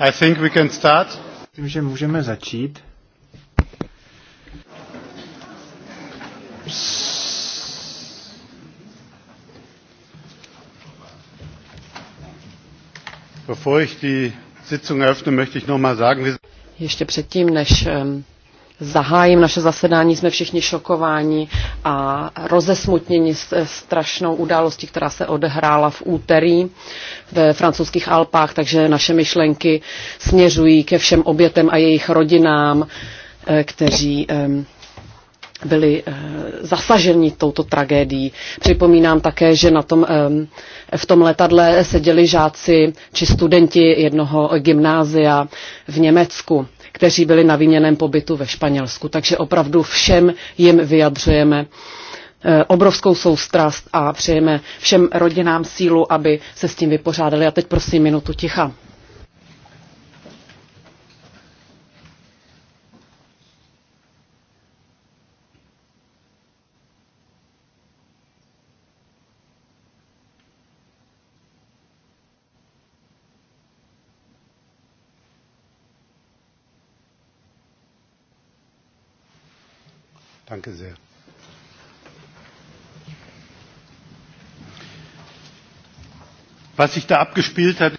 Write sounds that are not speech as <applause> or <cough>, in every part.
I think we can start. Myslím, že můžeme začít. Bevor ich die Sitzung eröffne, möchte ich noch mal sagen, ještě předtím, než ehm, zahájím naše zasedání, jsme všichni šokováni a rozesmutněni eh, strašnou událostí, která se odehrála v úterý ve francouzských Alpách, takže naše myšlenky směřují ke všem obětem a jejich rodinám, eh, kteří byli eh, zasaženi touto tragédií. Připomínám také, že na tom, v tom letadle seděli žáci či studenti jednoho gymnázia v Německu kteří byli na výměném pobytu ve Španělsku. Takže opravdu všem jim vyjadřujeme eh, obrovskou soustrast a přejeme všem rodinám sílu, aby se s tím vypořádali. A teď prosím minutu ticha. Danke sehr. Was sich da abgespielt hat.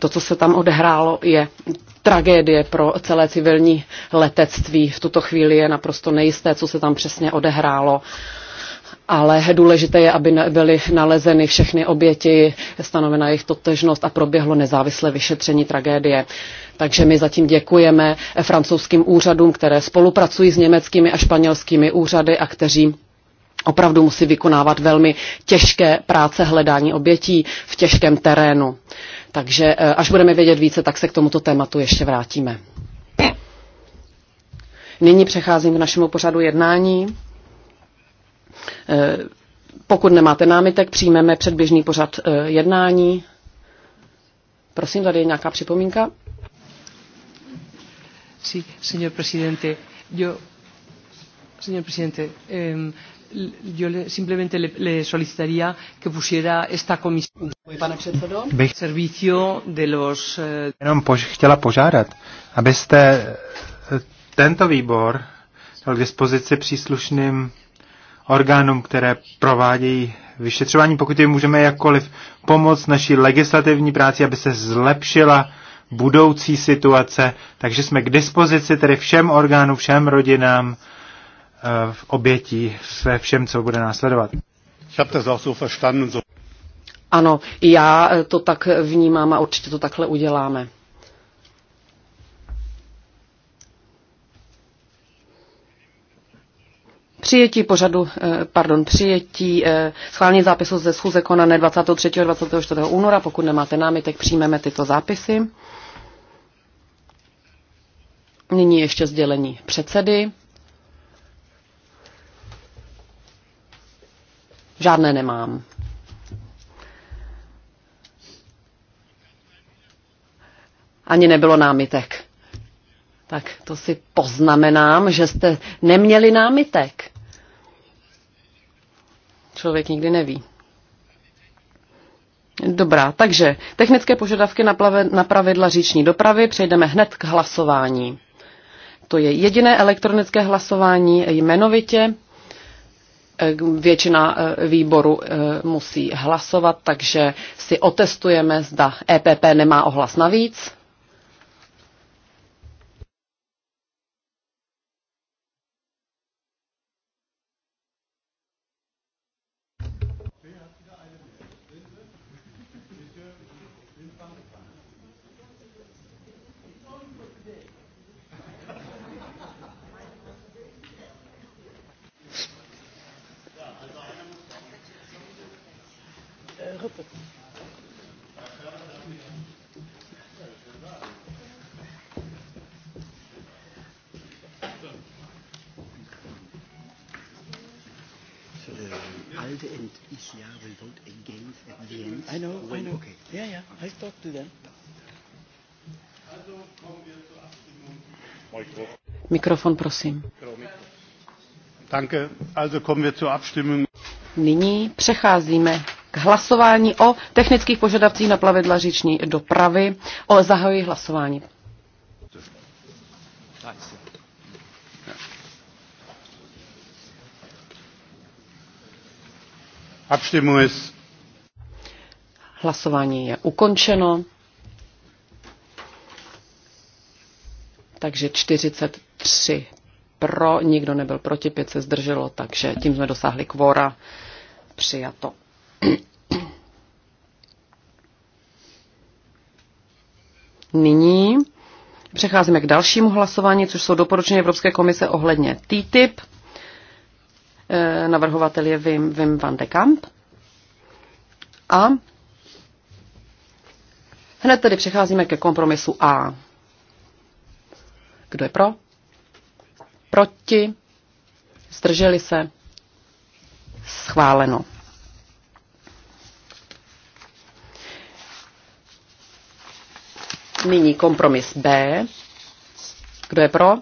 To, co se tam odehrálo, je tragédie pro celé civilní letectví. V tuto chvíli je naprosto nejisté, co se tam přesně odehrálo ale důležité je, aby byly nalezeny všechny oběti, stanovena jejich totožnost a proběhlo nezávislé vyšetření tragédie. Takže my zatím děkujeme francouzským úřadům, které spolupracují s německými a španělskými úřady a kteří opravdu musí vykonávat velmi těžké práce hledání obětí v těžkém terénu. Takže e, až budeme vědět více, tak se k tomuto tématu ještě vrátíme. Nyní přecházím k našemu pořadu jednání. Eh, pokud nemáte námitek, přijmeme předběžný pořad eh, jednání. Prosím, tady je nějaká připomínka. Sí, señor presidente. Yo, señor presidente, eh, yo le, simplemente le, le solicitaría que pusiera esta comisión Pane bych servicio de los... Eh... Jenom pož- chtěla požádat, abyste eh, tento výbor dal k dispozici příslušným orgánům, které provádějí vyšetřování, pokud jim můžeme jakkoliv pomoct naší legislativní práci, aby se zlepšila budoucí situace. Takže jsme k dispozici tedy všem orgánům, všem rodinám eh, v obětí se všem, co bude následovat. Ano, já to tak vnímám a určitě to takhle uděláme. Přijetí pořadu, eh, pardon, přijetí eh, schválení zápisu ze schůze konané 23. a 24. února. Pokud nemáte námitek, přijmeme tyto zápisy. Nyní ještě sdělení předsedy. Žádné nemám. Ani nebylo námitek. Tak to si poznamenám, že jste neměli námitek. Člověk nikdy neví. Dobrá, takže technické požadavky na, plave, na pravidla říční dopravy přejdeme hned k hlasování. To je jediné elektronické hlasování jmenovitě. Eh, většina eh, výboru eh, musí hlasovat, takže si otestujeme, zda EPP nemá ohlas navíc. Garcia will vote against at the end. I know, when, I know. Okay. Yeah, yeah, okay. I talked to them. Mikrofon, prosím. Danke. Also kommen wir zur Abstimmung. Nyní přecházíme k hlasování o technických požadavcích na plavidla říční dopravy. O zahoji hlasování. Nice. Abstimmung ist. Hlasování je ukončeno. Takže 43 pro, nikdo nebyl proti, pět se zdrželo, takže tím jsme dosáhli kvora. Přijato. Nyní přecházíme k dalšímu hlasování, což jsou doporučení Evropské komise ohledně TTIP. Eh, navrhovatel je Wim, Wim van de Kamp. A hned tedy přecházíme ke kompromisu A. Kdo je pro? Proti? Zdrželi se? Schváleno. Nyní kompromis B. Kdo je pro?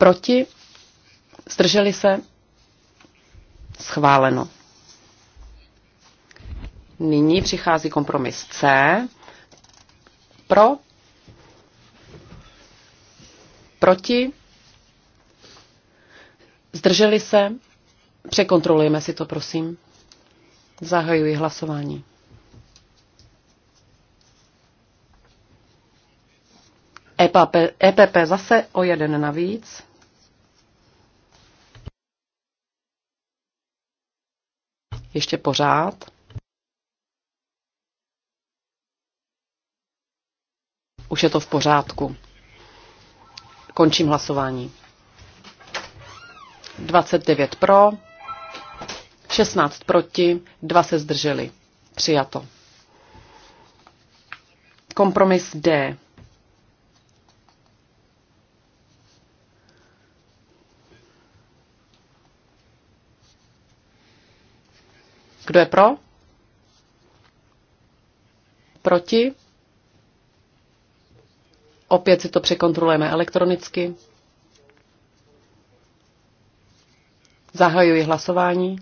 Proti? Zdrželi se? Schváleno. Nyní přichází kompromis C. Pro? Proti? Zdrželi se? Překontrolujeme si to, prosím. Zahajuji hlasování. EPP, EPP zase o jeden navíc. Ještě pořád. Už je to v pořádku. Končím hlasování. 29 pro, 16 proti, 2 se zdrželi. Přijato. Kompromis D. Kdo je pro? Proti? Opět si to překontrolujeme elektronicky. Zahajuji hlasování.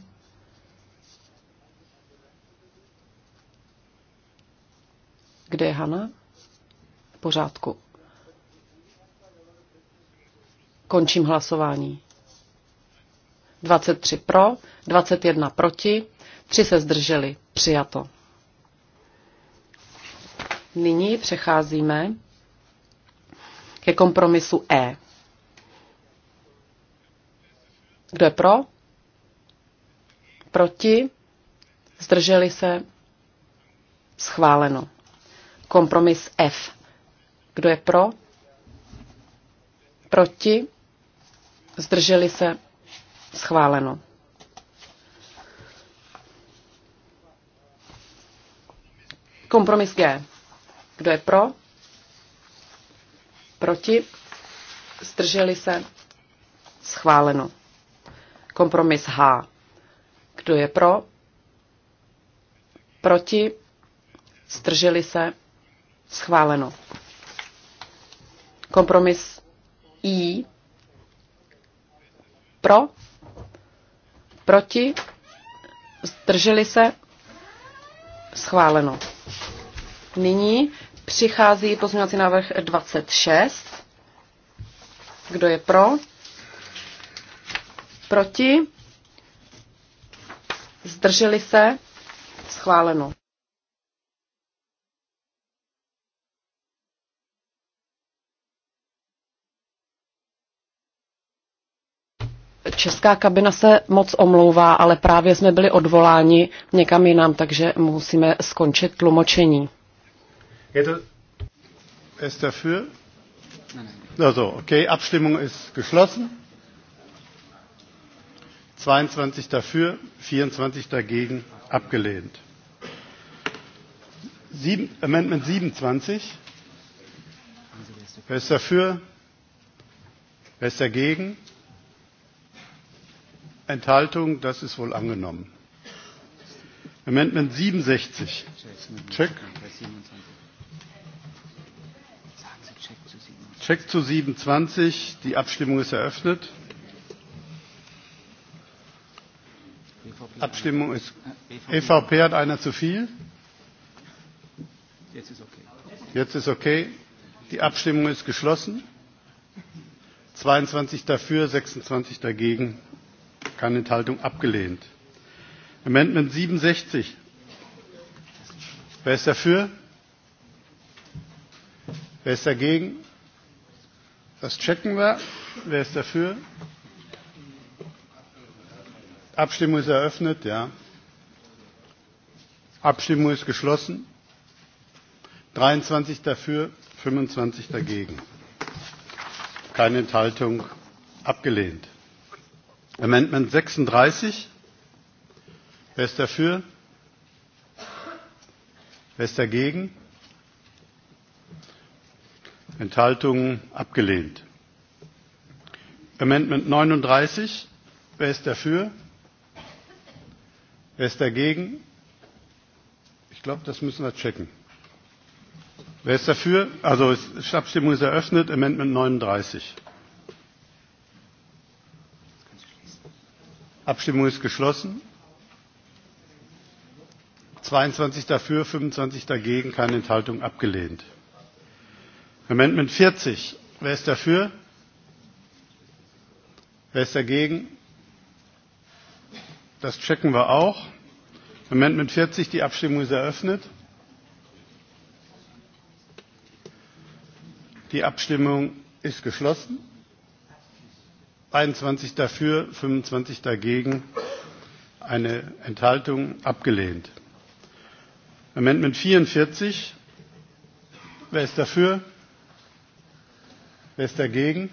Kde je Hana? V pořádku. Končím hlasování. 23 pro, 21 proti. Tři se zdrželi. Přijato. Nyní přecházíme ke kompromisu E. Kdo je pro? Proti? Zdrželi se? Schváleno. Kompromis F. Kdo je pro? Proti? Zdrželi se? Schváleno. Kompromis G. Kdo je pro? Proti? Zdrželi se? Schváleno. Kompromis H. Kdo je pro? Proti? Zdrželi se? Schváleno. Kompromis I. Pro? Proti? Zdrželi se? Schváleno. Nyní přichází pozměňovací návrh 26. Kdo je pro? Proti? Zdrželi se? Schváleno. Česká kabina se moc omlouvá, ale právě jsme byli odvoláni někam jinam, takže musíme skončit tlumočení. Je to... Ist dafür? Nein, nein. Also, okay, Abstimmung ist geschlossen. 22 dafür, 24 dagegen, abgelehnt. Sieben, Amendment 27. Wer ist dafür? Wer ist dagegen? Enthaltung, das ist wohl angenommen. Amendment 67. Check. Check zu 27. Die Abstimmung ist eröffnet. Abstimmung ist. EVP hat einer zu viel. Jetzt ist okay. Jetzt ist okay. Die Abstimmung ist geschlossen. 22 dafür, 26 dagegen. Keine Enthaltung abgelehnt. Amendment 67. Wer ist dafür? Wer ist dagegen? Das checken wir. Wer ist dafür? Abstimmung ist eröffnet, ja. Abstimmung ist geschlossen. 23 dafür, 25 dagegen. Keine Enthaltung. Abgelehnt. Amendment 36. Wer ist dafür? Wer ist dagegen? Enthaltungen abgelehnt. Amendment 39. Wer ist dafür? Wer ist dagegen? Ich glaube, das müssen wir checken. Wer ist dafür? Also die Abstimmung ist eröffnet. Amendment 39. Abstimmung ist geschlossen. 22 dafür, 25 dagegen, keine Enthaltung abgelehnt. Amendment 40. Wer ist dafür? Wer ist dagegen? Das checken wir auch. Amendment 40, die Abstimmung ist eröffnet. Die Abstimmung ist geschlossen. 21 dafür, 25 dagegen, eine Enthaltung abgelehnt. Amendment 44. Wer ist dafür? Wer ist dagegen?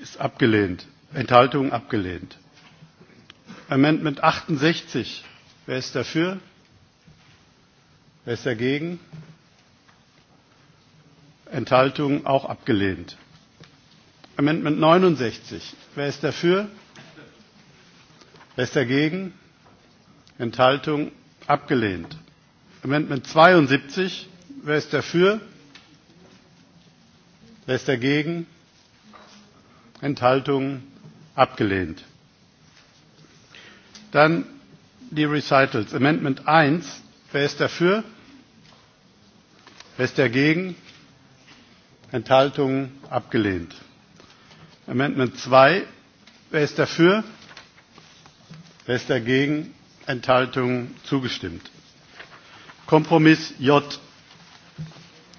Ist abgelehnt. Enthaltung abgelehnt. Amendment 68. Wer ist dafür? Wer ist dagegen? Enthaltung auch abgelehnt. Amendment 69. Wer ist dafür? Wer ist dagegen? Enthaltung abgelehnt. Amendment 72. Wer ist dafür? Wer ist dagegen? Enthaltung abgelehnt. Dann die Recitals. Amendment 1. Wer ist dafür? Wer ist dagegen? Enthaltung abgelehnt. Amendment 2. Wer ist dafür? Wer ist dagegen? Enthaltung zugestimmt. Kompromiss J.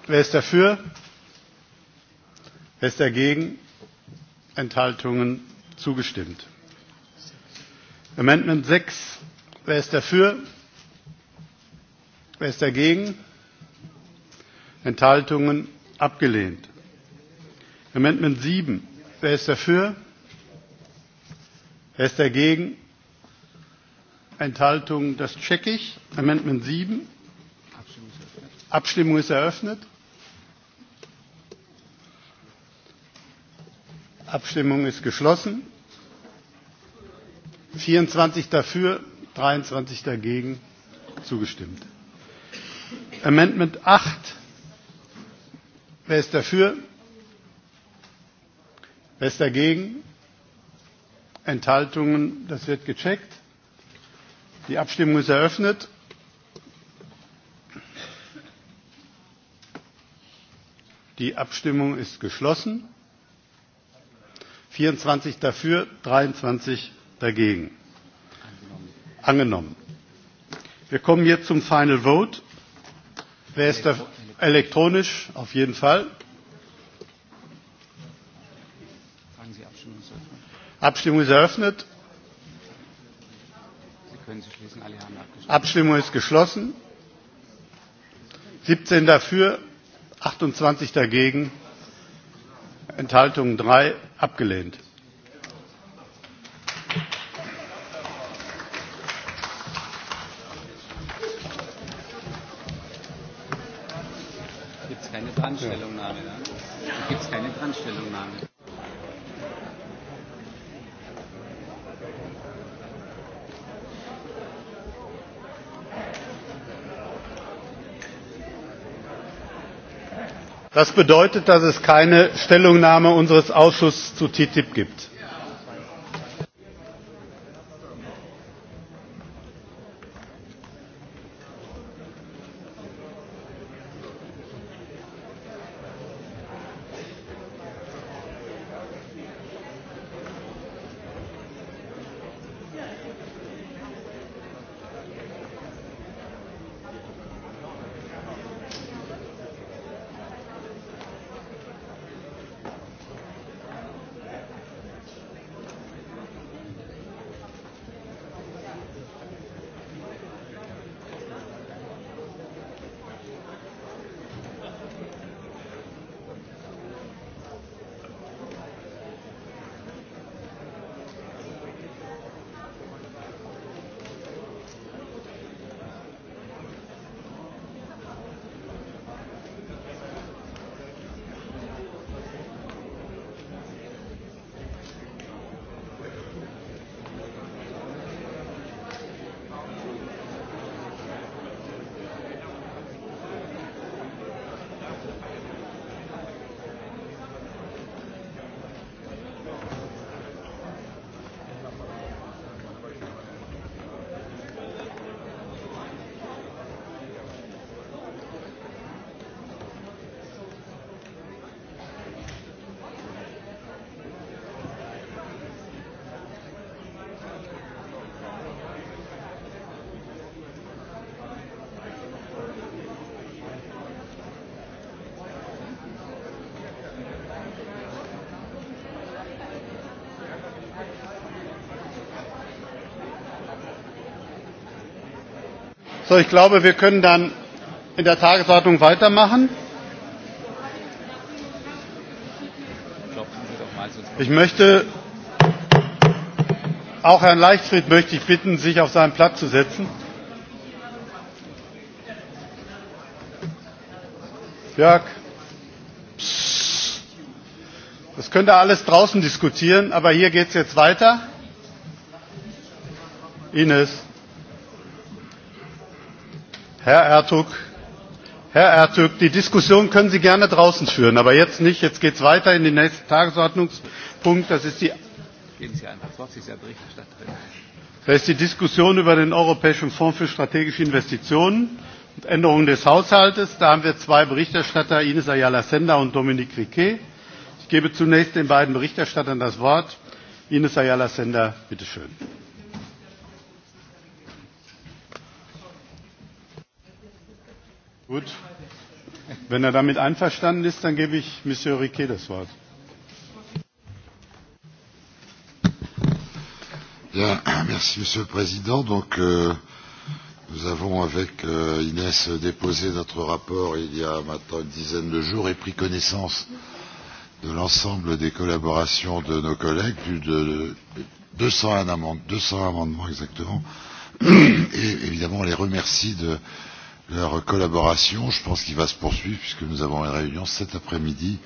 Wer ist dafür? Wer ist dagegen? Enthaltungen zugestimmt. Amendment 6. Wer ist dafür? Wer ist dagegen? Enthaltungen abgelehnt. Amendment 7. Wer ist dafür? Wer ist dagegen? Enthaltungen, das checke ich. Amendment 7. Abstimmung ist eröffnet. Abstimmung ist geschlossen. 24 dafür, 23 dagegen zugestimmt. Amendment 8. Wer ist dafür? Wer ist dagegen? Enthaltungen? Das wird gecheckt. Die Abstimmung ist eröffnet. Die Abstimmung ist geschlossen vierundzwanzig dafür dreiundzwanzig dagegen angenommen. wir kommen jetzt zum final vote. wer ist da elektronisch auf jeden fall? abstimmung ist eröffnet. abstimmung ist geschlossen. siebzehn dafür achtundzwanzig dagegen Enthaltungen 3 abgelehnt. Gibt es keine Brandstellungnahme? Ne? Gibt es keine Brandstellungnahme? das bedeutet dass es keine stellungnahme unseres ausschusses zu ttip gibt. So, ich glaube, wir können dann in der Tagesordnung weitermachen. Ich möchte auch Herrn Leichtfried möchte ich bitten, sich auf seinen Platz zu setzen. Jörg, das könnt ihr alles draußen diskutieren, aber hier geht es jetzt weiter. Ines. Herr Ertug, Herr Ertug, die Diskussion können Sie gerne draußen führen, aber jetzt nicht. Jetzt geht es weiter in den nächsten Tagesordnungspunkt. Das ist die, das ist die Diskussion über den Europäischen Fonds für strategische Investitionen und Änderung des Haushaltes. Da haben wir zwei Berichterstatter, Ines Ayala Sender und Dominique Riquet. Ich gebe zunächst den beiden Berichterstattern das Wort. Ines Ayala Sender, bitteschön. Gut. Wenn er damit einverstanden ist, dann gebe ich Monsieur Riquet das Wort. Ja, merci Monsieur le Président. Donc, euh, nous avons avec euh, Inès déposé notre rapport il y a maintenant une dizaine de jours et pris connaissance de l'ensemble des collaborations de nos collègues, plus de 201 amendements, 200 amendements exactement. Et évidemment, on les remercie de, euh, leur collaboration. Je pense qu'il va se poursuivre puisque nous avons une réunion cet après-midi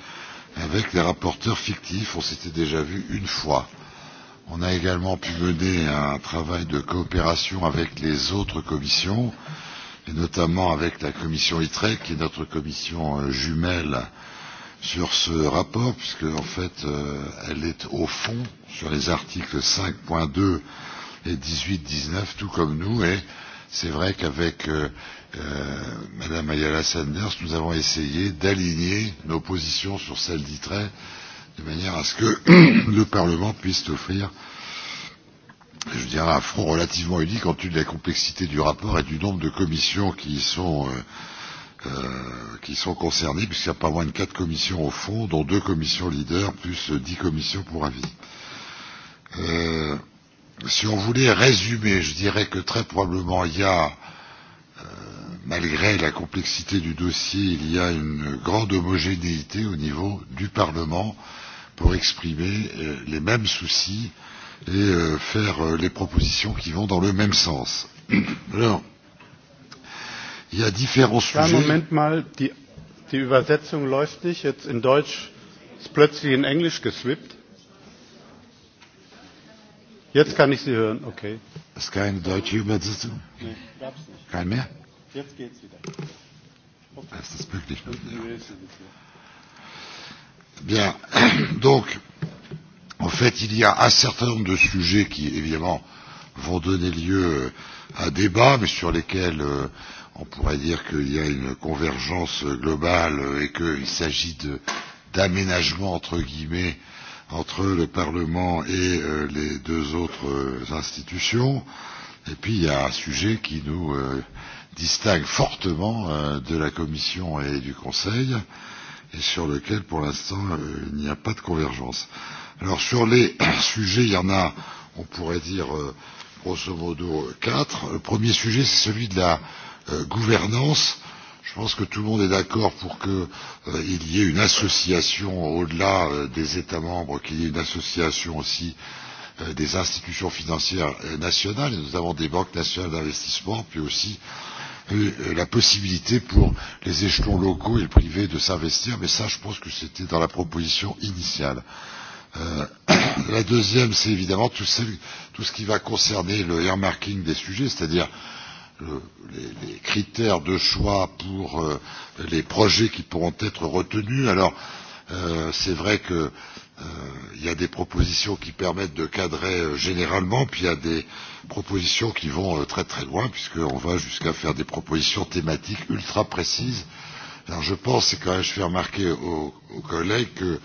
avec les rapporteurs fictifs. On s'était déjà vu une fois. On a également pu mener un travail de coopération avec les autres commissions, et notamment avec la commission ITREC, qui est notre commission euh, jumelle sur ce rapport, puisque en fait euh, elle est au fond sur les articles 5.2 et 18-19, tout comme nous, et c'est vrai qu'avec euh, euh, Madame Ayala Sanders, nous avons essayé d'aligner nos positions sur celles d'ITRE de manière à ce que <clears throat> le Parlement puisse offrir, je dirais, un front relativement unique compte tenu de la complexité du rapport et du nombre de commissions qui y sont, euh, euh, qui sont concernées, puisqu'il n'y a pas moins de quatre commissions au fond, dont deux commissions leaders, plus dix commissions pour avis. Euh, si on voulait résumer, je dirais que très probablement il y a euh, malgré la complexité du dossier, il y a une grande homogénéité au niveau du Parlement pour exprimer euh, les mêmes soucis et euh, faire euh, les propositions qui vont dans le même sens. <clears throat> Alors, il y a différents ja, sujets. Moment mal, die, die Übersetzung läuft nicht. Jetzt in Deutsch ist plötzlich in Englisch geswippt. Jetzt kann ich Sie hören, okay. Ist keine deutsche Übersetzung? Nein, gab es nicht. Kein mehr? Jetzt geht's wieder. Okay. Ah, ist das möglich? Bien. <clears throat> Donc, en fait, il y a un certain nombre de sujets qui, évidemment, vont donner lieu euh, à débat, mais sur lesquels euh, on pourrait dire qu'il y a une convergence globale euh, et qu'il s'agit d'aménagement entre guillemets entre le Parlement et euh, les deux autres euh, institutions. Et puis il y a un sujet qui nous euh, distingue fortement euh, de la Commission et du Conseil et sur lequel, pour l'instant, euh, il n'y a pas de convergence. Alors sur les <coughs> sujets, il y en a, on pourrait dire, euh, grosso modo, quatre. Le premier sujet, c'est celui de la euh, gouvernance. Je pense que tout le monde est d'accord pour qu'il euh, y ait une association au-delà euh, des États membres, qu'il y ait une association aussi euh, des institutions financières euh, nationales, et notamment des banques nationales d'investissement, puis aussi euh, Euh, la possibilité pour les échelons locaux et le privé de s'investir, mais ça, je pense que c'était dans la proposition initiale. Euh, <coughs> la deuxième, c'est évidemment tout, celle, tout ce qui va concerner le earmarking des sujets, c'est-à-dire le, euh, les, les critères de choix pour euh, les projets qui pourront être retenus. Alors, euh, c'est vrai que euh, Euh, il y a des propositions qui permettent de cadrer euh, généralement, puis il y a des propositions qui vont euh, très très loin, puisqu'on va jusqu'à faire des propositions thématiques ultra précises. Alors je pense, et quand même je fais remarquer aux, aux collègues que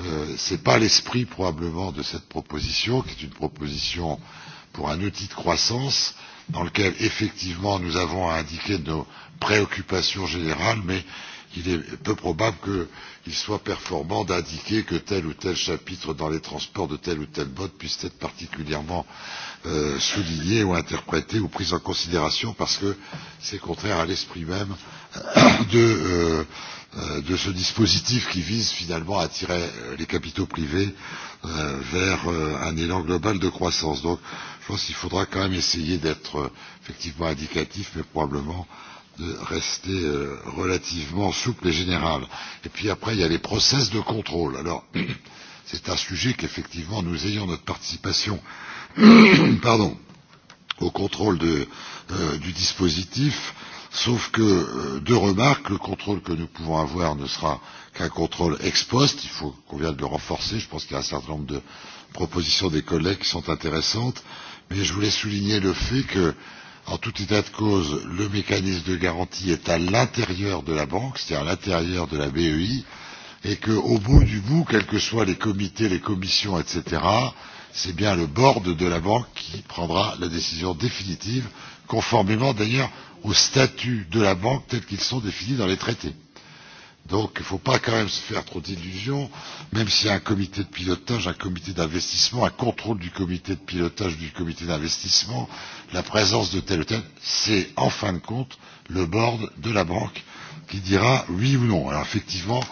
euh, ce n'est pas l'esprit probablement de cette proposition, qui est une proposition pour un outil de croissance, dans lequel effectivement nous avons à indiquer nos préoccupations générales, mais euh, il est peu probable qu'il soit performant d'indiquer que tel ou tel chapitre dans les transports de tel ou tel mode puisse être particulièrement euh, souligné ou interprété ou pris en considération parce que c'est contraire à l'esprit même <coughs> de, euh, euh, de ce dispositif qui vise finalement à attirer euh, les capitaux privés euh, vers euh, un élan global de croissance. Donc je pense qu'il faudra quand même essayer d'être euh, effectivement indicatif mais probablement euh, de rester euh, relativement souple et général. Et puis après, il y a les process de contrôle. Alors, <clears throat> c'est un sujet qu'effectivement nous ayons notre participation <clears throat> pardon, au contrôle de, euh, du dispositif, sauf que euh, deux remarques le contrôle que nous pouvons avoir ne sera qu'un contrôle ex post, il faut qu'on vienne le renforcer, je pense qu'il y a un certain nombre de propositions des collègues qui sont intéressantes, mais je voulais souligner le fait que euh, En tout état de cause, le mécanisme de garantie est à l'intérieur de la banque, c'est-à-dire à, à l'intérieur de la BEI, et qu'au bout du bout, quels que soient les comités, les commissions, etc., c'est bien le board de la banque qui prendra la décision définitive, conformément d'ailleurs aux statuts de la banque tels qu'ils sont définis dans les traités. Donc il ne faut pas quand même se faire trop d'illusions, même s'il y a un comité de pilotage, un comité d'investissement, un contrôle du comité de pilotage, du comité d'investissement, la présence de tel ou tel, c'est en fin de compte le board de la banque qui dira oui ou non. Alors effectivement,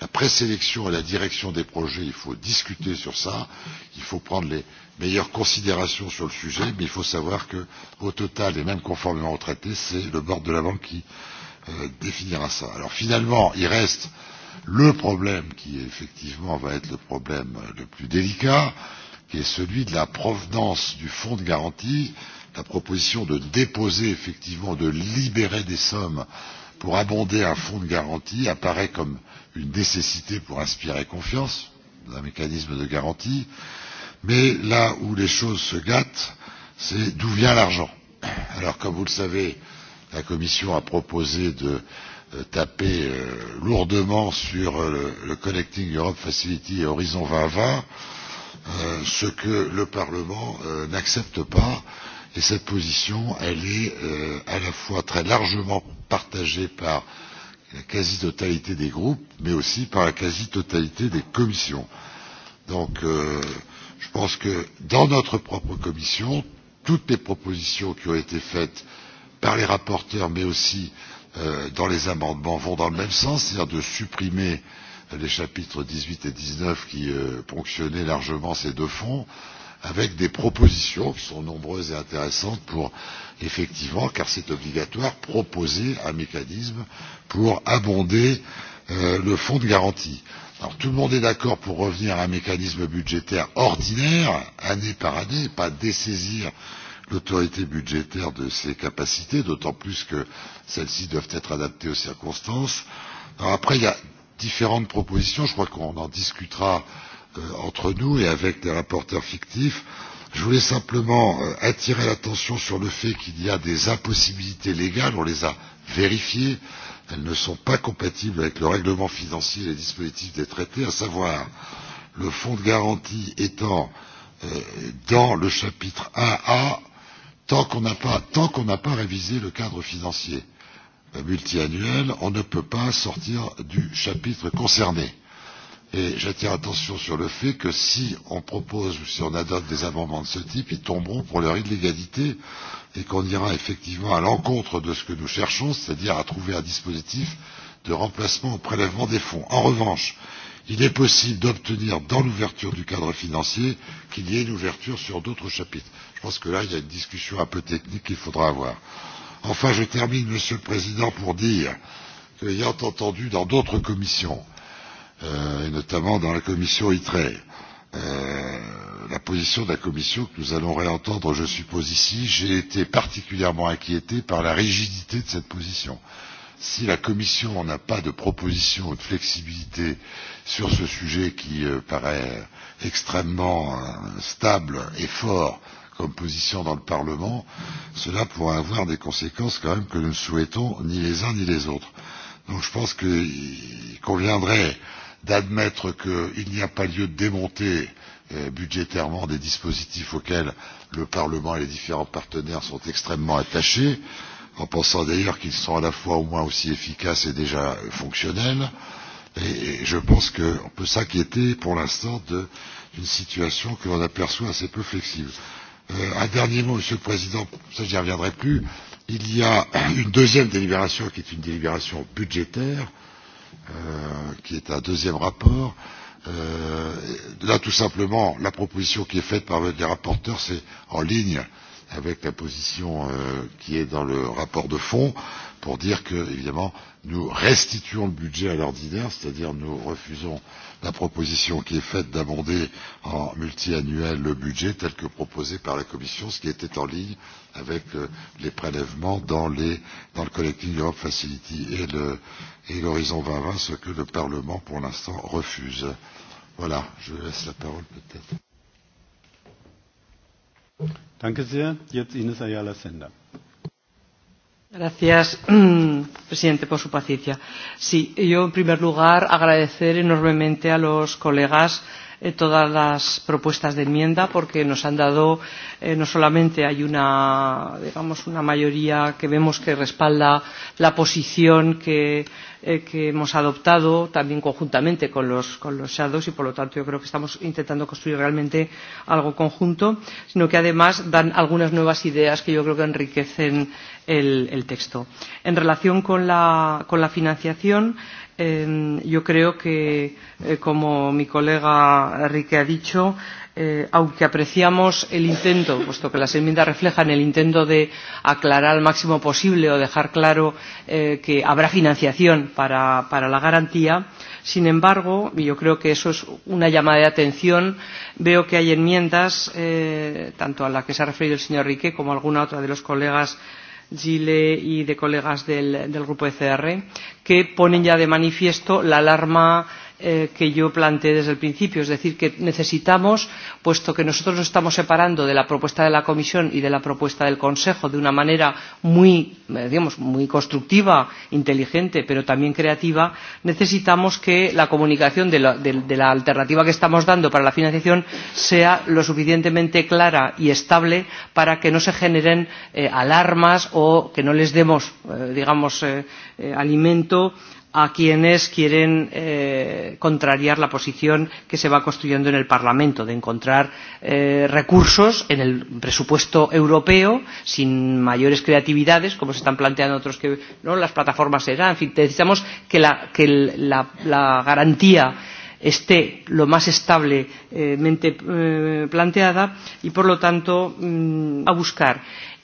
la présélection et la direction des projets, il faut discuter sur ça, il faut prendre les meilleures considérations sur le sujet, mais il faut savoir qu'au total, et même conformément au traité, c'est le board de la banque qui euh, définira ça. Alors finalement, il reste le problème qui effectivement va être le problème euh, le plus délicat, qui est celui de la provenance du fonds de garantie, la proposition de déposer effectivement, de libérer des sommes pour abonder un fonds de garantie apparaît comme une nécessité pour inspirer confiance d'un mécanisme de garantie. Mais là où les choses se gâtent, c'est d'où vient l'argent. Alors, comme vous le savez, euh, la Commission a proposé de euh, taper euh, lourdement sur euh, le, Connecting Europe Facility et Horizon 2020, ce que le Parlement n'accepte pas. Et cette position, elle est à la fois très largement partagée par la quasi-totalité des groupes, mais aussi par la quasi-totalité des commissions. Donc, je pense que dans notre propre commission, toutes les propositions qui ont été faites par les rapporteurs, mais aussi euh, dans les amendements, vont dans le même sens, c'est-à-dire de supprimer les chapitres 18 et 19 qui euh, ponctionnaient largement ces deux fonds, avec des propositions qui sont nombreuses et intéressantes pour effectivement, car c'est obligatoire, proposer un mécanisme pour abonder euh, le fonds de garantie. Alors tout le monde est d'accord pour revenir à un mécanisme budgétaire ordinaire, année par année, et pas dessaisir euh, l'autorité budgétaire de ses capacités, d'autant plus que celles-ci doivent être adaptées aux circonstances. Alors après, il y a différentes propositions, je crois qu'on en discutera euh, entre nous et avec des rapporteurs fictifs. Je voulais simplement euh, attirer l'attention sur le fait qu'il y a des impossibilités légales, on les a vérifiées, elles ne sont pas compatibles avec le règlement financier et les dispositifs des traités, à savoir le fonds de garantie étant euh, dans le chapitre 1A Tant qu'on n'a pas, tant qu'on n'a pas révisé le cadre financier multiannuel, on ne peut pas sortir du chapitre concerné. Et j'attire attention sur le fait que si on propose ou si on adopte des amendements de ce type, ils tomberont pour leur illégalité et qu'on ira effectivement à l'encontre de ce que nous cherchons, c'est-à-dire à trouver un dispositif de remplacement au prélèvement des fonds. En revanche, il est possible d'obtenir dans l'ouverture du cadre financier qu'il y ait une ouverture sur d'autres chapitres. Je pense que là, il y a une discussion un peu technique qu'il faudra avoir. Enfin, je termine, Monsieur le Président, pour dire qu'ayant entendu dans d'autres commissions, euh, et notamment dans la commission ITRE, euh, la position de la commission que nous allons réentendre, je suppose, ici, j'ai été particulièrement inquiété par la rigidité de cette position. Si la commission n'a pas de proposition ou de flexibilité sur ce sujet qui euh, paraît extrêmement euh, stable et fort, comme position dans le Parlement, cela pourrait avoir des conséquences quand même que nous ne souhaitons ni les uns ni les autres. Donc je pense qu'il conviendrait d'admettre qu'il n'y a pas lieu de démonter euh, budgétairement des dispositifs auxquels le Parlement et les différents partenaires sont extrêmement attachés, en pensant d'ailleurs qu'ils sont à la fois au moins aussi efficaces et déjà euh, fonctionnels. Et, je pense qu'on peut s'inquiéter pour l'instant d'une situation que l'on aperçoit assez peu flexible. Euh, un dernier mot, Monsieur le Président, ça j'y reviendrai plus. Il y a <clears throat> une deuxième délibération qui est une délibération budgétaire, euh, qui est un deuxième rapport. Euh, là, tout simplement, la proposition qui est faite par les rapporteurs, c'est en ligne avec la position euh, qui est dans le rapport de fond, pour dire que, évidemment, nous restituons le budget à l'ordinaire, c'est-à-dire nous refusons euh, la proposition qui est faite d'abonder en multiannuel le budget tel que proposé par la Commission, ce qui était en ligne avec euh, les prélèvements dans, les, dans le Collecting Europe Facility et, et l'Horizon 2020, ce que le Parlement pour l'instant refuse. Voilà, je laisse la parole peut-être. Danke sehr. Jetzt Ines Ayala Sender. Gracias, <clears throat> presidente, por su paciencia. Sí, yo, en primer lugar, agradecer enormemente a los colegas eh, todas las propuestas de enmienda porque nos han dado eh, no solamente hay una digamos una mayoría que vemos que respalda la posición que eh, que hemos adoptado también conjuntamente con los, con los shadows y por lo tanto yo creo que estamos intentando construir realmente algo conjunto, sino que además dan algunas nuevas ideas que yo creo que enriquecen el, el texto. En relación con la, con la financiación, Eh, yo creo que, eh, como mi colega Enrique ha dicho, eh, aunque apreciamos el intento, puesto que las enmiendas reflejan el intento de aclarar al máximo posible o dejar claro eh, que habrá financiación para, para la garantía, sin embargo, y yo creo que eso es una llamada de atención, veo que hay enmiendas, eh, tanto a la que se ha referido el señor Rique como a alguna otra de los colegas Gile y de colegas del, del grupo ECR, que ponen ya de manifiesto la alarma eh, que yo planteé desde el principio. Es decir, que necesitamos, puesto que nosotros nos estamos separando de la propuesta de la Comisión y de la propuesta del Consejo de una manera muy, eh, digamos, muy constructiva, inteligente, pero también creativa, necesitamos que la comunicación de la, de, de la alternativa que estamos dando para la financiación sea lo suficientemente clara y estable para que no se generen eh, alarmas o que no les demos, eh, digamos, eh, eh, alimento a quienes quieren eh, contrariar la posición que se va construyendo en el Parlamento de encontrar eh, recursos en el presupuesto europeo sin mayores creatividades, como se están planteando otros que no las plataformas serán. En fin, necesitamos que la, que la, la garantía esté lo más establemente eh, eh, planteada y, por lo tanto, mm, a buscar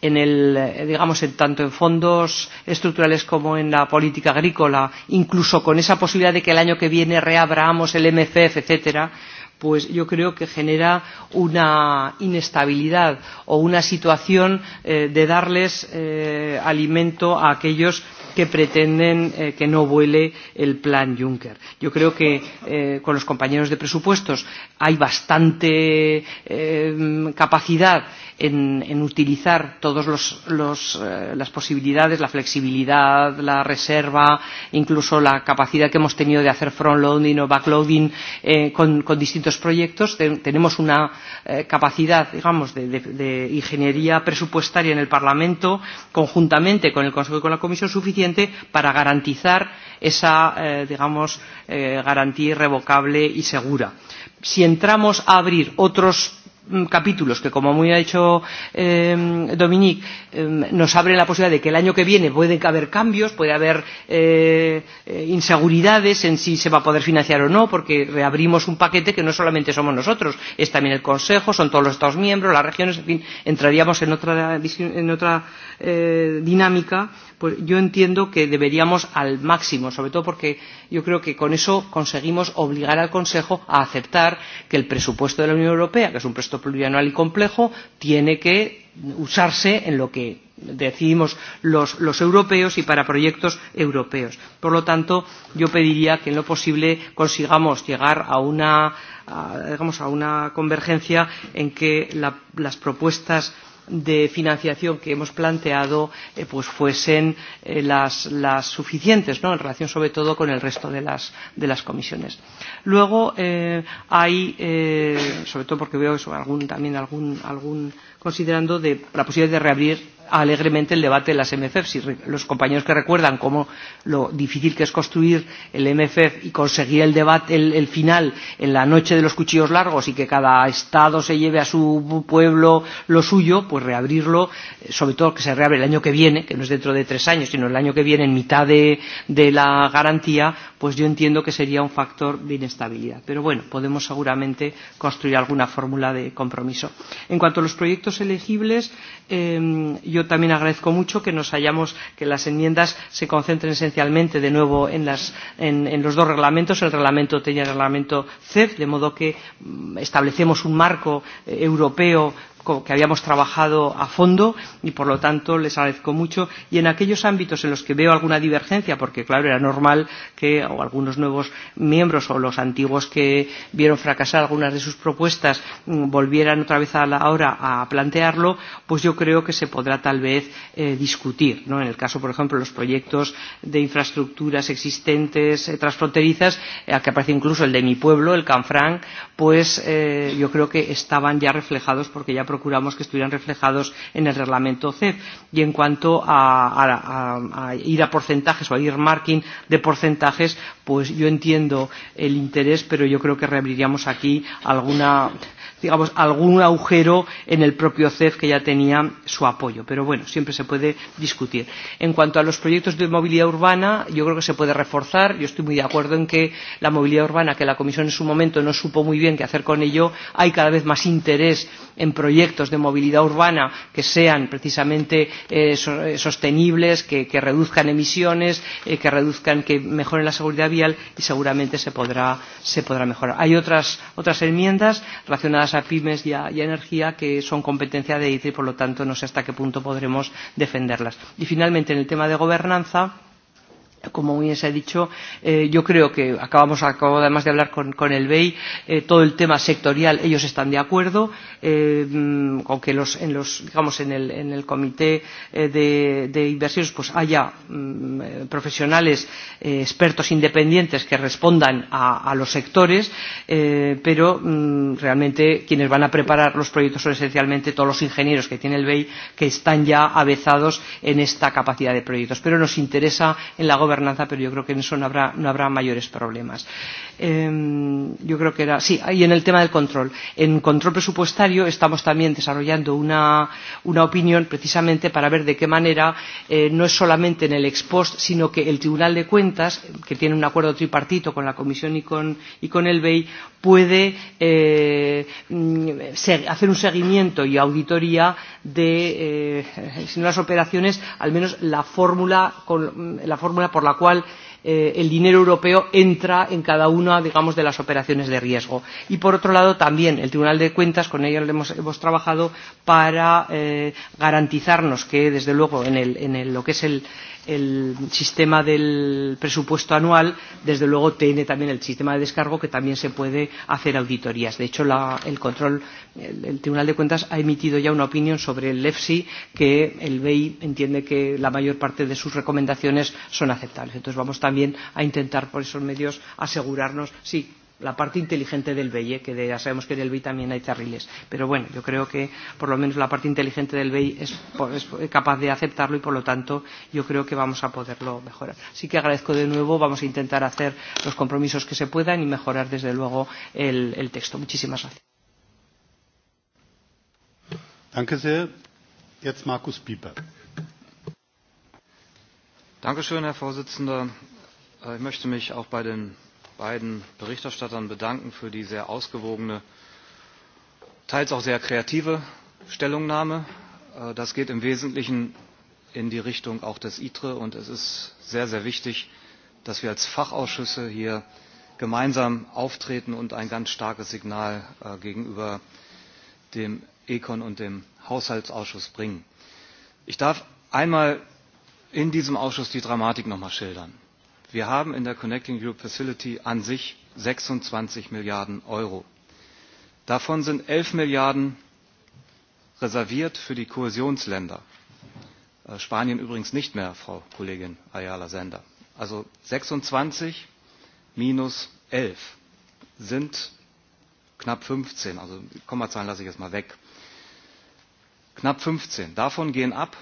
en el, digamos, en, tanto en fondos estructurales como en la política agrícola, incluso con esa posibilidad de que el año que viene reabramos el MFF, etcétera, pues yo creo que genera una inestabilidad o una situación eh, de darles eh, alimento a aquellos que pretenden eh, que no vuele el plan Juncker. Yo creo que eh, con los compañeros de presupuestos hay bastante eh, capacidad en, en utilizar todas los, los, eh, las posibilidades, la flexibilidad, la reserva, incluso la capacidad que hemos tenido de hacer front-loading o back-loading eh, con, con distintos distintos proyectos. Ten, tenemos una eh, capacidad, digamos, de, de, de ingeniería presupuestaria en el Parlamento, conjuntamente con el Consejo y con la Comisión, suficiente para garantizar esa, eh, digamos, eh, garantía irrevocable y segura. Si entramos a abrir otros Mm, capítulos que, como muy ha dicho eh, Dominique, eh, nos abren la posibilidad de que el año que viene pueden haber cambios, puede haber eh, eh, inseguridades en si se va a poder financiar o no, porque reabrimos un paquete que no solamente somos nosotros, es también el Consejo, son todos los Estados miembros, las regiones, en fin, entraríamos en otra, en otra eh, dinámica pues yo entiendo que deberíamos al máximo, sobre todo porque yo creo que con eso conseguimos obligar al Consejo a aceptar que el presupuesto de la Unión Europea, que es un presupuesto plurianual y complejo, tiene que usarse en lo que decidimos los, los europeos y para proyectos europeos. Por lo tanto, yo pediría que en lo posible consigamos llegar a una, a, digamos, a una convergencia en que la, las propuestas de financiación que hemos planteado eh, pues fuesen eh, las, las suficientes ¿no? en relación sobre todo con el resto de las, de las comisiones. Luego eh, hay, eh, sobre todo porque veo eso, algún, también algún, algún considerando de la posibilidad de reabrir alegremente el debate de las MFF. Si los compañeros que recuerdan cómo lo difícil que es construir el MFF y conseguir el debate, el, el final en la noche de los cuchillos largos y que cada estado se lleve a su pueblo lo suyo, pues reabrirlo, eh, sobre todo que se reabre el año que viene, que no es dentro de tres años, sino el año que viene en mitad de, de la garantía, pues yo entiendo que sería un factor de inestabilidad. Pero bueno, podemos seguramente construir alguna fórmula de compromiso. En cuanto a los proyectos elegibles, eh, yo también agradezco mucho que nos hayamos, que las enmiendas se concentren esencialmente de nuevo en, las, en, en los dos reglamentos, el reglamento TEN y el reglamento CEF, de modo que mm, establecemos un marco eh, europeo que habíamos trabajado a fondo y, por lo tanto, les agradezco mucho. Y en aquellos ámbitos en los que veo alguna divergencia, porque, claro, era normal que o algunos nuevos miembros o los antiguos que vieron fracasar algunas de sus propuestas mm, volvieran otra vez a la hora a plantearlo, pues yo creo que se podrá tal vez eh, discutir. ¿no? En el caso, por ejemplo, los proyectos de infraestructuras existentes eh, transfronterizas, eh, que aparece incluso el de mi pueblo, el Canfranc, pues eh, yo creo que estaban ya reflejados porque ya procuramos que estuvieran reflejados en el reglamento CEF. Y en cuanto a, a, a a ir a porcentajes o a ir marking de porcentajes, pues yo entiendo el interés, pero yo creo que reabriríamos aquí alguna digamos, algún agujero en el propio CEF que ya tenía su apoyo. Pero bueno, siempre se puede discutir. En cuanto a los proyectos de movilidad urbana, yo creo que se puede reforzar. Yo estoy muy de acuerdo en que la movilidad urbana, que la Comisión en su momento no supo muy bien qué hacer con ello, hay cada vez más interés en proyectos de movilidad urbana que sean precisamente eh, so, eh, sostenibles, que, que reduzcan emisiones, eh, que reduzcan, que mejoren la seguridad vial y seguramente se podrá, se podrá mejorar. Hay otras, otras enmiendas relacionadas a pymes y a, y a energía que son competencia de ITRE y por lo tanto no sé hasta qué punto podremos defenderlas. Y finalmente en el tema de gobernanza como bien se ha dicho, eh, yo creo que acabamos, acabo además de hablar con, con el BEI, eh, todo el tema sectorial, ellos están de acuerdo, eh, mm, aunque los, en los, digamos, en el, en el comité eh, de, de inversiones pues haya mm, eh, profesionales, eh, expertos independientes que respondan a, a los sectores, eh, pero mm, realmente quienes van a preparar los proyectos son esencialmente todos los ingenieros que tiene el BEI que están ya avezados en esta capacidad de proyectos. Pero nos interesa en la gobernanza gobernanza, pero yo creo que en eso no habrá, no habrá mayores problemas. Eh, yo creo que era, sí, y en el tema del control. En control presupuestario estamos también desarrollando una, una opinión precisamente para ver de qué manera eh, no es solamente en el ex post, sino que el Tribunal de Cuentas, que tiene un acuerdo tripartito con la Comisión y con, y con el BEI, puede eh, mm, hacer un seguimiento y auditoría de, eh, si no las operaciones, al menos la fórmula, con, mm, la fórmula por la cual eh, el dinero europeo entra en cada una digamos, de las operaciones de riesgo. Y por otro lado, también el Tribunal de Cuentas, con ello hemos, hemos trabajado para eh, garantizarnos que, desde luego, en, el, en el, lo que es el, el sistema del presupuesto anual, desde luego tiene también el sistema de descargo que también se puede hacer auditorías. De hecho, la, el control, el, el Tribunal de Cuentas ha emitido ya una opinión sobre el EFSI que el BEI entiende que la mayor parte de sus recomendaciones son aceptables. Entonces vamos también a intentar por esos medios asegurarnos, sí, la parte inteligente del BEI, ¿eh? que de, ya sabemos que en el BEI también hay carriles. Pero bueno, yo creo que por lo menos la parte inteligente del BEI es, es capaz de aceptarlo y por lo tanto yo creo que vamos a poderlo mejorar. Así que agradezco de nuevo, vamos a intentar hacer los compromisos que se puedan y mejorar desde luego el, el texto. Muchísimas gracias. Danke sehr. Jetzt Markus Pieper. Danke schön, Herr Vorsitzender. Äh, ich möchte mich auch bei den beiden Berichterstattern bedanken für die sehr ausgewogene, teils auch sehr kreative Stellungnahme. Äh, das geht im Wesentlichen in die Richtung auch des ITRE und es ist sehr, sehr wichtig, dass wir als Fachausschüsse hier gemeinsam auftreten und ein ganz starkes Signal äh, gegenüber dem Econ und dem Haushaltsausschuss bringen. Ich darf einmal in diesem Ausschuss die Dramatik noch mal schildern wir haben in der Connecting Europe Facility an sich 26 Milliarden Euro. Davon sind 11 Milliarden reserviert für die Kohäsionsländer. Äh, Spanien übrigens nicht mehr, Frau Kollegin Ayala Sender. Also 26 minus 11 sind knapp 15, also Kommazahlen lasse ich jetzt mal weg. Knapp 15. Davon gehen ab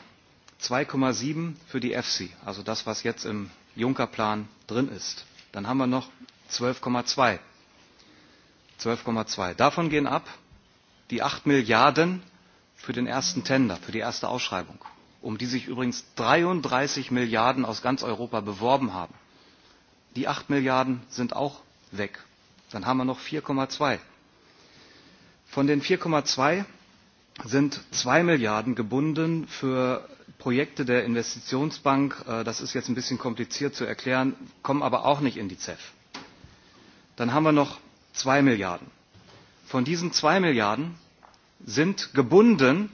2,7 für die EFSI, also das, was jetzt im Juncker-Plan drin ist. Dann haben wir noch 12,2. 12,2. Davon gehen ab die 8 Milliarden für den ersten Tender, für die erste Ausschreibung, um die sich übrigens 33 Milliarden aus ganz Europa beworben haben. Die 8 Milliarden sind auch weg. Dann haben wir noch 4,2. Von den 4,2 sind 2 Milliarden gebunden für Projekte der Investitionsbank, äh, das ist jetzt ein bisschen kompliziert zu erklären, kommen aber auch nicht in die CEF. Dann haben wir noch zwei Milliarden. Von diesen zwei Milliarden sind gebunden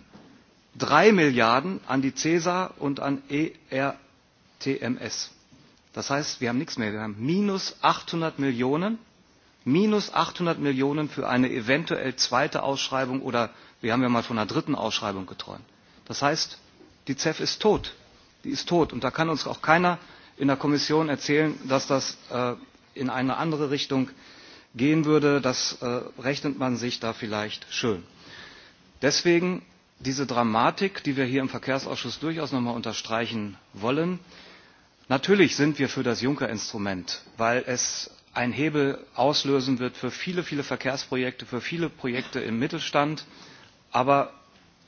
drei Milliarden an die CESA und an ERTMS. Das heißt, wir haben nichts mehr. Wir haben minus 800 Millionen, minus 800 Millionen für eine eventuell zweite Ausschreibung oder wir haben ja mal von einer dritten Ausschreibung geträumt. Das heißt, die CEF ist tot. Die ist tot. Und da kann uns auch keiner in der Kommission erzählen, dass das äh, in eine andere Richtung gehen würde. Das äh, rechnet man sich da vielleicht schön. Deswegen diese Dramatik, die wir hier im Verkehrsausschuss durchaus noch einmal unterstreichen wollen. Natürlich sind wir für das Juncker-Instrument, weil es einen Hebel auslösen wird für viele, viele Verkehrsprojekte, für viele Projekte im Mittelstand. Aber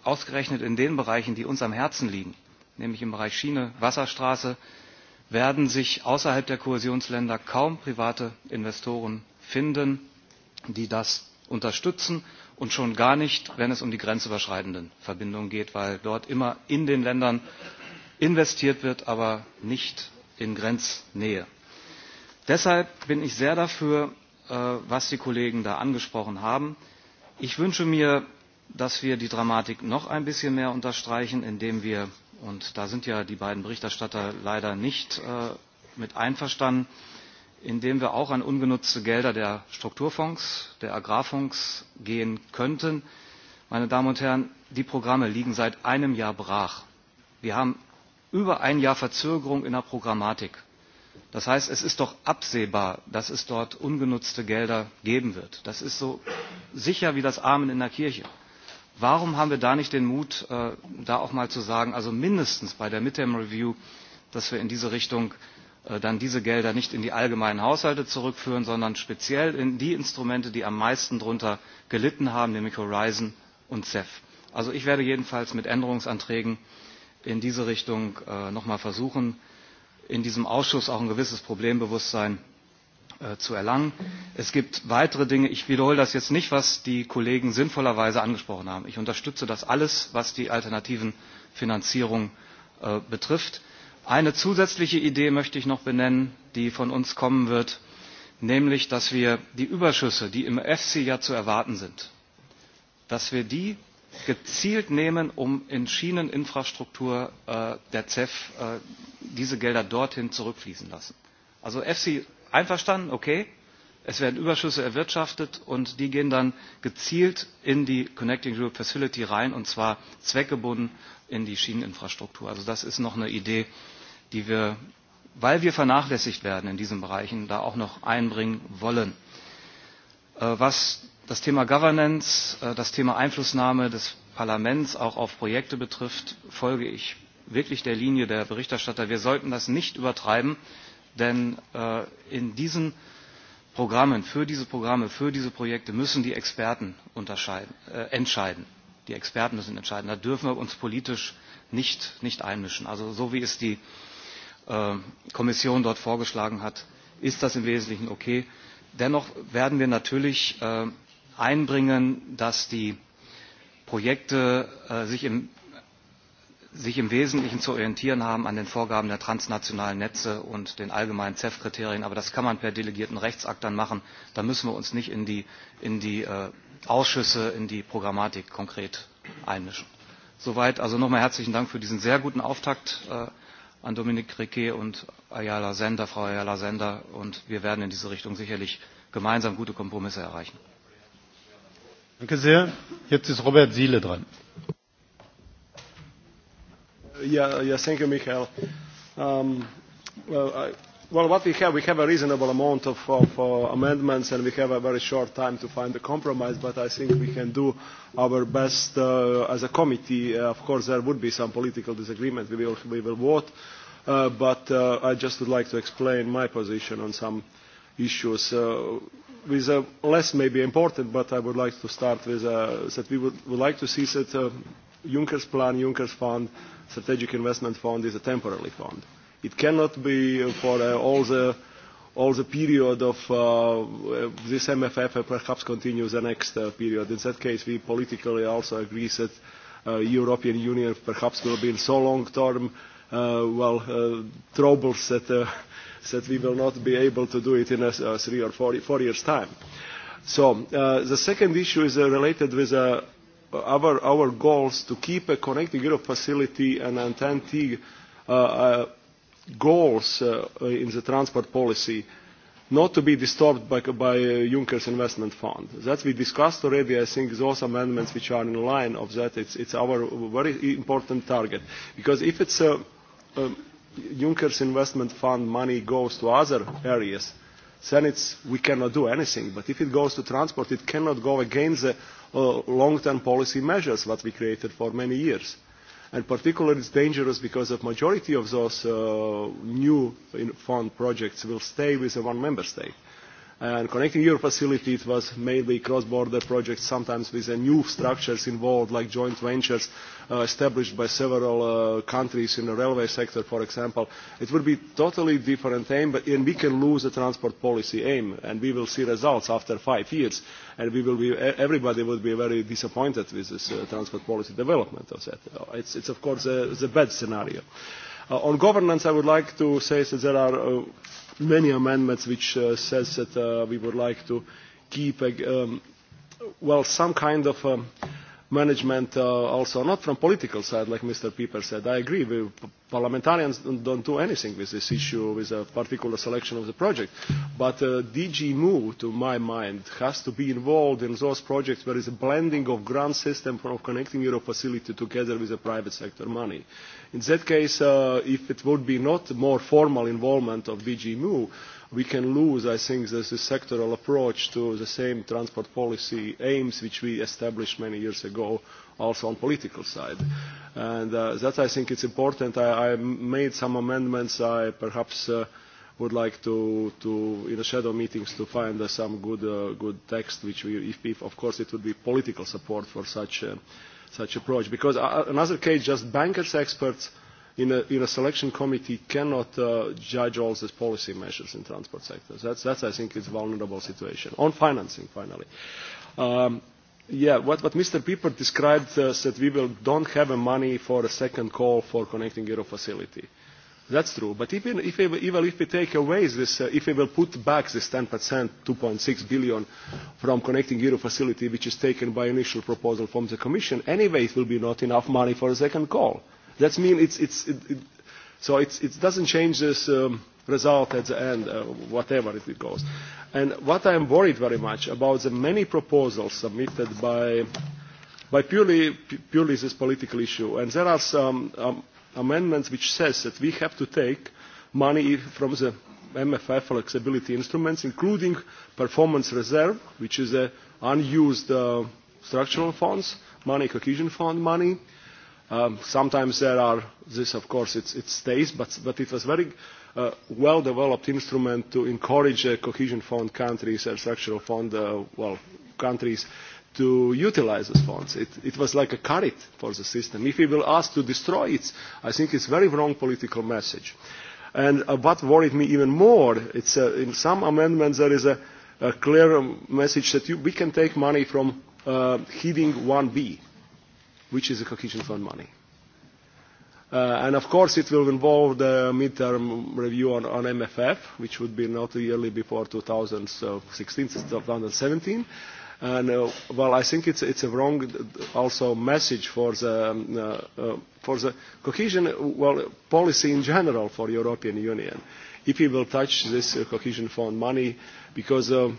ausgerechnet in den Bereichen, die uns am Herzen liegen, nämlich im Bereich Schiene, Wasserstraße, werden sich außerhalb der Kohäsionsländer kaum private Investoren finden, die das unterstützen und schon gar nicht, wenn es um die grenzüberschreitenden Verbindungen geht, weil dort immer in den Ländern investiert wird, aber nicht in Grenznähe. Deshalb bin ich sehr dafür, äh, was die Kollegen da angesprochen haben. Ich wünsche mir dass wir die Dramatik noch ein bisschen mehr unterstreichen, indem wir, und da sind ja die beiden Berichterstatter leider nicht äh, mit einverstanden, indem wir auch an ungenutzte Gelder der Strukturfonds, der Agrarfonds gehen könnten. Meine Damen und Herren, die Programme liegen seit einem Jahr brach. Wir haben über ein Jahr Verzögerung in der Programmatik. Das heißt, es ist doch absehbar, dass es dort ungenutzte Gelder geben wird. Das ist so sicher wie das Amen in der Kirche. Warum haben wir da nicht den Mut, äh, da auch mal zu sagen, also mindestens bei der Midterm Review, dass wir in diese Richtung äh, dann diese Gelder nicht in die allgemeinen Haushalte zurückführen, sondern speziell in die Instrumente, die am meisten darunter gelitten haben, nämlich Horizon und CEF. Also ich werde jedenfalls mit Änderungsanträgen in diese Richtung äh, nochmal versuchen, in diesem Ausschuss auch ein gewisses Problembewusstsein Äh, zu erlangen. Es gibt weitere Dinge. Ich wiederhole das jetzt nicht, was die Kollegen sinnvollerweise angesprochen haben. Ich unterstütze das alles, was die alternativen Finanzierung äh, betrifft. Eine zusätzliche Idee möchte ich noch benennen, die von uns kommen wird, nämlich, dass wir die Überschüsse, die im EFSI ja zu erwarten sind, dass wir die gezielt nehmen, um in Schieneninfrastruktur äh, der CEF äh, diese Gelder dorthin zurückfließen lassen. Also EFSI Einverstanden? Okay. Es werden Überschüsse erwirtschaftet und die gehen dann gezielt in die Connecting Europe Facility rein und zwar zweckgebunden in die Schieneninfrastruktur. Also das ist noch eine Idee, die wir, weil wir vernachlässigt werden in diesen Bereichen, da auch noch einbringen wollen. Äh, was das Thema Governance, äh, das Thema Einflussnahme des Parlaments auch auf Projekte betrifft, folge ich wirklich der Linie der Berichterstatter. Wir sollten das nicht übertreiben. Denn äh, in diesen Programmen, für diese Programme, für diese Projekte müssen die Experten unterscheiden, äh, entscheiden. Die Experten müssen entscheiden. Da dürfen wir uns politisch nicht, nicht einmischen. Also so wie es die äh, Kommission dort vorgeschlagen hat, ist das im Wesentlichen okay. Dennoch werden wir natürlich äh, einbringen, dass die Projekte äh, sich im sich im Wesentlichen zu orientieren haben an den Vorgaben der transnationalen Netze und den allgemeinen CEF-Kriterien. Aber das kann man per delegierten Rechtsakt dann machen. Da müssen wir uns nicht in die, in die äh, Ausschüsse, in die Programmatik konkret einmischen. Soweit also nochmal herzlichen Dank für diesen sehr guten Auftakt äh, an Dominique Riquet und Ayala Sender, Frau Ayala Sender. Und wir werden in diese Richtung sicherlich gemeinsam gute Kompromisse erreichen. Danke sehr. Jetzt ist Robert Siele dran. Yeah, yeah, thank you, Michael. Um, well, I, well, what we have, we have a reasonable amount of, of uh, amendments and we have a very short time to find a compromise, but I think we can do our best uh, as a committee. Uh, of course, there would be some political disagreement. We will, we will vote. Uh, but uh, I just would like to explain my position on some issues. Uh, with a less maybe important, but I would like to start with uh, that we would, would like to see that uh, Juncker's plan, Juncker's fund, strategic investment fund is a temporary fund. It cannot be for uh, all the all the period of uh, this MFF perhaps continues the next uh, period. In that case, we politically also agree that uh, European Union perhaps will be in so long term uh, well uh, troubles that uh, <laughs> that we will not be able to do it in a, a uh, three or four, four years time. So uh, the second issue is uh, related with uh, our, our goals to keep a connecting Europe facility and, and TNT uh, uh, goals uh, in the transport policy not to be disturbed by, by uh, Juncker's investment fund. That we discussed already. I think those amendments which are in line of that, it's, it's our very important target. Because if it's uh, um, Juncker's investment fund money goes to other areas, uh, then it's, we cannot do anything. But if it goes to transport, it cannot go against the uh, long-term policy measures that we created for many years. And particularly it's dangerous because the majority of those uh, new fund projects will stay with the one member state. And Connecting Europe facility, it was mainly cross-border projects, sometimes with uh, new structures involved, like joint ventures uh, established by several uh, countries in the railway sector, for example. It would be totally different aim, but, and we can lose the transport policy aim, and we will see results after five years, and we will be, e, everybody would be very disappointed with this uh, transport policy development of that. Uh, it's, it's of course, uh, the bad scenario. Uh, on governance, I would like to say that there are uh, many amendments which uh, says that uh, we would like to keep, a, um, well, some kind of um, management uh, also, not from political side, like Mr. Pieper said. I agree, we, parliamentarians don't do anything with this issue, with a particular selection of the project. But uh, DG MOVE, to my mind, has to be involved in those projects where is a blending of grant system of Connecting Europe facility together with the private sector money. In that case, uh, if it would be not more formal involvement of DG MOVE, we can lose, I think, the, the sectoral approach to the same transport policy aims which we established many years ago also on political side. And uh, that, I think, is important. I, I made some amendments. I perhaps uh, would like to, to, in the shadow meetings, to find uh, some good, uh, good text, which we, if, if, of course, it would be political support for such, uh, such approach. Because uh, another case, just bankers experts, in a, in a selection committee cannot uh, judge all these policy measures in transport sector. That's, that's I think, it's a vulnerable situation. On financing, finally. Um, yeah, what, what Mr. Pieper described uh, that we will don't have a money for a second call for connecting Euro facility. That's true. But even if, we, even if we take away this, uh, if we will put back this 10%, 2.6 billion from Connecting Euro facility, which is taken by initial proposal from the Commission, anyway it will be not enough money for a second call. That means it's, it's, it, it, so it's, it doesn't change this um, result at the end, uh, whatever it goes. And what I'm worried very much about the many proposals submitted by, by purely, purely this political issue. And there are some um, amendments which says that we have to take money from the MFF flexibility instruments, including performance reserve, which is a unused uh, structural funds, money, cohesion fund money, uh, Um, sometimes there are this, of course, it's, it stays, but, but it was very uh, well-developed instrument to encourage uh, cohesion fund countries and structural fund, uh, well, countries to utilize those funds. It, it was like a carrot for the system. If we will ask to destroy it, I think it's very wrong political message. And uh, what worried me even more, it's uh, in some amendments there is a, a clear message that you, we can take money from uh, heading 1B which is the cohesion fund money. Uh, and of course, it will involve the midterm review on, on MFF, which would be not yearly before 2016, 2017. And uh, well, I think it's it's a wrong also message for the um, uh, uh, for the cohesion well policy in general for European Union, if we will touch this uh, cohesion fund money, because. Uh,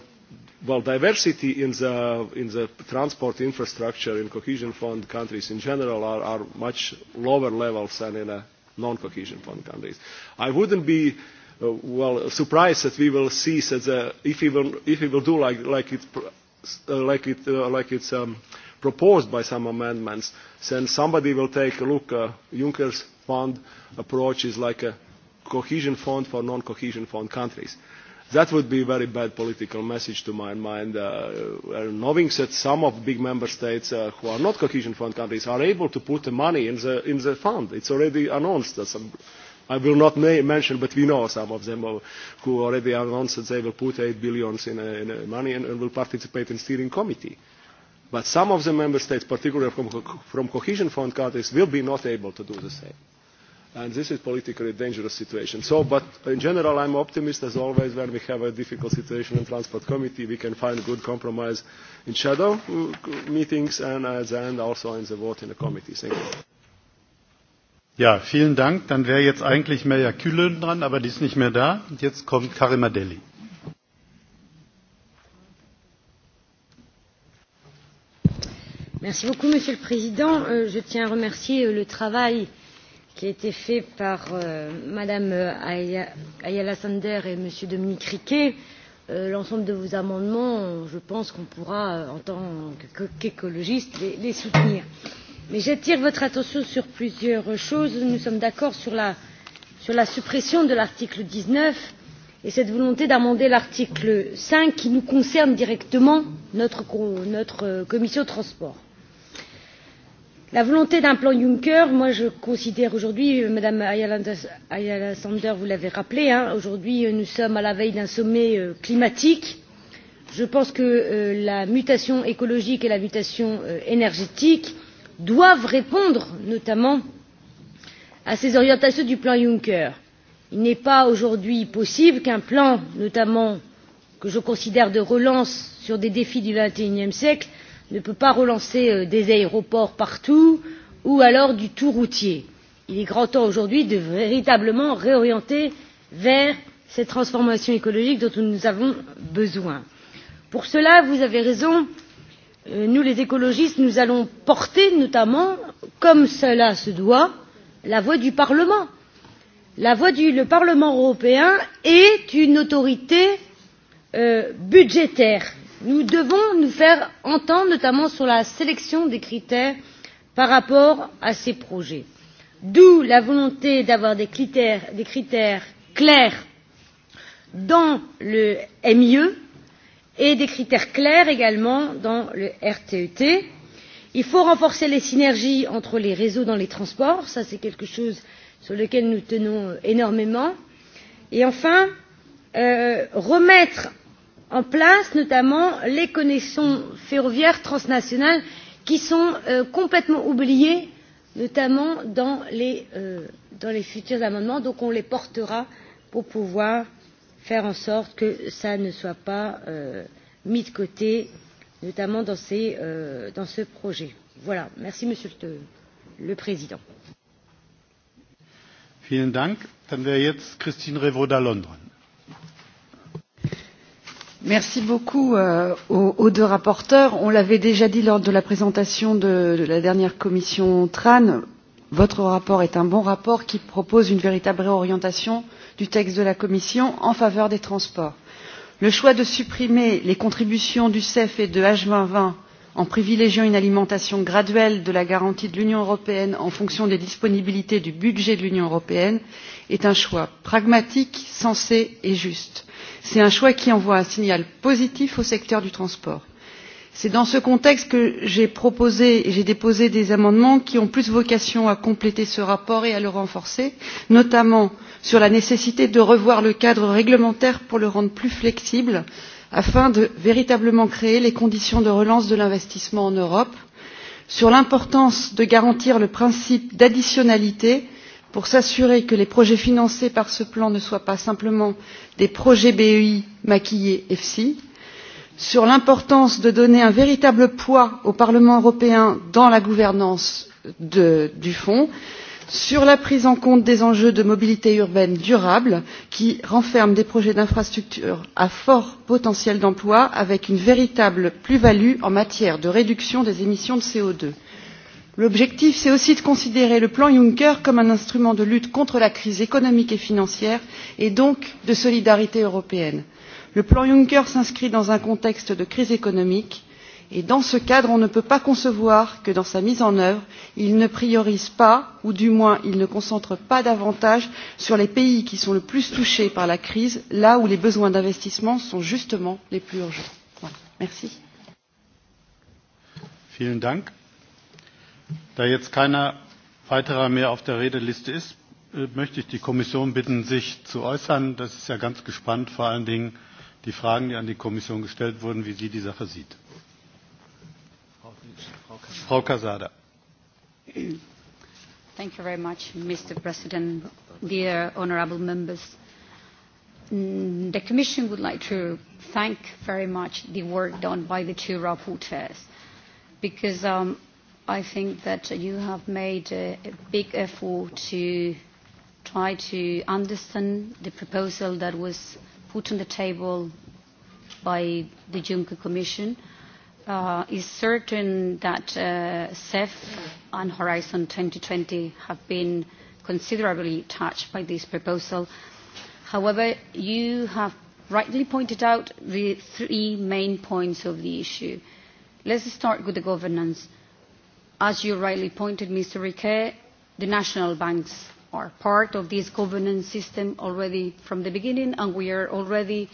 well, diversity in the, in the transport infrastructure in cohesion fund countries in general are, are much lower levels than in a non-cohesion fund countries. I wouldn't be uh, well surprised that we will see that the, if, we will, if we will do like, like it, uh, like, it, uh, like it's um, proposed by some amendments, then somebody will take a look. Uh, Juncker's fund approach is like a cohesion fund for non-cohesion fund countries. That would be a very bad political message to my mind, uh, uh knowing that some of big member states uh, who are not cohesion fund countries are able to put the money in the, in the fund. It's already announced that some, I will not mention, but we know some of them uh, who already announced that they will put 8 billion in, uh, in uh, money and, and will participate in steering committee. But some of the member states, particularly from, from cohesion fund countries, will be not able to do the same and this is a politically dangerous situation. So, but in general, I'm optimist as always when we have a difficult situation in Transport Committee. We can find good compromise in shadow uh, meetings and at the end also in the vote in the committee. Thank you. Ja, vielen Dank. Dann wäre jetzt eigentlich Merja Kühlen dran, aber die ist nicht mehr da. Jetzt kommt Karima Deli. Merci beaucoup, Monsieur le Président. Euh, je tiens à remercier euh, le travail euh, qui a été fait par euh, Madame euh, Ayala Sander et Monsieur Dominique Riquet, euh, l'ensemble de vos amendements, je pense qu'on pourra, euh, en tant qu'écologiste, les, les soutenir. Mais j'attire votre attention sur plusieurs choses. Nous sommes d'accord sur la, sur la suppression de l'article 19 et cette volonté d'amender l'article 5 qui nous concerne directement, notre, notre commission transport la volonté d'un plan juncker moi je considère aujourd'hui euh, madame ayala sender vous l'avez rappelé aujourd'hui euh, nous sommes à la veille d'un sommet euh, climatique je pense que la mutation écologique et la mutation énergétique doivent répondre notamment à ces orientations du plan juncker. il n'est pas aujourd'hui possible qu'un plan notamment que je considère de relance sur des défis du xxie siècle ne peut pas relancer euh, des aéroports partout ou alors du tout routier. il est grand temps aujourd'hui de véritablement réorienter vers cette transformation écologique dont nous avons besoin. pour cela vous avez raison euh, nous les écologistes nous allons porter notamment comme cela se doit la voix du parlement. La voix du le parlement européen est une autorité euh, budgétaire nous devons nous faire entendre notamment sur la sélection des critères par rapport à ces projets d'où la volonté d'avoir des critères, des critères clairs dans le MIE et des critères clairs également dans le RTET. E Il faut renforcer les synergies entre les réseaux dans les transports, ça c'est quelque chose sur lequel nous tenons énormément. Et enfin, euh, remettre en place notamment les connexions ferroviaires transnationales qui sont euh, complètement oubliées notamment dans les, euh, dans les futurs amendements donc on les portera pour pouvoir faire en sorte que ça ne soit pas euh, mis de côté notamment dans, ces, euh, dans ce projet. Voilà, merci Monsieur le, le Président. Vielen Dank. Dann wäre jetzt Christine Revaud-Dallon dran. Merci beaucoup euh, aux, aux deux rapporteurs. On l'avait déjà dit lors de la présentation de, de la dernière commission TRAN, votre rapport est un bon rapport qui propose une véritable réorientation du texte de la Commission en faveur des transports. Le choix de supprimer les contributions du CEF et de H2020 en privilégiant une alimentation graduelle de la garantie de l'union européenne en fonction des disponibilités du budget de l'union européenne est un choix pragmatique sensé et juste c'est un choix qui envoie un signal positif au secteur du transport. c'est dans ce contexte que j'ai proposé et j'ai déposé des amendements qui ont plus vocation à compléter ce rapport et à le renforcer notamment sur la nécessité de revoir le cadre réglementaire pour le rendre plus flexible afin de véritablement créer les conditions de relance de l'investissement en europe sur l'importance de garantir le principe d'additionnalité et pour s'assurer que les projets financés par ce plan ne soient pas simplement des projets bei maquillés efsi sur l'importance de donner un véritable poids au parlement européen dans la gouvernance de, du fonds sur la prise en compte des enjeux de mobilité urbaine durable qui renferment des projets d'infrastructures à fort potentiel d'emploi avec une véritable plus value en matière de réduction des émissions de co deux l'objectif c'est aussi de considérer le plan juncker comme un instrument de lutte contre la crise économique et financière et donc de solidarité européenne. le plan juncker s'inscrit dans un contexte de crise économique et dans ce cadre on ne peut pas concevoir que dans sa mise en œuvre il ne priorise pas ou du moins il ne concentre pas davantage sur les pays qui sont le plus touchés par la crise là où les besoins d'investissement sont justement les plus urgents. Voilà. merci. Da jetzt keiner weiterer mehr auf der Redeliste ist, äh, möchte ich die Kommission bitten, sich zu äußern. Das ist ja ganz gespannt, vor allen Dingen die Fragen, die an die Kommission gestellt wurden, wie sie die Sache sieht. Frau Casada. Thank you very much, Mr. President, dear honorable members. Mm, the Commission would like to thank very much the work done by the two rapporteurs because um, i think that you have made a, a big effort to try to understand the proposal that was put on the table by the Juncker Commission. Uh, is certain that uh, CEF and Horizon 2020 have been considerably touched by this proposal. However, you have rightly pointed out the three main points of the issue. Let's start with the governance. Uh, as you rightly pointed, Mr. Riquet, the national banks are part of this governance system already from the beginning, and we are already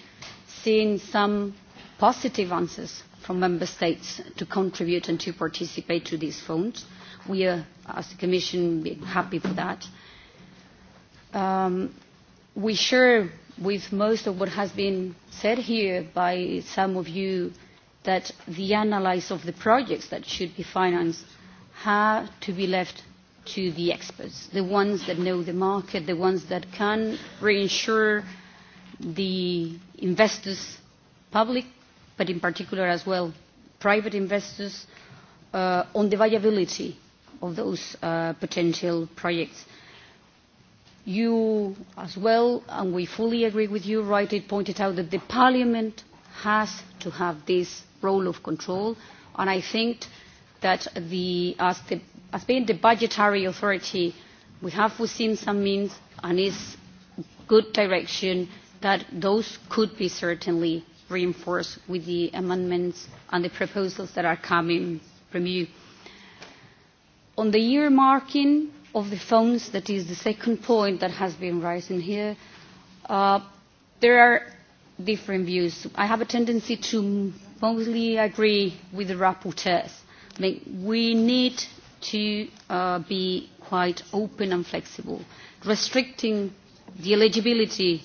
seeing some positive answers from member states to contribute and to participate to these funds. We are, as the Commission, happy for that. Um, we share with most of what has been said here by some of you that the analysis of the projects that should be financed have to be left to the experts, the ones that know the market, the ones that can reinsure the investors, public, but in particular as well private investors, uh, on the viability of those uh, potential projects. You as well, and we fully agree with you, rightly pointed out that the Parliament has to have this role of control, and I think that the, as, the, as being the budgetary authority, we have foreseen some means and is good direction that those could be certainly reinforced with the amendments and the proposals that are coming from you. On the year marking of the phones, that is the second point that has been rising here, uh, there are different views. I have a tendency to mostly agree with the rapporteurs i mean, we need to uh, be quite open and flexible. Restricting the eligibility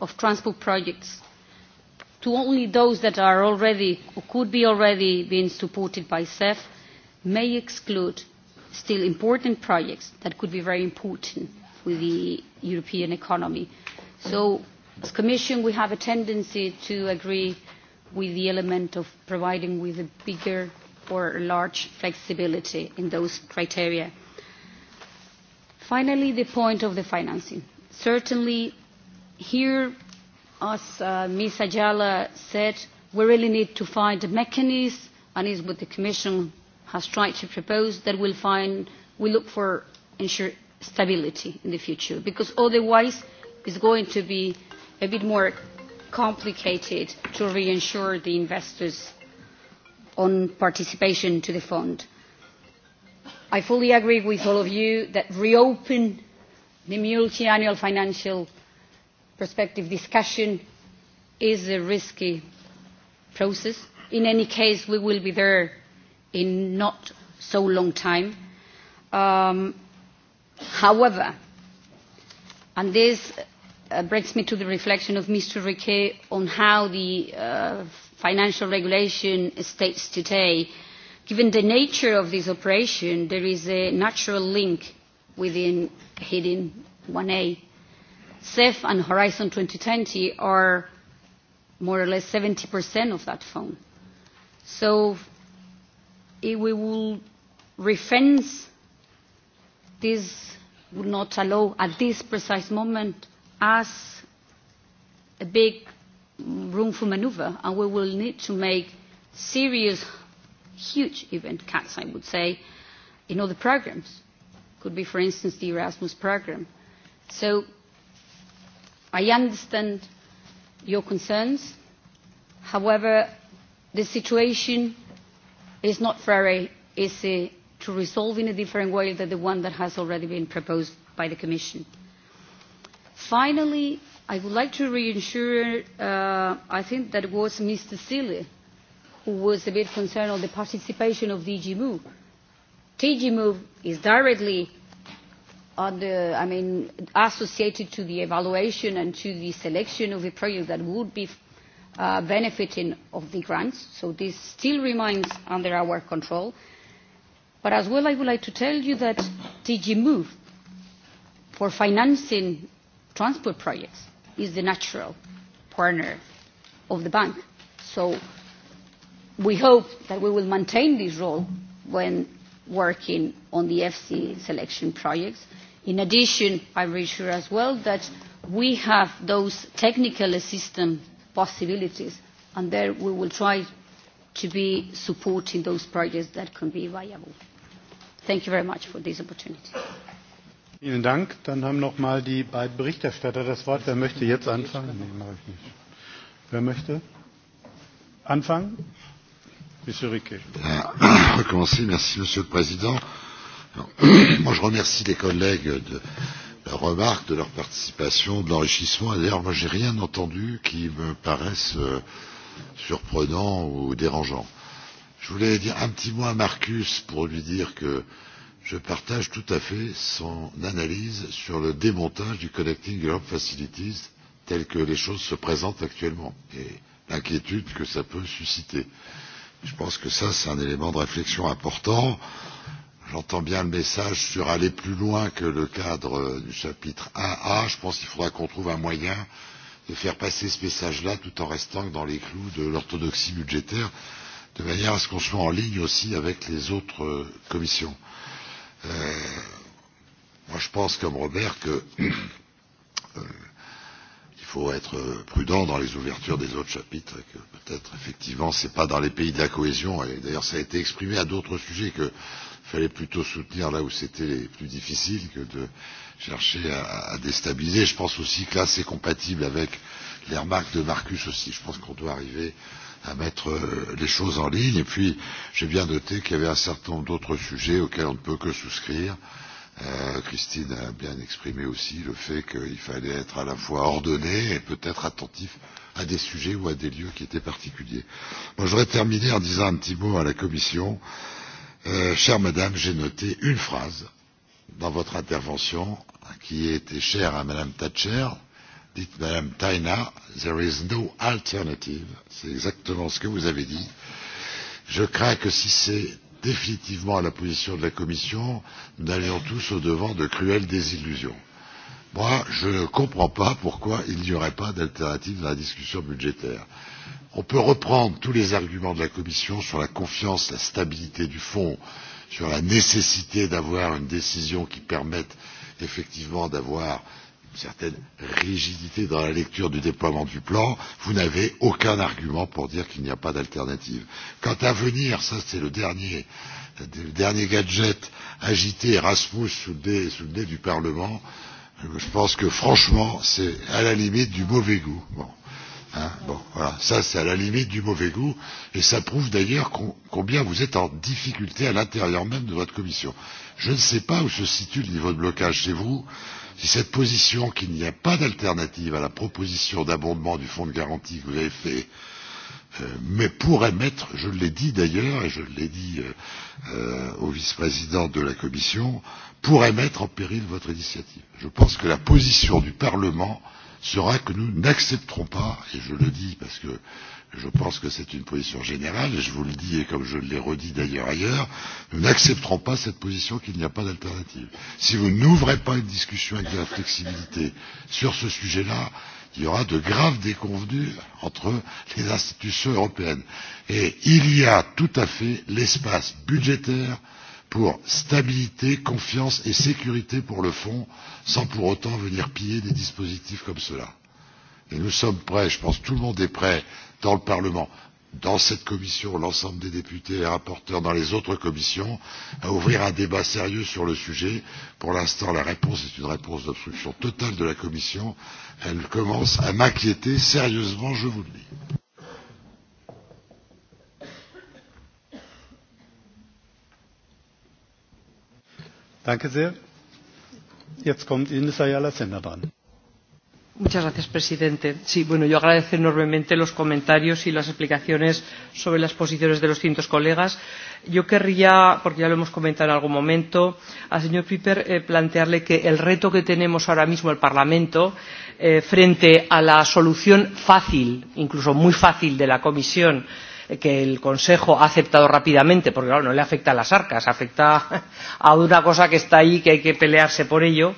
of transport projects to only those that are already or could be already being supported by CEF may exclude still important projects that could be very important for the European economy. So as Commission we have a tendency to agree with the element of providing with a bigger or large flexibility in those criteria. Finally, the point of the financing. Certainly, here, as uh, Ms. Ajala said, we really need to find a mechanism, and is what the Commission has tried to propose, that we'll find, we look for ensure stability in the future, because otherwise it's going to be a bit more complicated to reinsure the investors' on participation to the fund. I fully agree with all of you that reopen the multi-annual financial perspective discussion is a risky process. In any case, we will be there in not so long time. Um, however, and this uh, brings me to the reflection of Mr. Riquet on how the uh, financial regulation states today, given the nature of this operation, there is a natural link within heading 1A. CEF and Horizon 2020 are more or less 70% of that fund. So if we will refence, this would not allow at this precise moment us a big room for manoeuvre and we will need to make serious, huge event cuts, I would say, in other programmes. Could be, for instance, the Erasmus programme. So I understand your concerns. However, the situation is not very easy to resolve in a different way than the one that has already been proposed by the Commission. Finally, i would like to reassure, uh, I think that was Mr. Sealy who was a bit concerned on the participation of DG Move. DG Move is directly on the, I mean, associated to the evaluation and to the selection of a project that would be uh, benefiting of the grants. So this still remains under our control. But as well, I would like to tell you that DG Move for financing transport projects is the natural partner of the bank. So we hope that we will maintain this role when working on the FC selection projects. In addition, I reassure as well that we have those technical assistance possibilities, and there we will try to be supporting those projects that can be viable. Thank you very much for this opportunity. Vielen Dank. Dann haben noch mal die beiden Berichterstatter das Wort. Wer möchte jetzt anfangen? Nee, mache ich nicht. Wer möchte anfangen? Monsieur Riquet. Ja, euh, <coughs> Recommencer. Merci, Monsieur le Président. <coughs> Moi, je remercie les collègues de leurs remarques, de leur participation, de l'enrichissement. d'ailleurs, moi, j'ai rien entendu qui me paraisse euh, surprenant ou dérangeant. Je voulais dire un petit mot à Marcus pour lui dire que euh, je partage tout à fait son analyse sur le démontage du Connecting Europe Facilities tel que les choses se présentent actuellement et l'inquiétude que ça peut susciter. Je pense que ça, c'est un élément de réflexion important. J'entends bien le message sur aller plus loin que le cadre du chapitre 1A. Je pense qu'il faudra qu'on trouve un moyen de faire passer ce message-là tout en restant dans les clous de l'orthodoxie budgétaire, de manière à ce qu'on soit en ligne aussi avec les autres commissions. Euh, moi, je pense comme Robert que <clears throat> euh, il faut être prudent dans les ouvertures des autres chapitres et que peut-être effectivement ce n'est pas dans les pays de la cohésion et d'ailleurs ça a été exprimé à d'autres sujets que fallait plutôt soutenir là où c'était plus difficile que de chercher à, à déstabiliser. Je pense aussi que là c'est compatible avec les remarques de Marcus aussi. Je pense qu'on doit arriver euh, à mettre euh, les choses en ligne. Et puis, j'ai bien noté qu'il y avait un certain nombre d'autres sujets auxquels on ne peut que souscrire. Euh, Christine a bien exprimé aussi le fait qu'il fallait être à la fois ordonné et peut-être attentif à des sujets ou à des lieux qui étaient particuliers. Moi, je voudrais terminer en disant un petit mot à la Commission. Euh, chère Madame, j'ai noté une phrase dans votre intervention qui était chère à Madame Thatcher, dites, Madame Taina, there is no alternative. C'est exactement ce que vous avez dit. Je crains que si c'est définitivement à la position de la Commission, nous allions tous au devant de cruelles désillusions. Moi, je ne comprends pas pourquoi il n'y aurait pas d'alternative dans la discussion budgétaire. On peut reprendre tous les arguments de la Commission sur la confiance, la stabilité du fonds, sur la nécessité d'avoir une décision qui permette effectivement d'avoir euh, certaine rigidité dans la lecture du déploiement du plan, vous n'avez aucun argument pour dire qu'il n'y a pas d'alternative. Quant à venir, ça c'est le dernier, le dernier gadget agité Erasmus sous le nez, sous le nez du Parlement, je pense que franchement c'est à la limite du mauvais goût. Bon. Hein, bon, voilà, ça c'est à la limite du mauvais goût, et ça prouve d'ailleurs combien vous êtes en difficulté à l'intérieur même de votre commission. Je ne sais pas où se situe le niveau de blocage chez vous, si cette position qu'il n'y a pas d'alternative à la proposition d'abondement du fonds de garantie que vous avez fait, euh, mais pourrait mettre, je l'ai dit d'ailleurs, et je l'ai dit euh, euh, au vice-président de la Commission, pourrait mettre en péril votre initiative. Je pense que la position du Parlement sera que nous n'accepterons pas, et je le dis parce que euh, je pense que c'est une position générale, et je vous le dis et comme je l'ai redit d'ailleurs ailleurs, nous n'accepterons pas cette position qu'il n'y a pas d'alternative. Si vous n'ouvrez pas une discussion avec de la flexibilité sur ce sujet-là, il y aura de graves déconvenues entre les institutions européennes. Et il y a tout à fait l'espace budgétaire pour stabilité, confiance et sécurité pour le fonds, sans pour autant venir piller des dispositifs comme cela. Et nous sommes prêts, je pense que tout le monde est prêt dans le Parlement, dans cette commission, l'ensemble des députés et rapporteurs dans les autres commissions, à ouvrir un débat sérieux sur le sujet. Pour l'instant, la réponse est une réponse d'obstruction totale de la commission. Elle commence à m'inquiéter sérieusement, je vous le dis. Danke sehr. Jetzt kommt Ines Ayala Sender Muchas gracias, presidente. Sí, bueno, yo agradezco enormemente los comentarios y las explicaciones sobre las posiciones de los distintos colegas. Yo querría, porque ya lo hemos comentado en algún momento, al señor Piper eh, plantearle que el reto que tenemos ahora mismo el Parlamento eh, frente a la solución fácil, incluso muy fácil, de la Comisión eh, que el Consejo ha aceptado rápidamente, porque claro, no le afecta a las arcas, afecta <laughs> a una cosa que está ahí, y que hay que pelearse por ello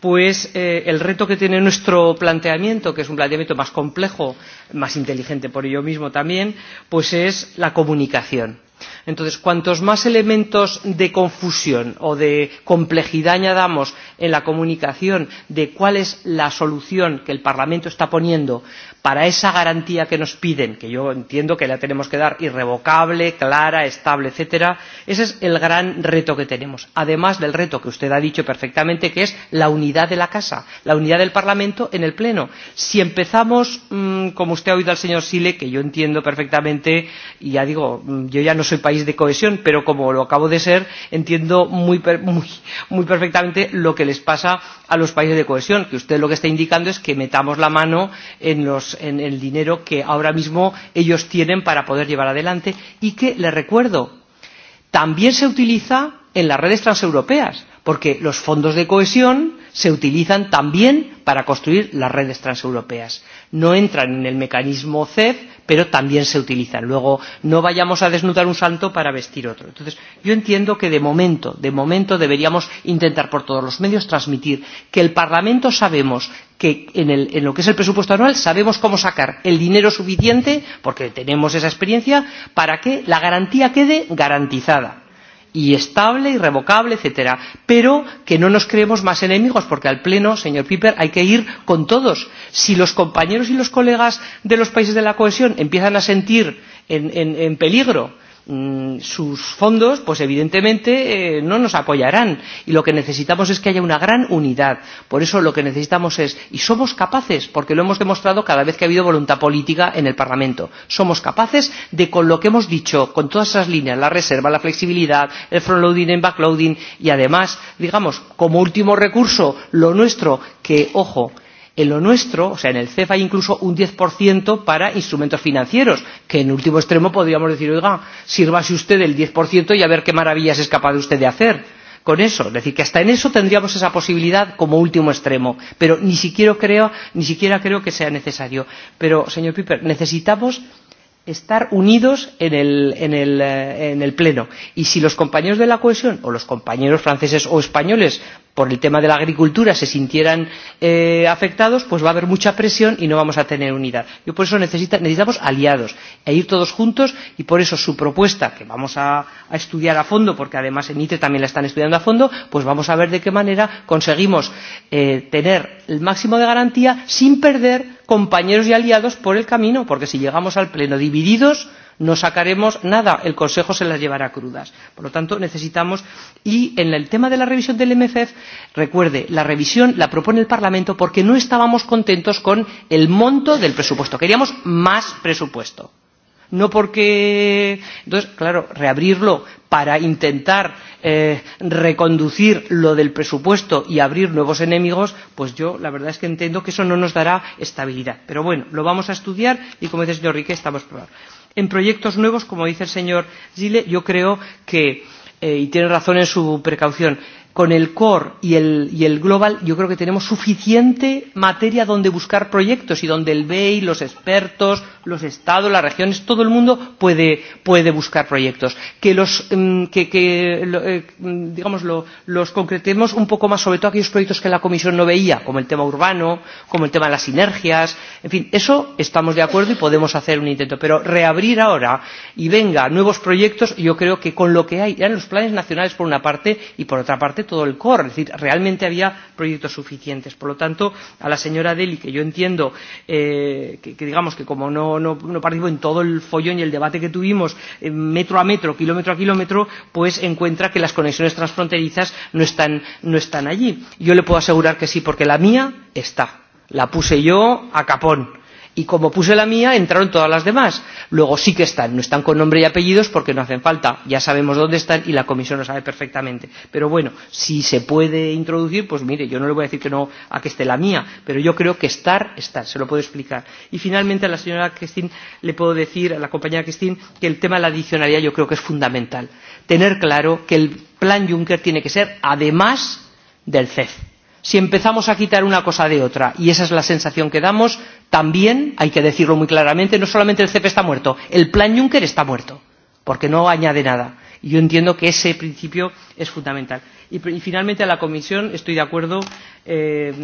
pues eh, el reto que tiene nuestro planteamiento, que es un planteamiento más complejo, más inteligente por ello mismo también, pues es la comunicación. Entonces, cuantos más elementos de confusión o de complejidad añadamos en la comunicación de cuál es la solución que el Parlamento está poniendo para esa garantía que nos piden, que yo entiendo que la tenemos que dar irrevocable, clara, estable, etcétera, ese es el gran reto que tenemos. Además del reto que usted ha dicho perfectamente, que es la unidad de la casa, la unidad del Parlamento en el Pleno. Si empezamos, mmm, como usted ha oído al señor Sile, que yo entiendo perfectamente, y ya digo, mm, yo ya no soy país de cohesión, pero como lo acabo de ser, entiendo muy, <laughs> muy, muy perfectamente lo que les pasa a los países de cohesión, que usted lo que está indicando es que metamos la mano en los en el dinero que ahora mismo ellos tienen para poder llevar adelante y que, les recuerdo, también se utiliza en las redes transeuropeas, porque los fondos de cohesión se utilizan también para construir las redes transeuropeas. No entran en el mecanismo CEF, pero también se utilizan. Luego, no vayamos a desnudar un santo para vestir otro. Entonces, yo entiendo que de momento, de momento deberíamos intentar por todos los medios transmitir que el Parlamento sabemos que en, el, en lo que es el presupuesto anual sabemos cómo sacar el dinero suficiente, porque tenemos esa experiencia, para que la garantía quede garantizada y estable, irrevocable, etcétera. Pero que no nos creemos más enemigos, porque al Pleno, señor Piper, hay que ir con todos. Si los compañeros y los colegas de los países de la cohesión empiezan a sentir en, en, en peligro Mm, sus fondos, pues evidentemente eh, no nos apoyarán. Y lo que necesitamos es que haya una gran unidad. Por eso lo que necesitamos es, y somos capaces, porque lo hemos demostrado cada vez que ha habido voluntad política en el Parlamento, somos capaces de, con lo que hemos dicho, con todas esas líneas, la reserva, la flexibilidad, el frontloading, el backloading, y además, digamos, como último recurso, lo nuestro, que, ojo, En lo nuestro, o sea, en el CEF hay incluso un 10% para instrumentos financieros, que en último extremo podríamos decir, oiga, sírvase usted del 10% y a ver qué maravillas es capaz de usted de hacer con eso. Es decir, que hasta en eso tendríamos esa posibilidad como último extremo. Pero ni siquiera creo, ni siquiera creo que sea necesario. Pero, señor Piper, necesitamos estar unidos en el, en, el, eh, en el Pleno. Y si los compañeros de la cohesión o los compañeros franceses o españoles por el tema de la agricultura se sintieran eh, afectados, pues va a haber mucha presión y no vamos a tener unidad. Yo por eso necesita, necesitamos aliados e ir todos juntos y por eso su propuesta, que vamos a, a estudiar a fondo, porque además en ITRE también la están estudiando a fondo, pues vamos a ver de qué manera conseguimos eh, tener el máximo de garantía sin perder compañeros y aliados por el camino, porque si llegamos al pleno divididos divididos no sacaremos nada el consejo se las llevará crudas. por lo tanto necesitamos y en el tema de la revisión del mfp e recuerde la revisión la propone el parlamento porque no estábamos contentos con el monto del presupuesto queríamos más presupuesto no porque. Entonces, claro, reabrirlo para intentar eh, reconducir lo del presupuesto y abrir nuevos enemigos, pues yo la verdad es que entiendo que eso no nos dará estabilidad. Pero bueno, lo vamos a estudiar y, como dice el señor Riquet, estamos probando. En proyectos nuevos, como dice el señor Gile, yo creo que, eh, y tiene razón en su precaución, con el core y el, y el global, yo creo que tenemos suficiente materia donde buscar proyectos y donde el BEI, los expertos, los estados, las regiones, todo el mundo puede, puede buscar proyectos. Que los, mm, que, que, eh, mm, digamos, lo, los concretemos un poco más, sobre todo aquellos proyectos que la Comisión no veía, como el tema urbano, como el tema de las sinergias, en fin, eso estamos de acuerdo y podemos hacer un intento. Pero reabrir ahora y venga nuevos proyectos, yo creo que con lo que hay, eran los planes nacionales por una parte y por otra parte todo el core, es decir, realmente había proyectos suficientes. Por lo tanto, a la señora Deli, que yo entiendo eh, que, que digamos que como no, no, no participo en todo el follón y el debate que tuvimos eh, metro a metro, kilómetro a kilómetro, pues encuentra que las conexiones transfronterizas no están, no están allí. Yo le puedo asegurar que sí, porque la mía está. La puse yo a capón y como puse la mía, entraron todas las demás. Luego sí que están, no están con nombre y apellidos porque no hacen falta, ya sabemos dónde están y la comisión lo sabe perfectamente. Pero bueno, si se puede introducir, pues mire, yo no le voy a decir que no a que esté la mía, pero yo creo que estar, estar, se lo puedo explicar. Y finalmente a la señora Cristín le puedo decir, a la compañera Cristín, que el tema de la adicionalidad yo creo que es fundamental. Tener claro que el plan Juncker tiene que ser además del CEF si empezamos a quitar una cosa de otra, y esa es la sensación que damos, también hay que decirlo muy claramente, no solamente el CEP está muerto, el plan Juncker está muerto, porque no añade nada. Y yo entiendo que ese principio es fundamental. Y, y finalmente a la Comisión estoy de acuerdo eh,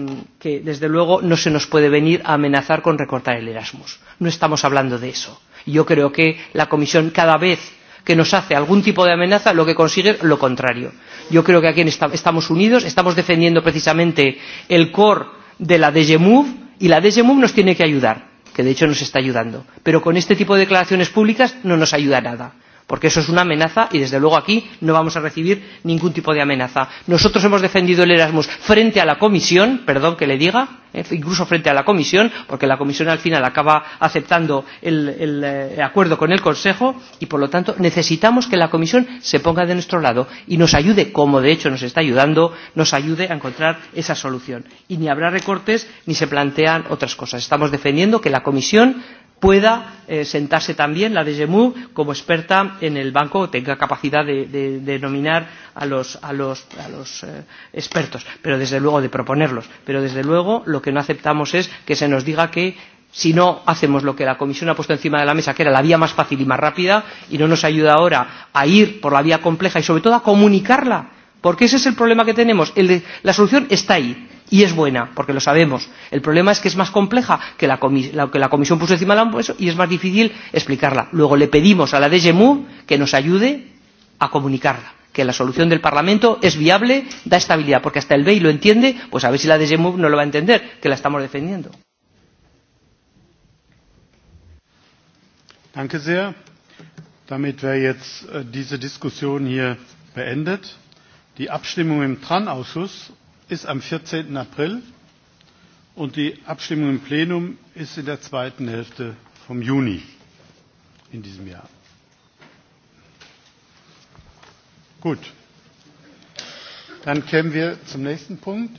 que desde luego no se nos puede venir a amenazar con recortar el Erasmus. No estamos hablando de eso. Yo creo que la Comisión cada vez que nos hace algún tipo de amenaza lo que consigue es lo contrario. Yo creo que aquí estamos unidos, estamos defendiendo precisamente el core de la DG Move y la DG Move nos tiene que ayudar, que de hecho nos está ayudando. Pero con este tipo de declaraciones públicas no nos ayuda nada porque eso es una amenaza y desde luego aquí no vamos a recibir ningún tipo de amenaza. Nosotros hemos defendido el Erasmus frente a la Comisión, perdón que le diga, eh, incluso frente a la Comisión, porque la Comisión al final acaba aceptando el, el, el eh, acuerdo con el Consejo y por lo tanto necesitamos que la Comisión se ponga de nuestro lado y nos ayude, como de hecho nos está ayudando, nos ayude a encontrar esa solución. Y ni habrá recortes ni se plantean otras cosas. Estamos defendiendo que la Comisión pueda eh, sentarse también la de Gemú como experta en el banco o tenga capacidad de, de, de nominar a los, a los, a los eh, expertos, pero desde luego de proponerlos. Pero desde luego lo que no aceptamos es que se nos diga que si no hacemos lo que la Comisión ha puesto encima de la mesa, que era la vía más fácil y más rápida, y no nos ayuda ahora a ir por la vía compleja y sobre todo a comunicarla, porque ese es el problema que tenemos. El de, la solución está ahí y es buena, porque lo sabemos. El problema es que es más compleja que la, la, que la Comisión puso encima de la mesa y es más difícil explicarla. Luego le pedimos a la DG MOVE que nos ayude a comunicarla que la solución del Parlamento es viable, da estabilidad, porque hasta el BEI lo entiende, pues a ver si la DG MOVE no lo va a entender, que la estamos defendiendo. Danke sehr. Damit wäre jetzt äh, diese Diskussion hier beendet. Die Abstimmung im TRAN-Ausschuss ist am 14. April und die Abstimmung im Plenum ist in der zweiten Hälfte vom Juni in diesem Jahr. Gut. Dann kämen wir zum nächsten Punkt.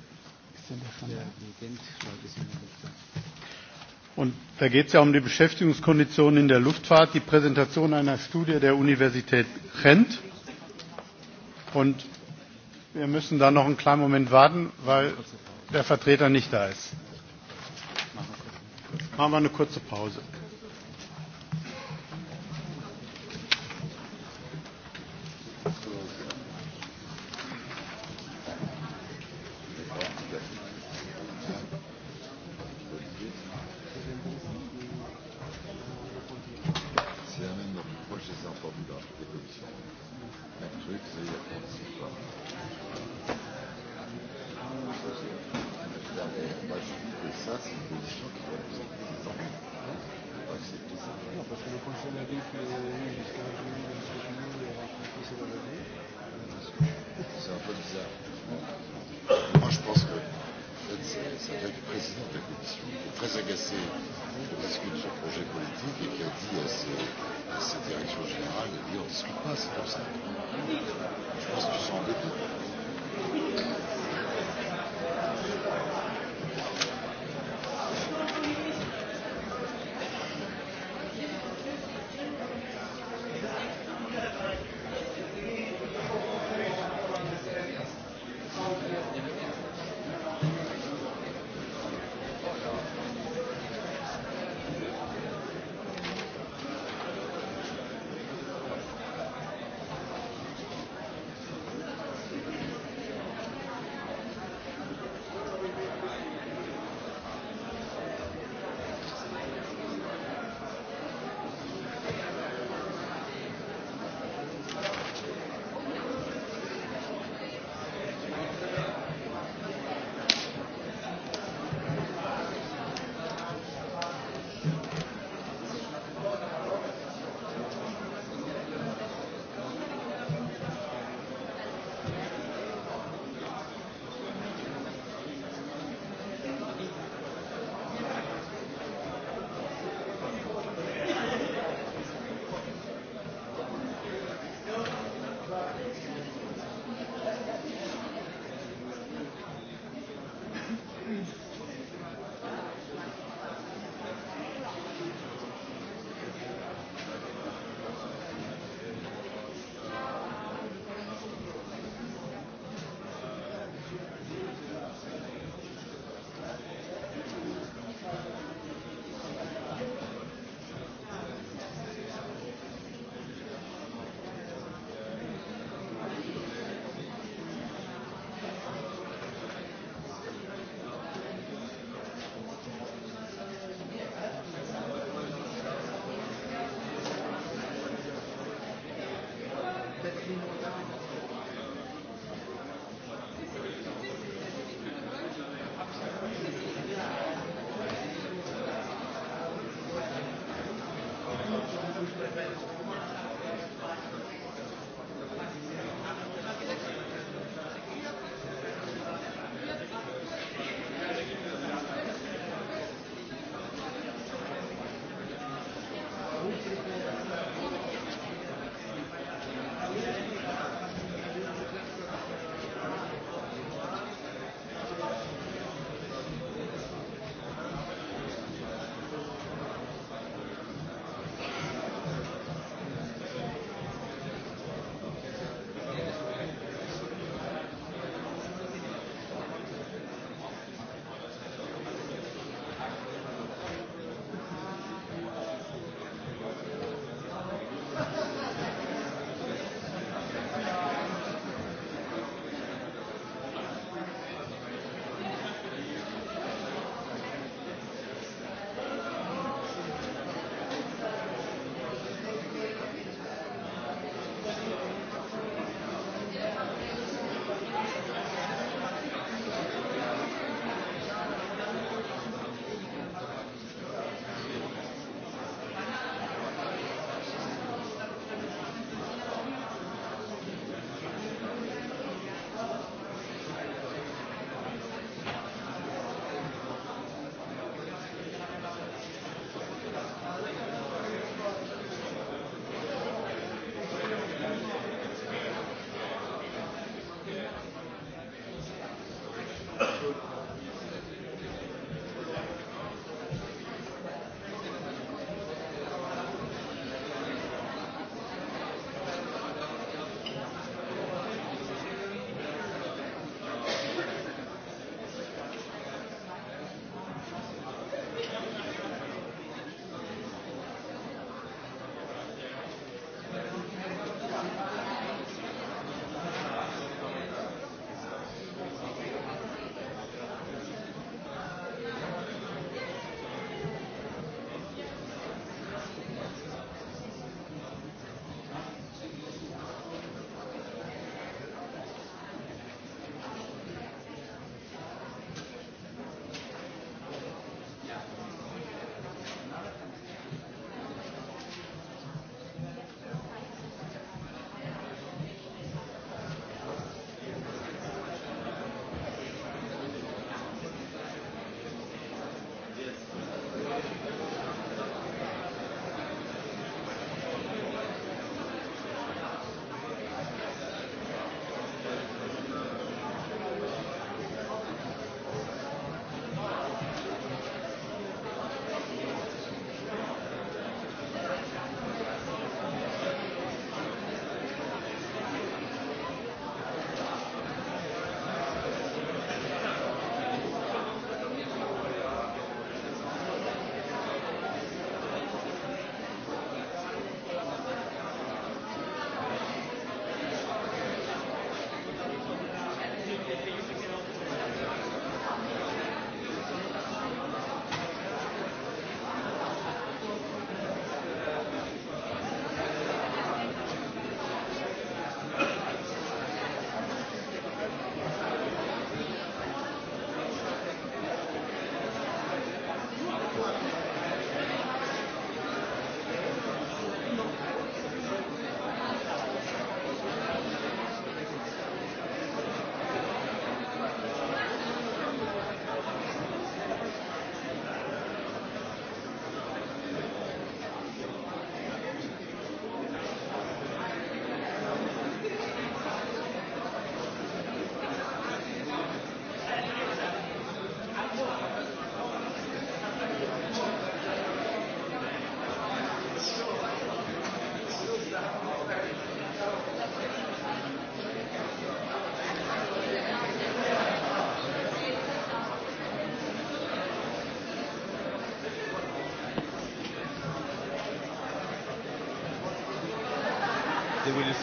Und da geht es ja um die Beschäftigungskonditionen in der Luftfahrt, die Präsentation einer Studie der Universität Rent. Und Wir müssen da noch einen kleinen Moment warten, weil der Vertreter nicht da ist. Machen wir eine kurze Pause.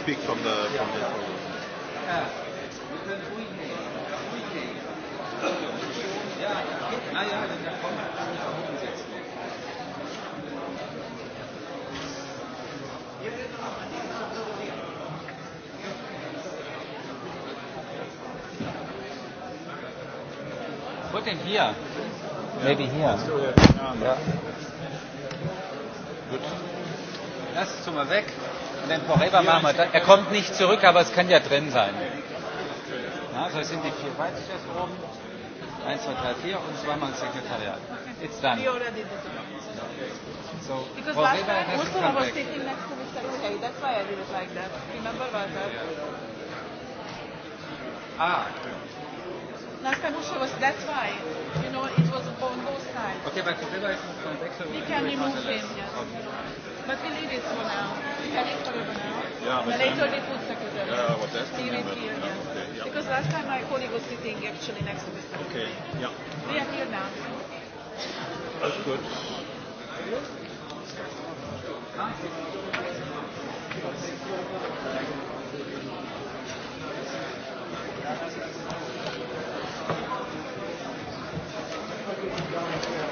speak from the from the. Put him here. Maybe here. Yeah. Gut. Lass es mal weg. Und dann Poreba machen wir das. Er kommt nicht zurück, aber es kann ja drin sein. Na, so sind die vier Weißchefs oben. Eins, zwei, drei, vier und zweimal das Sekretariat. It's done. So, Because last time Ursula was sitting next to Mr. Okay, that's why I did it like that. Remember what Ah. Last time Ursula was, that's why. You know, it was on both sides. Okay, but Poreba is not from Dexter. We can remove him, yes. Okay. But we leave it for now. We have it for now. Yeah, but later we put secretary. Yeah, what that's See here. Yeah, okay, yeah. Because last time my colleague was sitting actually next to Mr. Okay. Yeah. We are here now. That's good. Thank you.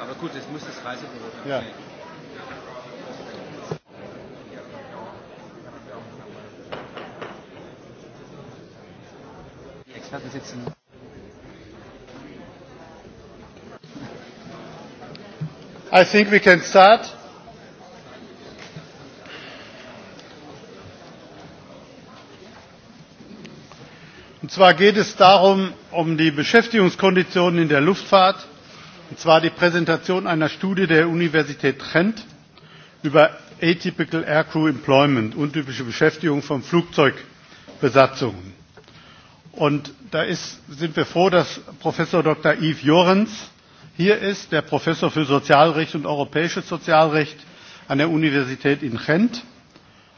Aber gut, jetzt muss das Reisebüro dann ja. Sein. Experten sitzen. I think we can start. zwar geht es darum um die beschäftigungskonditionen in der luftfahrt und zwar die präsentation einer studie der universität trent über atypical aircrew employment untypische beschäftigung von flugzeugbesatzungen. Und da ist, sind wir froh, dass Professor Dr. Yves Jorens hier ist, der Professor für Sozialrecht und europäisches Sozialrecht an der Universität in Gent.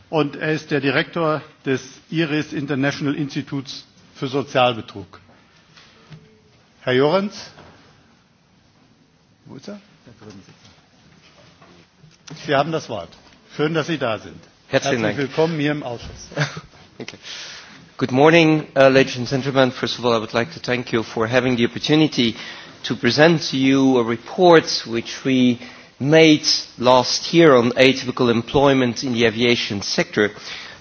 Und er ist der Direktor des IRIS International Institutes für Sozialbetrug. Herr Jorenz? Wo ist er? Sie haben das Wort. Schön, dass Sie da sind. Herzlichen Dank. willkommen hier im Ausschuss. <laughs> okay. Good morning, uh, ladies and gentlemen. First of all, I would like to thank you for having the opportunity to present to you a report which we made last year on atypical employment in the aviation sector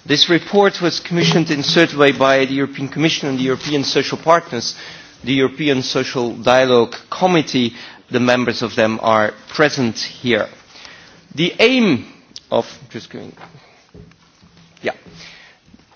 This report was commissioned in a certain way by the European Commission and the European Social Partners, the European Social Dialogue Committee. The members of them are present here. The aim of just going, yeah,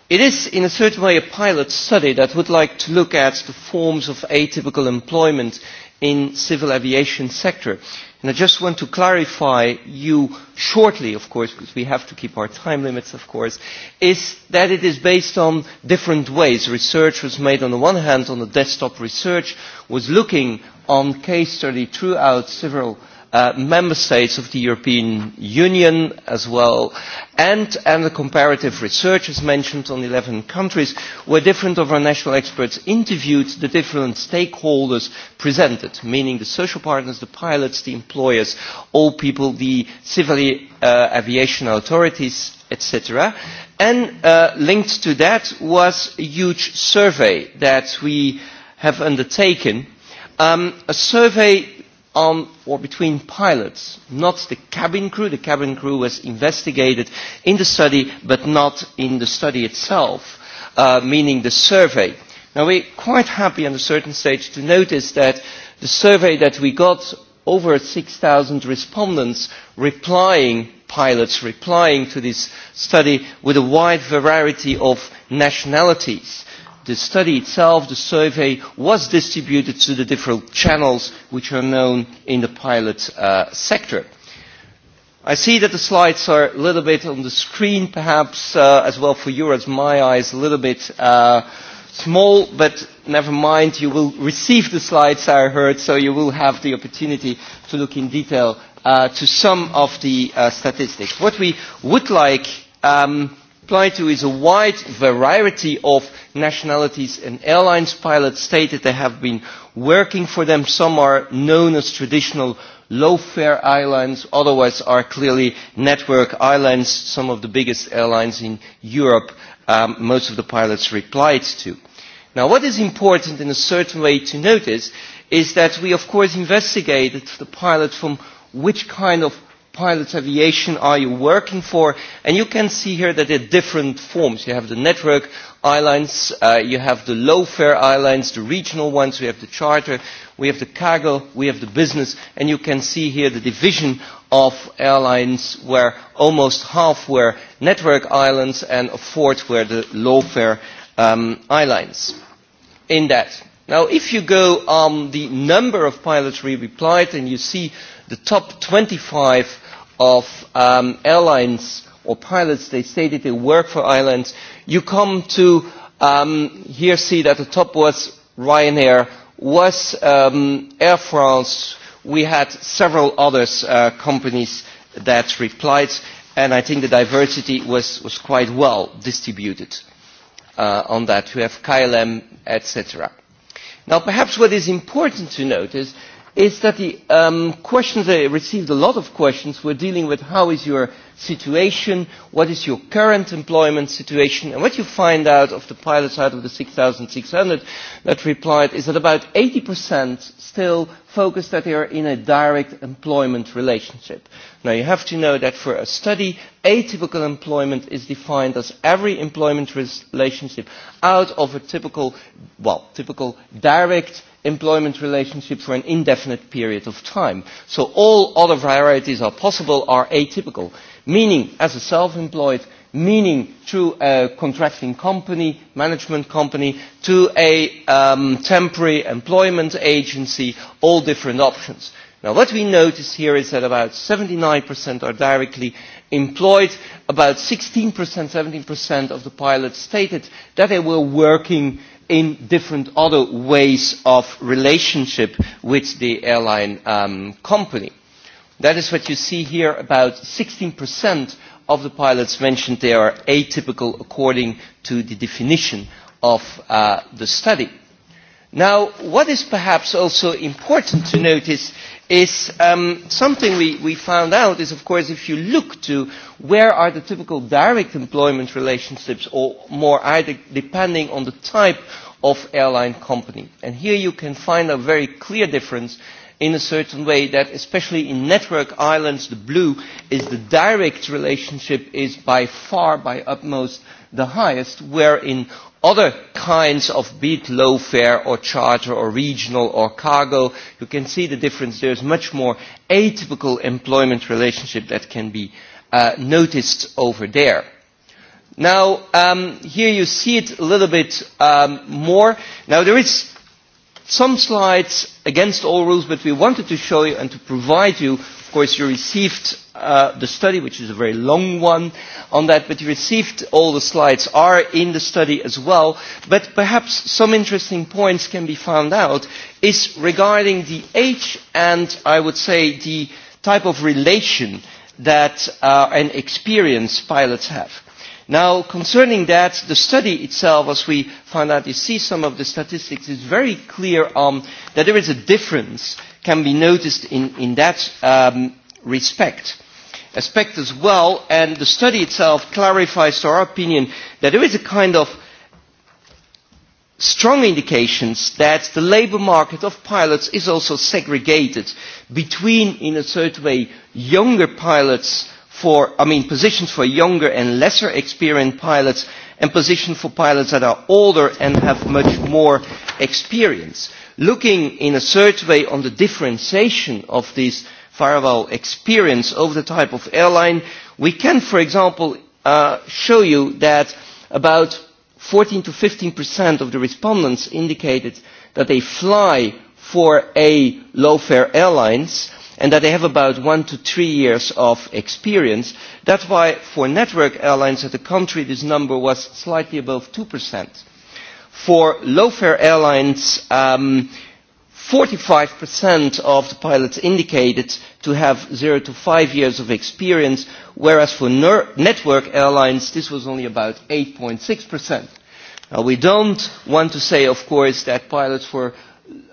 it is in a certain way a pilot study that would like to look at the forms of atypical employment in civil aviation sector And I just want to clarify you shortly, of course, because we have to keep our time limits, of course, is that it is based on different ways. Research was made on the one hand on the desktop research, was looking on case study throughout several Uh, member states of the European Union as well, and, the comparative research as mentioned on 11 countries, where different of our national experts interviewed the different stakeholders presented, meaning the social partners, the pilots, the employers, all people, the civil uh, aviation authorities, etc. And uh, linked to that was a huge survey that we have undertaken, um, a survey on or between pilots, not the cabin crew. The cabin crew was investigated in the study, but not in the study itself, uh, meaning the survey. Now, we're quite happy on a certain stage to notice that the survey that we got, over 6,000 respondents replying, pilots replying to this study with a wide variety of nationalities the study itself, the survey, was distributed to the different channels which are known in the pilot uh, sector. I see that the slides are a little bit on the screen, perhaps uh, as well for you as my eyes, a little bit uh, small, but never mind, you will receive the slides I heard, so you will have the opportunity to look in detail uh, to some of the uh, statistics. What we would like um, apply to is a wide variety of nationalities and airlines pilots stated they have been working for them. Some are known as traditional low-fare islands, otherwise are clearly network islands, some of the biggest airlines in Europe um, most of the pilots replied to. Now what is important in a certain way to notice is that we of course investigated the pilot from which kind of pilots aviation are you working for? And you can see here that there are different forms. You have the network airlines, uh, you have the low-fare airlines, the regional ones, we have the charter, we have the cargo, we have the business, and you can see here the division of airlines where almost half were network islands and a fourth were the low-fare um, airlines in that. Now, if you go on um, the number of pilots we replied and you see the top 25 of um, airlines or pilots, they stated they work for airlines. You come to um, here see that the top was Ryanair, was um, Air France. We had several other uh, companies that replied, and I think the diversity was, was quite well distributed uh, on that. We have KLM, etc. Now, perhaps what is important to note is is that the um, questions I received a lot of questions were dealing with how is your situation, what is your current employment situation, and what you find out of the pilots out of the 6,600 that replied is that about 80% still focus that they are in a direct employment relationship. Now you have to know that for a study, atypical employment is defined as every employment relationship out of a typical, well, typical direct employment relationship for an indefinite period of time. So all other varieties are possible are atypical, meaning as a self-employed, meaning through a contracting company, management company, to a um, temporary employment agency, all different options. Now what we notice here is that about 79% are directly employed. About 16%, 17% of the pilots stated that they were working uh, in different other ways of relationship with the airline um, company. That is what you see here. About 16% of the pilots mentioned they are atypical according to the definition of uh, the study. Now, what is perhaps also important to notice is um, something we, we found out is, of course, if you look to where are the typical direct employment relationships or more either depending on the type of airline company. And here you can find a very clear difference in a certain way that especially in network islands, the blue is the direct relationship is by far, by utmost, the highest, where in other kinds of be it low fare or charter or regional or cargo, you can see the difference. There is much more atypical employment relationship that can be uh, noticed over there. Now, um, here you see it a little bit um, more. Now, there is some slides against all rules, but we wanted to show you and to provide you course, you received uh, the study, which is a very long one on that, but you received all the slides are in the study as well. But perhaps some interesting points can be found out is regarding the age and I would say the type of relation that uh, an experienced pilots have. Now, concerning that, the study itself, as we find out, you see some of the statistics, is very clear on that there is a difference can be noticed in, in that um, respect. Aspect as well, and the study itself clarifies to our opinion that there is a kind of strong indications that the labour market of pilots is also segregated between, in a certain way, younger pilots for, I mean, positions for younger and lesser experienced pilots and positions for pilots that are older and have much more experience looking in a search way on the differentiation of this firewall experience over the type of airline, we can, for example, uh, show you that about 14 to 15% percent of the respondents indicated that they fly for a low-fare airlines and that they have about one to three years of experience. That's why for network airlines at the country, this number was slightly above 2%. For low-fare airlines, um, 45% of the pilots indicated to have zero to five years of experience, whereas for network airlines, this was only about 8.6%. Now, we don't want to say, of course, that pilots for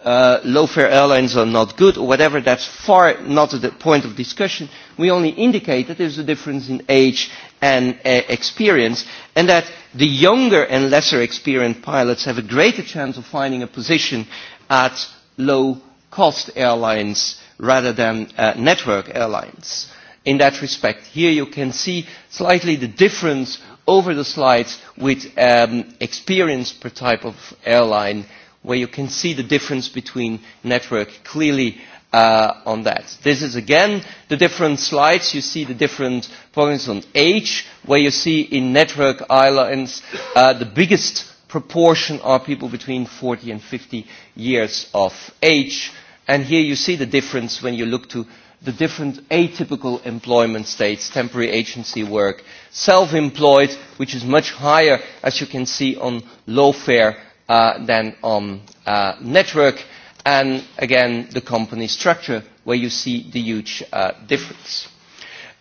uh, low-fare airlines are not good or whatever, that's far not the point of discussion. We only indicate that there's a difference in age and uh, experience and that the younger and lesser experienced pilots have a greater chance of finding a position at low-cost airlines rather than uh, network airlines. In that respect, here you can see slightly the difference over the slides with um, experience per type of airline where you can see the difference between network clearly uh, on that. This is again the different slides. You see the different points on age, where you see in network islands uh, the biggest proportion are people between 40 and 50 years of age. And here you see the difference when you look to the different atypical employment states, temporary agency work, self-employed, which is much higher, as you can see, on low fare Uh, than on um, uh, network, and again, the company structure, where you see the huge uh, difference.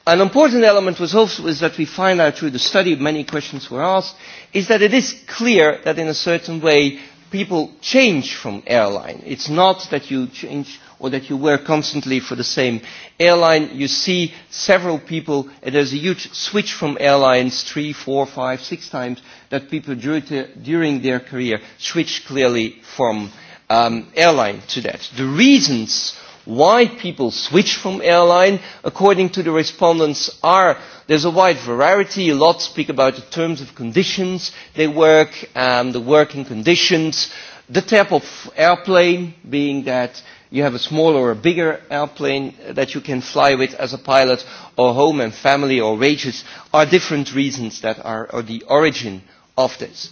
An important element was also is that we find out through the study, many questions were asked, is that it is clear that in a certain way people change from airline. It's not that you change or that you work constantly for the same airline. You see several people, and there's a huge switch from airlines three, four, five, six times that people during their career switch clearly from um, airline to that. The reasons why people switch from airline, according to the respondents, are there's a wide variety. A lot speak about the terms of conditions they work, um, the working conditions, the type of airplane, being that you have a smaller or a bigger airplane that you can fly with as a pilot, or home and family or wages, are different reasons that are, are the origin of this.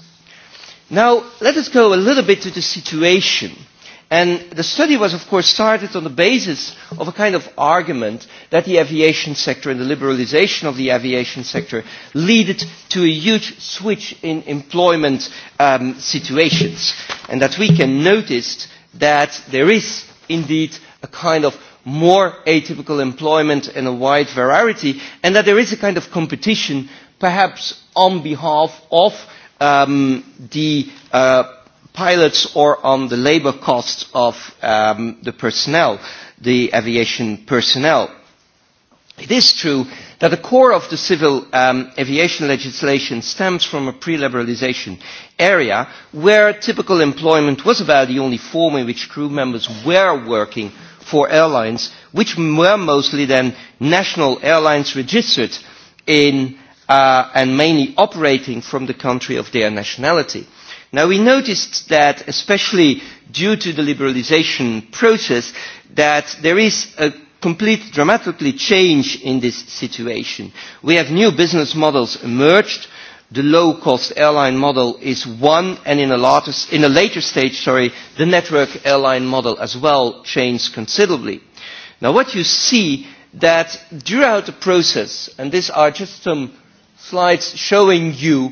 Now, let us go a little bit to the situation. And the study was, of course, started on the basis of a kind of argument that the aviation sector and the liberalization of the aviation sector led to a huge switch in employment um, situations. And that we can notice that there is indeed a kind of more atypical employment and a wide variety, and that there is a kind of competition, perhaps on behalf of um, the uh, pilots or on the labor costs of um, the personnel, the aviation personnel. It is true that the core of the civil um, aviation legislation stems from a pre-liberalisation area where typical employment was about the only form in which crew members were working for airlines, which were mostly then national airlines registered in Uh, and mainly operating from the country of their nationality. Now we noticed that, especially due to the liberalisation process, that there is a complete dramatically change in this situation. We have new business models emerged. The low-cost airline model is one, and in a, later, in a later stage, sorry, the network airline model as well changed considerably. Now what you see that throughout the process, and these are just some slides showing you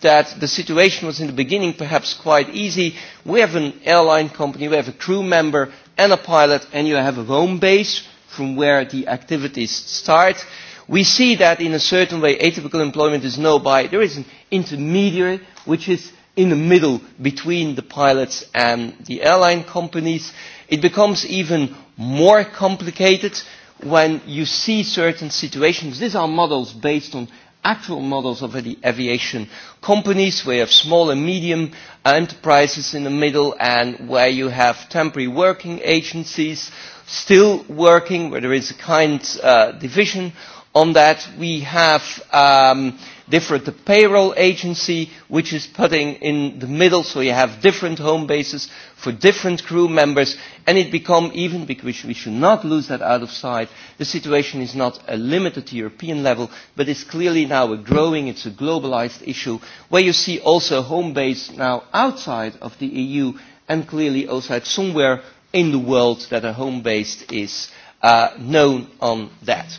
that the situation was in the beginning perhaps quite easy. We have an airline company, we have a crew member and a pilot, and you have a home base from where the activities start. We see that in a certain way atypical employment is no by. There is an intermediary which is in the middle between the pilots and the airline companies. It becomes even more complicated when you see certain situations. These are models based on actual models of the aviation companies where you have small and medium enterprises in the middle and where you have temporary working agencies still working where there is a kind uh, division on that. We have um, different the payroll agency which is putting in the middle so you have different home bases for different crew members and it become even because we should not lose that out of sight the situation is not a limited to European level but it's clearly now a growing it's a globalized issue where you see also home base now outside of the EU and clearly also at somewhere in the world that a home base is uh, known on that.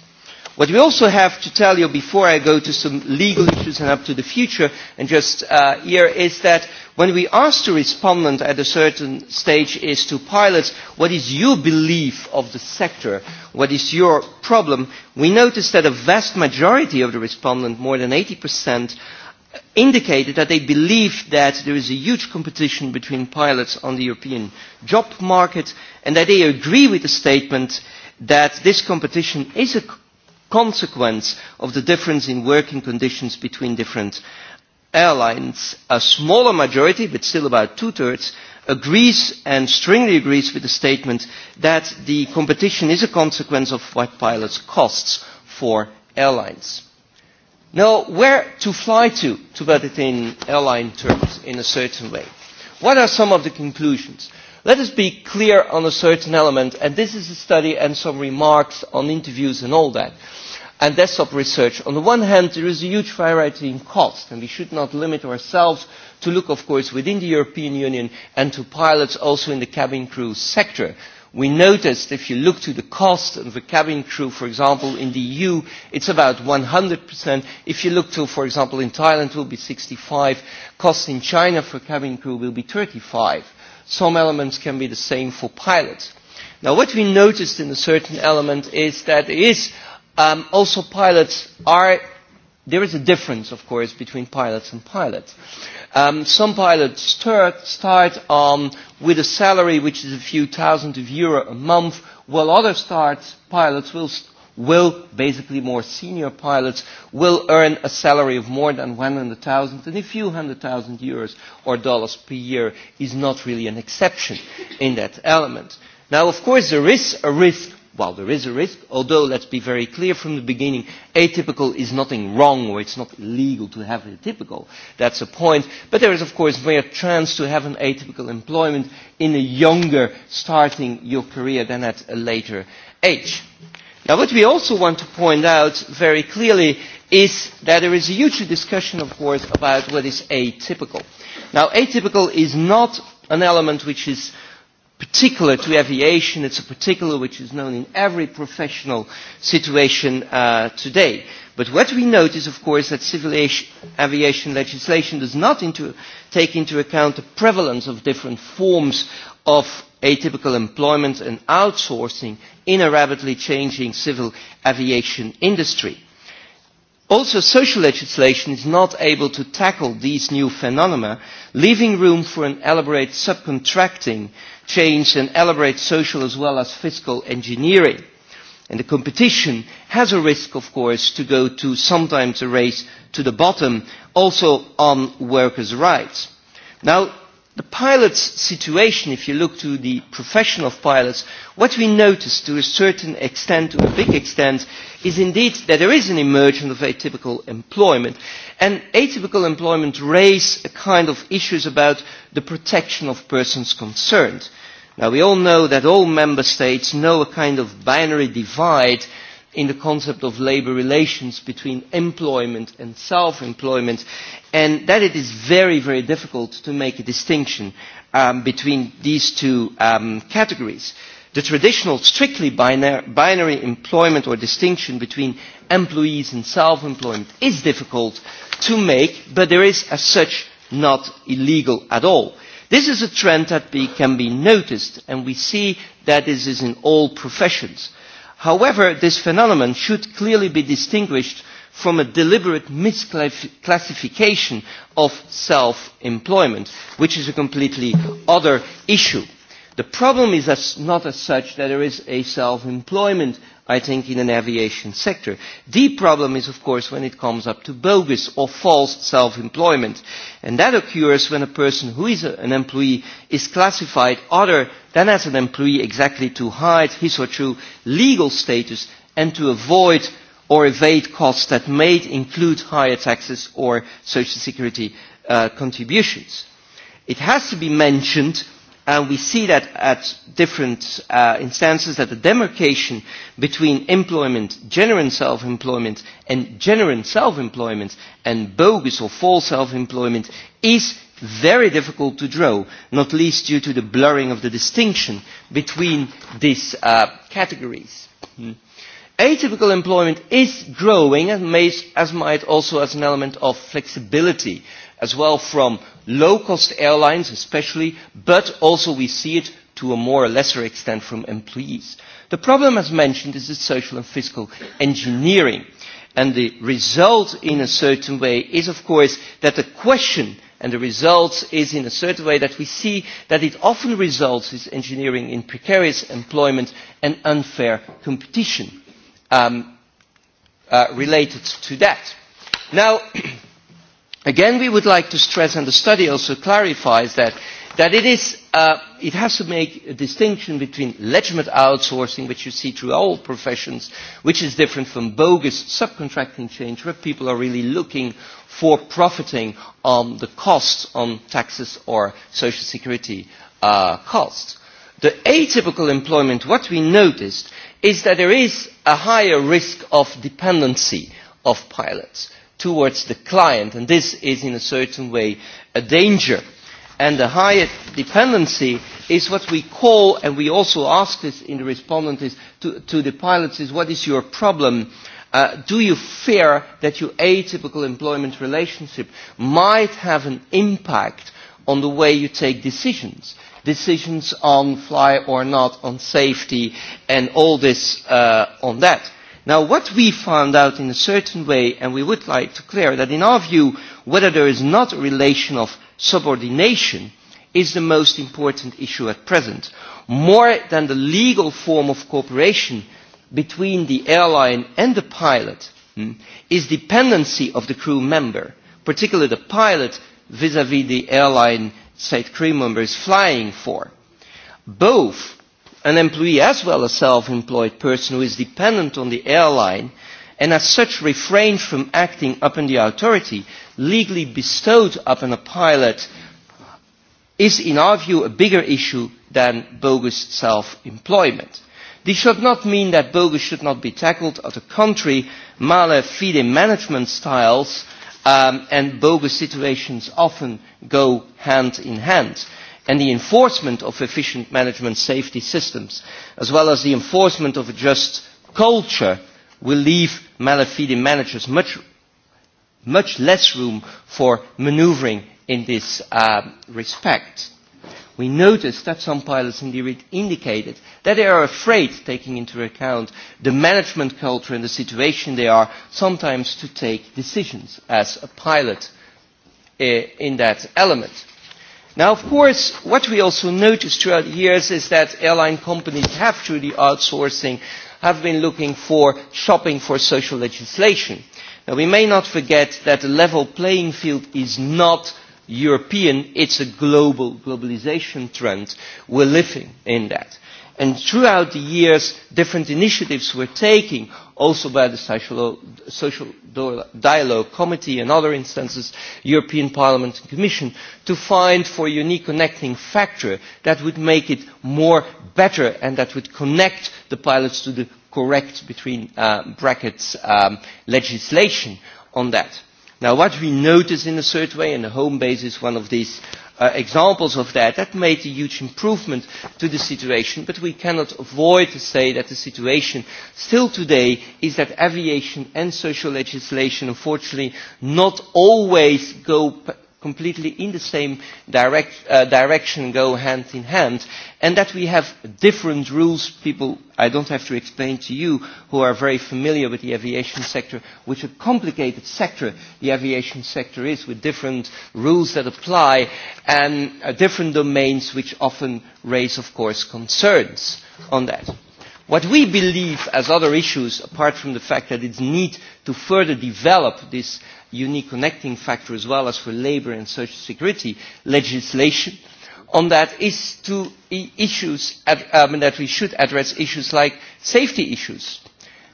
What we also have to tell you before I go to some legal issues and up to the future and just uh, here is that when we ask the respondent at a certain stage is to pilots, what is your belief of the sector? What is your problem? We notice that a vast majority of the respondent, more than 80%, indicated that they believe that there is a huge competition between pilots on the European job market and that they agree with the statement that this competition is a consequence of the difference in working conditions between different airlines, a smaller majority, but still about two-thirds, agrees and strongly agrees with the statement that the competition is a consequence of what pilots costs for airlines. Now, where to fly to, to put it in airline terms, in a certain way? What are some of the conclusions? Let us be clear on a certain element, and this is a study and some remarks on interviews and all that, and desktop research. On the one hand, there is a huge variety in cost, and we should not limit ourselves to look, of course, within the European Union and to pilots also in the cabin crew sector. We noticed, if you look to the cost of a cabin crew, for example, in the EU, it's about 100%. If you look to, for example, in Thailand, it will be 65. Cost in China for cabin crew will be 35 Some elements can be the same for pilots. Now, what we noticed in a certain element is that there is um, also pilots are there is a difference, of course, between pilots and pilots. Um, some pilots start, start um, with a salary which is a few thousand of euro a month, while other start, pilots will will, basically more senior pilots, will earn a salary of more than 100,000 and a few hundred thousand euros or dollars per year is not really an exception in that element. Now, of course, there is a risk well, there is a risk, although let's be very clear from the beginning, atypical is nothing wrong or it's not illegal to have atypical. That's a point. But there is, of course, mere chance to have an atypical employment in a younger starting your career than at a later age. Now, what we also want to point out very clearly is that there is a huge discussion, of course, about what is atypical. Now, atypical is not an element which is particular to aviation. It's a particular which is known in every professional situation uh, today. But what we notice, of course, that civil aviation legislation does not into, take into account the prevalence of different forms of atypical employment and outsourcing in a rapidly changing civil aviation industry. Also, social legislation is not able to tackle these new phenomena, leaving room for an elaborate subcontracting change and elaborate social as well as fiscal engineering. And the competition has a risk, of course, to go to sometimes a race to the bottom, also on workers' rights. Now, the pilot's situation, if you look to the profession of pilots, what we notice to a certain extent, to a big extent, is indeed that there is an emergence of atypical employment. And atypical employment raises a kind of issues about the protection of persons concerned. Now, we all know that all member states know a kind of binary divide in the concept of labor relations between employment and self-employment, and that it is very, very difficult to make a distinction um, between these two um, categories. The traditional strictly binar binary employment or distinction between employees and self-employment is difficult to make, but there is as such not illegal at all. This is a trend that be, can be noticed, and we see that this is in all professions However, this phenomenon should clearly be distinguished from a deliberate misclassification of self-employment, which is a completely other issue. The problem is as, not as such that there is a self-employment, I think, in an aviation sector. The problem is, of course, when it comes up to bogus or false self-employment. And that occurs when a person who is a, an employee is classified other then as an employee exactly to hide his or her legal status and to avoid or evade costs that may include higher taxes or social security uh, contributions. It has to be mentioned, and we see that at different uh, instances, that the demarcation between employment, genuine self-employment, and genuine self-employment and bogus or false self-employment is very difficult to draw, not least due to the blurring of the distinction between these uh, categories. Hmm. Atypical employment is growing, and may, as might also as an element of flexibility, as well from low-cost airlines especially, but also we see it to a more or lesser extent from employees. The problem, as mentioned, is the social and fiscal engineering. And the result, in a certain way, is, of course, that the question and the result is in a certain way that we see that it often results, this engineering, in precarious employment and unfair competition um, uh, related to that. Now, <clears throat> again, we would like to stress, and the study also clarifies that, that it is Uh, it has to make a distinction between legitimate outsourcing, which you see through all professions, which is different from bogus subcontracting change, where people are really looking for profiting on the costs, on taxes or social security uh, costs. The atypical employment, what we noticed, is that there is a higher risk of dependency of pilots towards the client, and this is in a certain way a danger and the higher dependency is what we call, and we also ask this in the respondent is, to, to the pilots is what is your problem? Uh, do you fear that your atypical employment relationship might have an impact on the way you take decisions? Decisions on fly or not, on safety, and all this uh, on that. Now, what we found out in a certain way, and we would like to clear that in our view, whether there is not a relation of subordination is the most important issue at present, more than the legal form of cooperation between the airline and the pilot hmm, is dependency of the crew member, particularly the pilot vis-à-vis -vis the airline state crew member is flying for. Both an employee as well as a self-employed person who is dependent on the airline and as such refrained from acting upon the authority legally bestowed upon a pilot is, in our view, a bigger issue than bogus self-employment. This should not mean that bogus should not be tackled. On the contrary, male fide management styles um, and bogus situations often go hand in hand. And the enforcement of efficient management safety systems, as well as the enforcement of a just culture will leave Malafide managers much, much less room for maneuvering in this uh, respect. We noticed that some pilots indeed indicated that they are afraid, taking into account the management culture and the situation they are, sometimes to take decisions as a pilot uh, in that element. Now, of course, what we also noticed throughout the years is that airline companies have, through the outsourcing, have been looking for shopping for social legislation. Now, we may not forget that a level playing field is not European, it's a global globalization trend. We're living in that. And throughout the years, different initiatives were taking also by the Social, Social Dialogue Committee and other instances, European Parliament and Commission, to find for a unique connecting factor that would make it more better and that would connect the pilots to the correct between uh, brackets um, legislation on that. Now, what we notice in a certain way, and the home base is one of these uh, examples of that. That made a huge improvement to the situation, but we cannot avoid to say that the situation still today is that aviation and social legislation, unfortunately, not always go completely in the same direct, uh, direction, go hand in hand, and that we have different rules. People, I don't have to explain to you who are very familiar with the aviation sector, which a complicated sector the aviation sector is, with different rules that apply and uh, different domains which often raise, of course, concerns on that. What we believe as other issues, apart from the fact that it's need to further develop this unique connecting factor as well as for labour and social security legislation on that is to issues at, um, that we should address issues like safety issues.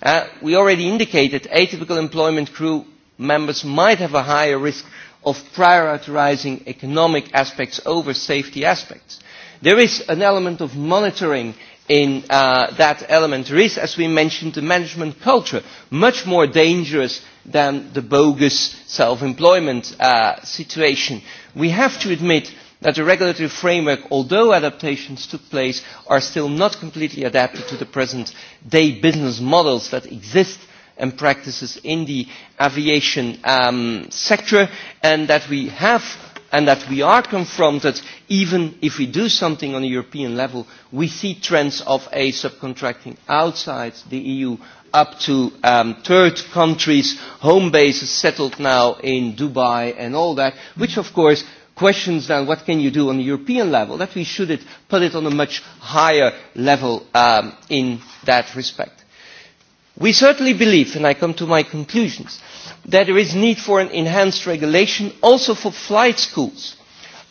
Uh, we already indicated atypical employment crew members might have a higher risk of prioritising economic aspects over safety aspects. There is an element of monitoring in uh, that element. There is, as we mentioned, the management culture, much more dangerous than the bogus self-employment uh, situation. We have to admit that the regulatory framework, although adaptations took place, are still not completely adapted to the present day business models that exist and practices in the aviation um, sector and that we have and that we are confronted, even if we do something on a European level, we see trends of a subcontracting outside the EU up to um, third countries, home bases settled now in Dubai and all that, which of course questions then what can you do on the European level, that we should it put it on a much higher level um, in that respect. We certainly believe, and I come to my conclusions, that there is need for an enhanced regulation also for flight schools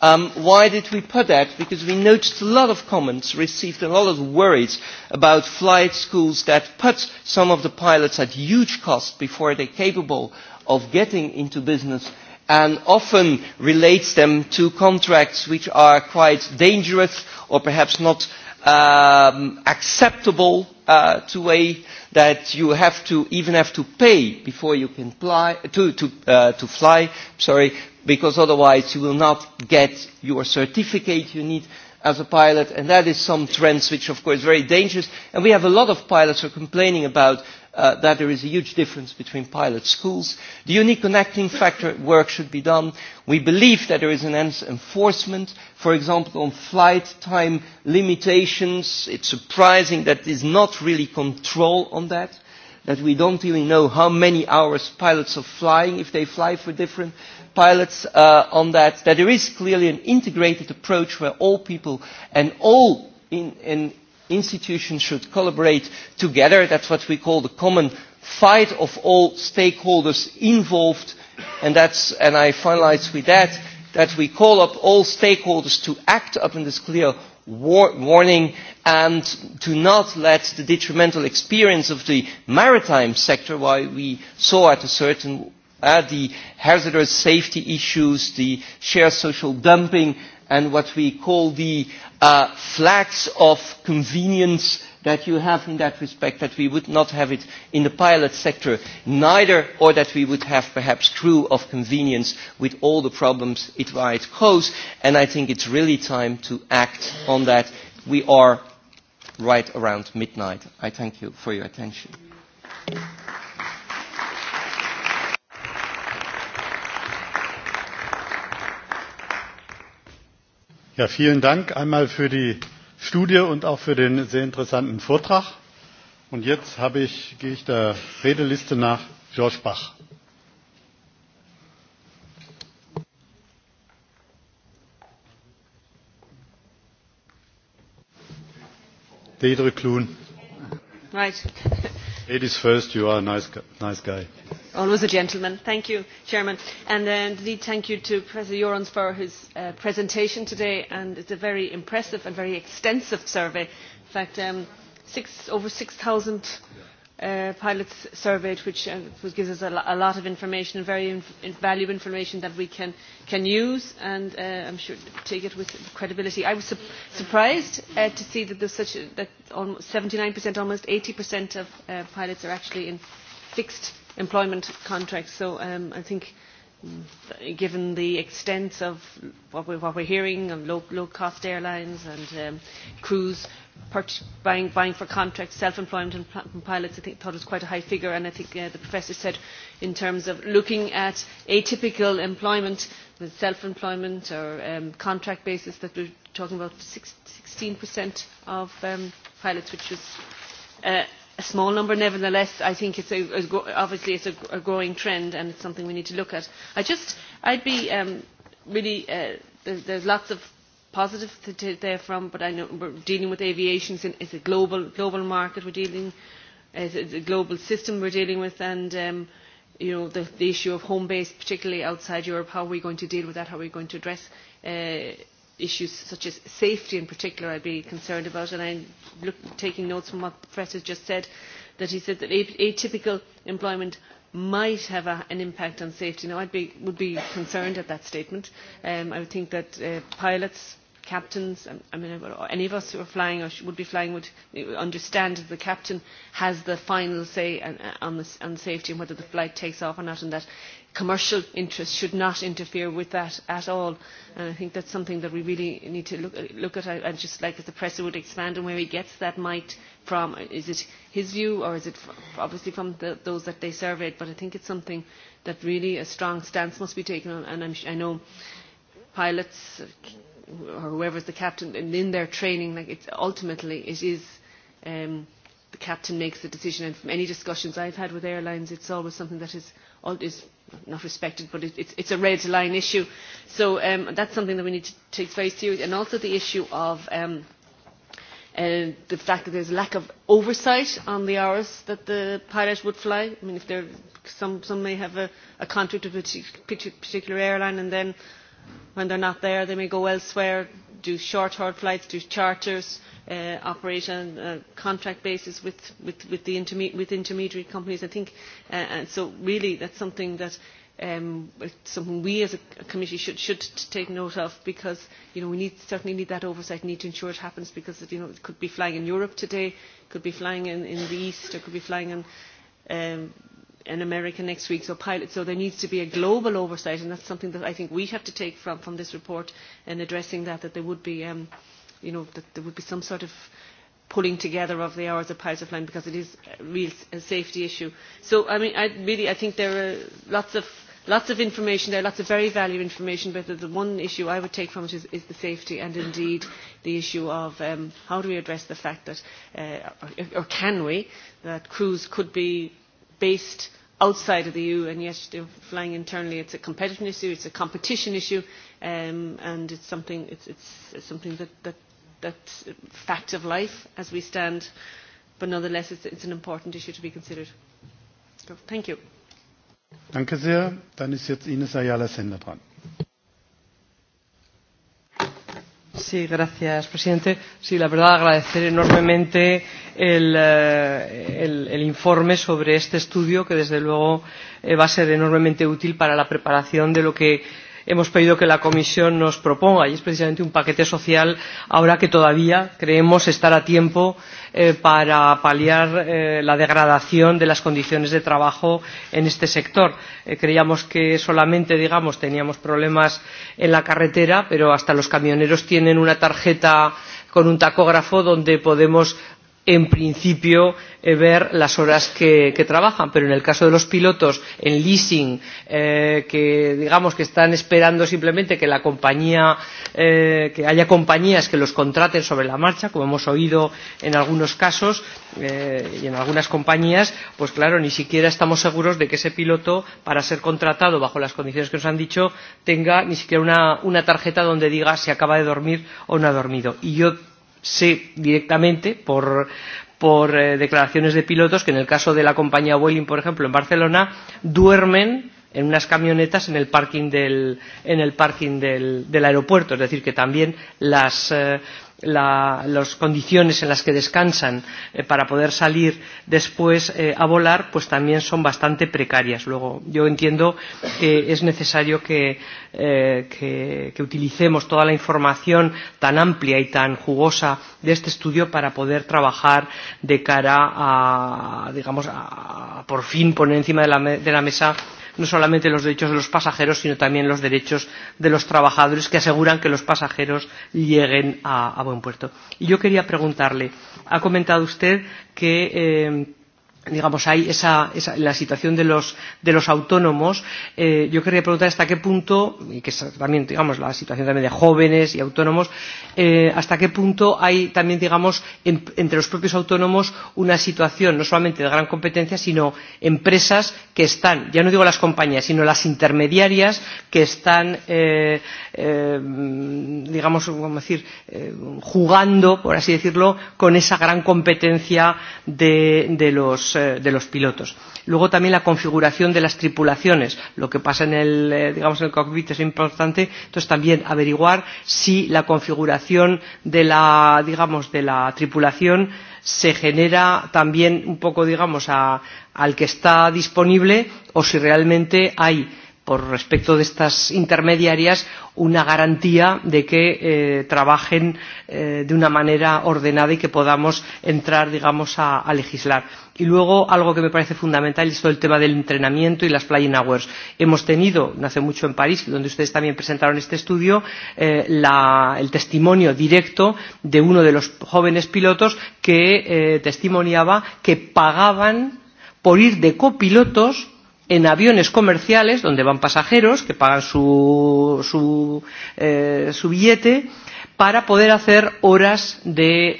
Um, why did we put that? Because we noticed a lot of comments, received a lot of worries about flight schools that put some of the pilots at huge cost before they're capable of getting into business and often relates them to contracts which are quite dangerous or perhaps not um, acceptable uh, to a that you have to even have to pay before you can fly to, to, uh, to fly sorry because otherwise you will not get your certificate you need as a pilot, and that is some trends which, of course, are very dangerous. And we have a lot of pilots who are complaining about uh, that there is a huge difference between pilot schools. The unique connecting factor work should be done. We believe that there is an enforcement, for example, on flight time limitations. It's surprising that there is not really control on that that we don't really know how many hours pilots are flying, if they fly for different pilots uh, on that, that there is clearly an integrated approach where all people and all in, in institutions should collaborate together. That's what we call the common fight of all stakeholders involved. And, that's, and I finalize with that, that we call up all stakeholders to act upon this clear warning and to not let the detrimental experience of the maritime sector, why we saw at a certain uh, the hazardous safety issues, the share social dumping, and what we call the uh, flags of convenience that you have in that respect, that we would not have it in the pilot sector, neither, or that we would have perhaps crew of convenience with all the problems it might cause. And I think it's really time to act on that. We are right around midnight. I thank you for your attention. Ja, vielen Dank einmal für die Studie und auch für den sehr interessanten Vortrag. Und jetzt habe ich, gehe ich der Redeliste nach George Bach. Deidre Kloon. Right. Ladies first, you are a nice, nice guy. Uh, thank you, to President Jorans for his uh, presentation today. And it is a very impressive and very extensive survey. In fact, um, over six, thousand uh, pilots surveyed, which, gives us a, lot of information, very valuable information that we can, use and i am sure take it with credibility. I was surprised to see that, there's such a, almost eighty of pilots are actually in fixed employment contracts. So um, I think mm, given the extent of what we're, what we're hearing of low, low cost airlines and um, crews buying, buying for contracts, self-employment and pilots, I think thought it was quite a high figure and I think uh, the professor said in terms of looking at atypical employment with self-employment or um, contract basis that we're talking about 16% of um, pilots, which was uh, a small number nevertheless i think it is obviously a, growing trend and it is something we need to look at there just um, uh, lots of positive to take there from but i know we are dealing with aviation it is a global market we are dealing with it is a global system we are dealing with and um, you know the, the issue of home base particularly outside europe how are we going to deal with that how are we going to address uh, issues such as safety in particular I'd be concerned about and I'm look, taking notes from what the Professor just said that he said that atypical employment might have a, an impact on safety. Now I would be concerned at that statement. Um, I would think that uh, pilots, captains, um, I mean any of us who are flying or would be flying would understand that the captain has the final say uh, uh, on, on, the, on safety and whether the flight takes off or not and that commercial interests should not interfere with that at all. And I think that's something that we really need to look, look at. I, I'd just like if the presser would expand on where he gets that might from. Is it his view or is it obviously from the, those that they surveyed? But I think it's something that really a strong stance must be taken on. And I'm, I know pilots uh, or whoever's the captain and in their training, like it's ultimately it is um, the captain makes the decision. And from any discussions I've had with airlines, it's always something that is, is not respected, but it, it's, it's a red line issue. So um, that's something that we need to take very seriously. And also the issue of um, uh, the fact that there's a lack of oversight on the hours that the pilot would fly. I mean, if there, some, some may have a, a contract with a particular airline and then when they're not there, they may go elsewhere do short haul flights, do charters, uh, operate on a contract basis with, with, with, the interme with intermediary companies, I think. Uh, and so really that's something that um, it's something we as a committee should, should take note of because you know, we need, certainly need that oversight, need to ensure it happens because you know, it could be flying in Europe today, could be flying in, in the East, it could be flying in um, in America next week, so pilot. So there needs to be a global oversight, and that's something that I think we have to take from, from this report in addressing that, that there would be, um, you know, that there would be some sort of pulling together of the hours of pilots of flying because it is a real a safety issue. So, I mean, I really, I think there are lots of lots of information there, lots of very valuable information, but the, the one issue I would take from it is, is the safety and indeed the issue of um, how do we address the fact that, uh, or, or can we, that crews could be based outside of the EU and yet they're flying internally. It's a competition issue, it's a competition issue, um, and it's something, it's, it's something that, that, that's fact of life as we stand. But nonetheless, it's, it's an important issue to be considered. So, thank you. Danke sehr. Dann ist jetzt Ines Ayala Sender dran. Sí, gracias, presidente. Sí, la verdad, agradecer enormemente el, eh, el, el informe sobre este estudio, que desde luego eh, va a ser enormemente útil para la preparación de lo que hemos pedido que la Comisión nos proponga, y es precisamente un paquete social, ahora que todavía creemos estar a tiempo eh, para paliar eh, la degradación de las condiciones de trabajo en este sector. Eh, creíamos que solamente, digamos, teníamos problemas en la carretera, pero hasta los camioneros tienen una tarjeta con un tacógrafo donde podemos en principio eh, ver las horas que, que trabajan pero en el caso de los pilotos en leasing eh, que digamos que están esperando simplemente que la compañía eh, que haya compañías que los contraten sobre la marcha como hemos oído en algunos casos eh, y en algunas compañías pues claro ni siquiera estamos seguros de que ese piloto para ser contratado bajo las condiciones que nos han dicho tenga ni siquiera una, una tarjeta donde diga si acaba de dormir o no ha dormido y yo sé directamente por, por eh, declaraciones de pilotos que en el caso de la compañía Vueling, por ejemplo, en Barcelona, duermen en unas camionetas en el parking del, en el parking del, del aeropuerto. Es decir, que también las, eh, las condiciones en las que descansan eh, para poder salir después eh, a volar, pues también son bastante precarias. Luego, yo entiendo que es necesario que, eh, que, que utilicemos toda la información tan amplia y tan jugosa de este estudio para poder trabajar de cara a, digamos, a por fin poner encima de la, de la mesa no solamente los derechos de los pasajeros, sino también los derechos de los trabajadores que aseguran que los pasajeros lleguen a, a buen puerto. Y yo quería preguntarle, ha comentado usted que eh, digamos, hay esa, esa la situación de los, de los autónomos. Eh, yo quería preguntar hasta qué punto, y que es también, digamos, la situación también de jóvenes y autónomos, eh, hasta qué punto hay también, digamos, en, entre los propios autónomos una situación no solamente de gran competencia, sino empresas que están, ya no digo las compañías, sino las intermediarias que están, eh, eh, digamos, vamos a decir?, eh, jugando, por así decirlo, con esa gran competencia de, de los Eh, de los pilotos. Luego también la configuración de las tripulaciones. Lo que pasa en el, eh, digamos, en el cockpit es importante. Entonces también averiguar si la configuración de la, digamos, de la tripulación se genera también un poco, digamos, a, al que está disponible o si realmente hay por respecto de estas intermediarias una garantía de que eh, trabajen eh, de una manera ordenada y que podamos entrar, digamos, a, a legislar. Y luego, algo que me parece fundamental es todo el tema del entrenamiento y las flying hours. Hemos tenido, no hace mucho en París, donde ustedes también presentaron este estudio, eh, la, el testimonio directo de uno de los jóvenes pilotos que eh, testimoniaba que pagaban por ir de copilotos en aviones comerciales donde van pasajeros que pagan su, su, eh, su billete para poder hacer horas de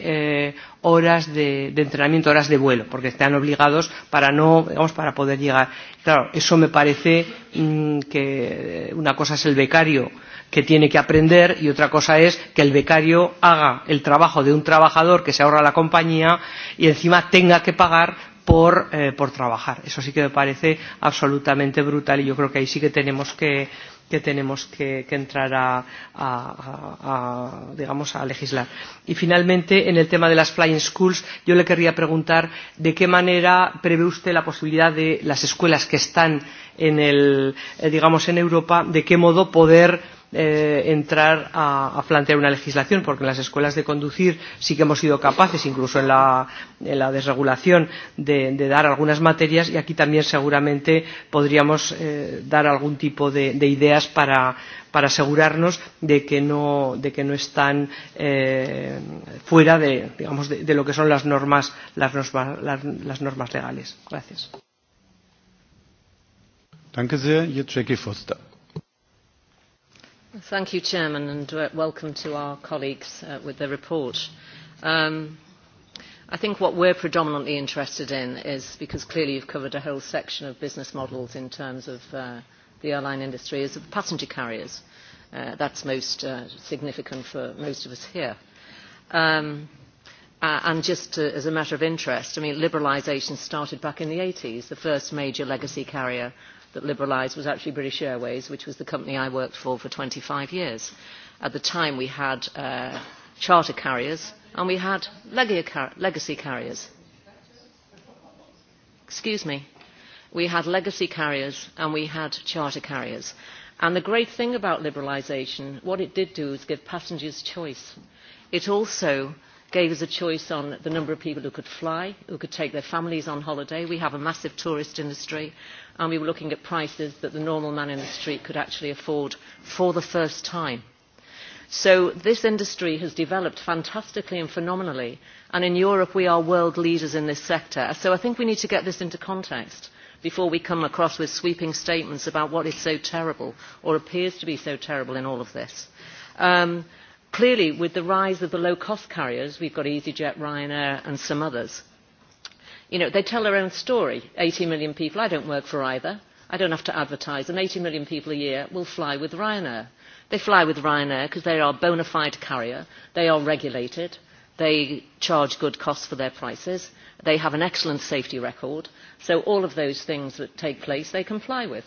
eh, horas de, de entrenamiento, horas de vuelo, porque están obligados para no, digamos, para poder llegar. Claro, eso me parece mmm, que una cosa es el becario que tiene que aprender y otra cosa es que el becario haga el trabajo de un trabajador que se ahorra la compañía y encima tenga que pagar por, eh, por trabajar. Eso sí que me parece absolutamente brutal y yo creo que ahí sí que tenemos que, que tenemos que, que entrar a, a, a, a, digamos, a legislar. Y finalmente, en el tema de las flying schools, yo le querría preguntar de qué manera prevé usted la posibilidad de las escuelas que están en el, eh, digamos, en Europa, de qué modo poder eh, eh, entrar a, a plantear una legislación, porque en las escuelas de conducir sí que hemos sido capaces, incluso en la, en la desregulación, de, de dar algunas materias y aquí también seguramente podríamos eh, dar algún tipo de, de ideas para, para asegurarnos de que no, de que no están eh, fuera de, digamos, de, de lo que son las normas, las norma, las, las normas legales. Gracias. Danke sehr. Jetzt Jackie Foster. Thank you, Chairman, and uh, welcome to our colleagues uh, with the report. Um, I think what we're predominantly interested in is, because clearly you've covered a whole section of business models in terms of uh, the airline industry, is of passenger carriers. Uh, that's most uh, significant for most of us here. Um, uh, and just to, as a matter of interest, I mean, liberalisation started back in the 80s. The first major legacy carrier that liberalised was actually British Airways, which was the company I worked for for 25 years. At the time, we had uh, charter carriers and we had car legacy carriers. Excuse me. We had legacy carriers and we had charter carriers. And the great thing about liberalisation, what it did do is give passengers choice. It also gave us a choice on the number of people who could fly, who could take their families on holiday. We have a massive tourist industry, and we were looking at prices that the normal man in the street could actually afford for the first time. So this industry has developed fantastically and phenomenally, and in Europe we are world leaders in this sector. So I think we need to get this into context before we come across with sweeping statements about what is so terrible or appears to be so terrible in all of this. Um, clearly with the rise of the low cost carriers we've got easyjet ryanair and some others you know they tell their own story 80 million people i don't work for either i don't have to advertise and 80 million people a year will fly with ryanair they fly with ryanair because they are a bona fide carrier they are regulated they charge good costs for their prices they have an excellent safety record so all of those things that take place they comply with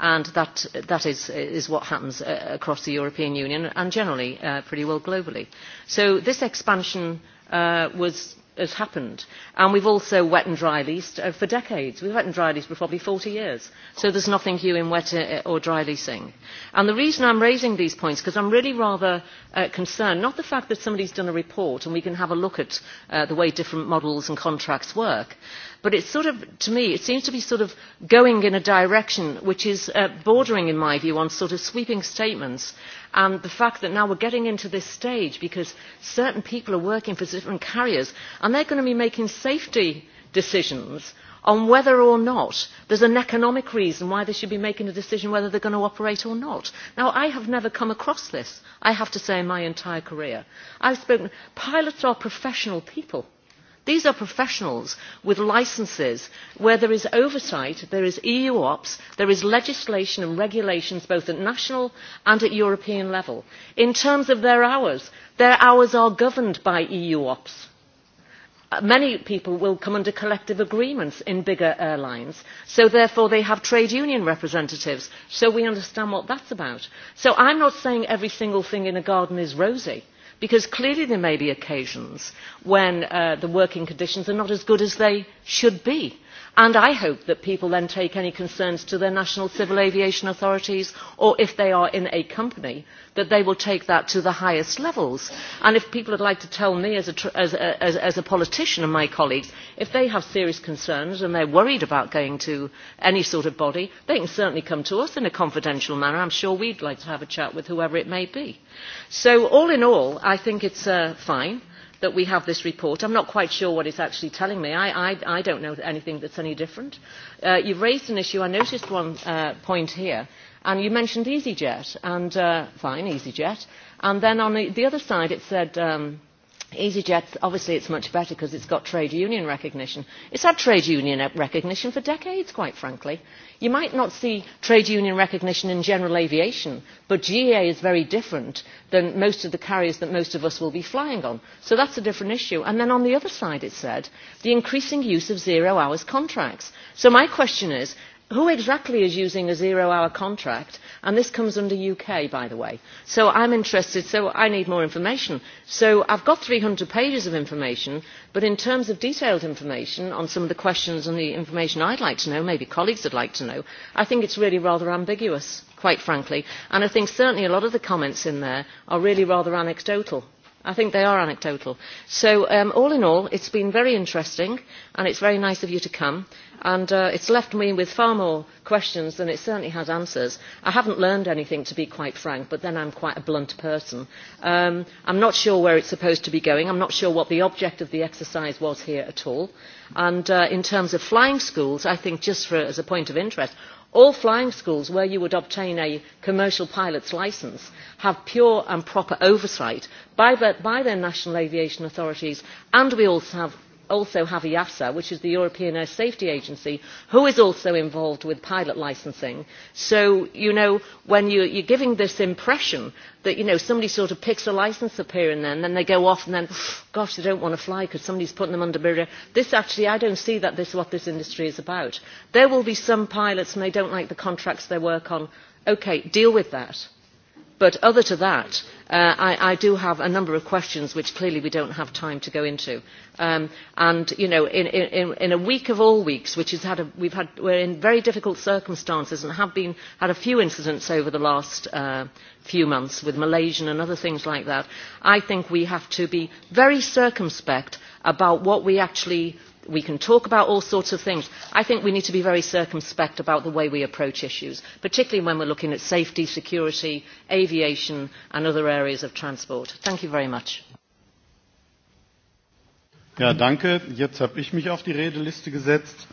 and that, that is, is what happens uh, across the European Union and generally uh, pretty well globally. So this expansion uh, was has happened. And we've also wet and dry leased uh, for decades. We've wet and dry leased for probably 40 years. So there's nothing new in wet uh, or dry leasing. And the reason I'm raising these points, because I'm really rather uh, concerned, not the fact that somebody's done a report and we can have a look at uh, the way different models and contracts work, but it sort of, to me, it seems to be sort of going in a direction which is uh, bordering, in my view, on sort of sweeping statements. And the fact that now we're getting into this stage because certain people are working for different carriers and they're going to be making safety decisions on whether or not there's an economic reason why they should be making a decision whether they're going to operate or not. Now, I have never come across this, I have to say, in my entire career. I've spoken, pilots are professional people. These are professionals with licences where there is oversight, there is EU ops, there is legislation and regulations both at national and at European level. In terms of their hours, their hours are governed by EU ops uh, many people will come under collective agreements in bigger airlines so therefore they have trade union representatives so we understand what that is about. so i am not saying every single thing in a garden is rosy because clearly there may be occasions when uh, the working conditions are not as good as they should be and i hope that people then take any concerns to their national civil aviation authorities or if they are in a company that they will take that to the highest levels and if people would like to tell me as a, as, as, as a politician and my colleagues if they have serious concerns and they're worried about going to any sort of body they can certainly come to us in a confidential manner i'm sure we'd like to have a chat with whoever it may be so all in all i think it's uh, fine that we have this report. I'm not quite sure what it's actually telling me. I, I, I don't know anything that's any different. Uh, you've raised an issue. I noticed one uh, point here. And you mentioned EasyJet. And uh, fine, EasyJet. And then on the, the other side, it said... Um, EasyJet, obviously it's much better because it's got trade union recognition. it has had trade union e-, recognition for decades, quite frankly. You might not see trade union recognition in general aviation, but GA is very different than most of the carriers that most of us will be flying on. So that is a different issue. And then on the other side, it said the increasing use of zero hours contracts. So my question is, who exactly is using a zero hour contract and this comes under uk by the way so i'm interested so i need more information so i've got 300 pages of information but in terms of detailed information on some of the questions and the information i'd like to know maybe colleagues would like to know i think it's really rather ambiguous quite frankly and i think certainly a lot of the comments in there are really rather anecdotal i think they are anecdotal. So um, all in all, it has been very interesting, and it is very nice of you to come. And uh, it has left me with far more questions than it certainly has answers. I have not learned anything, to be quite frank, but then i am quite a blunt person. i am um, not sure where it is supposed to be going. i am not sure what the object of the exercise was here at all. And uh, in terms of flying schools, I think just as a point of interest, all flying schools where you would obtain a commercial pilot's licence have pure and proper oversight by their national aviation authorities and we also have also have EASA, which is the European Air Safety Agency, which is also involved with pilot licensing. So, you know, when you, are giving this impression that, you know, somebody sort of picks a license up here and there and then they go off and then, <sighs> gosh, they don't want to fly because somebody's putting them under mirror. This actually, I don't see that this is what this industry is about. There will be some pilots and they don't like the contracts they work on. Okay, deal with that. But other to that, Uh, I, do have a number of questions which clearly we don't have time to go into. Um, and, you know, in, a week of all weeks, which has had we we've had, we're in very difficult circumstances and have been, had a few incidents over the last uh, few months with Malaysian and other things like that, I think we have to be very circumspect about what we actually we can talk about all sorts of things. I think we need to be very circumspect about the way we approach issues, particularly when we're looking at safety, security, aviation and other areas of transport. Thank you very much. Ja, danke. Jetzt habe ich mich auf die Redeliste gesetzt.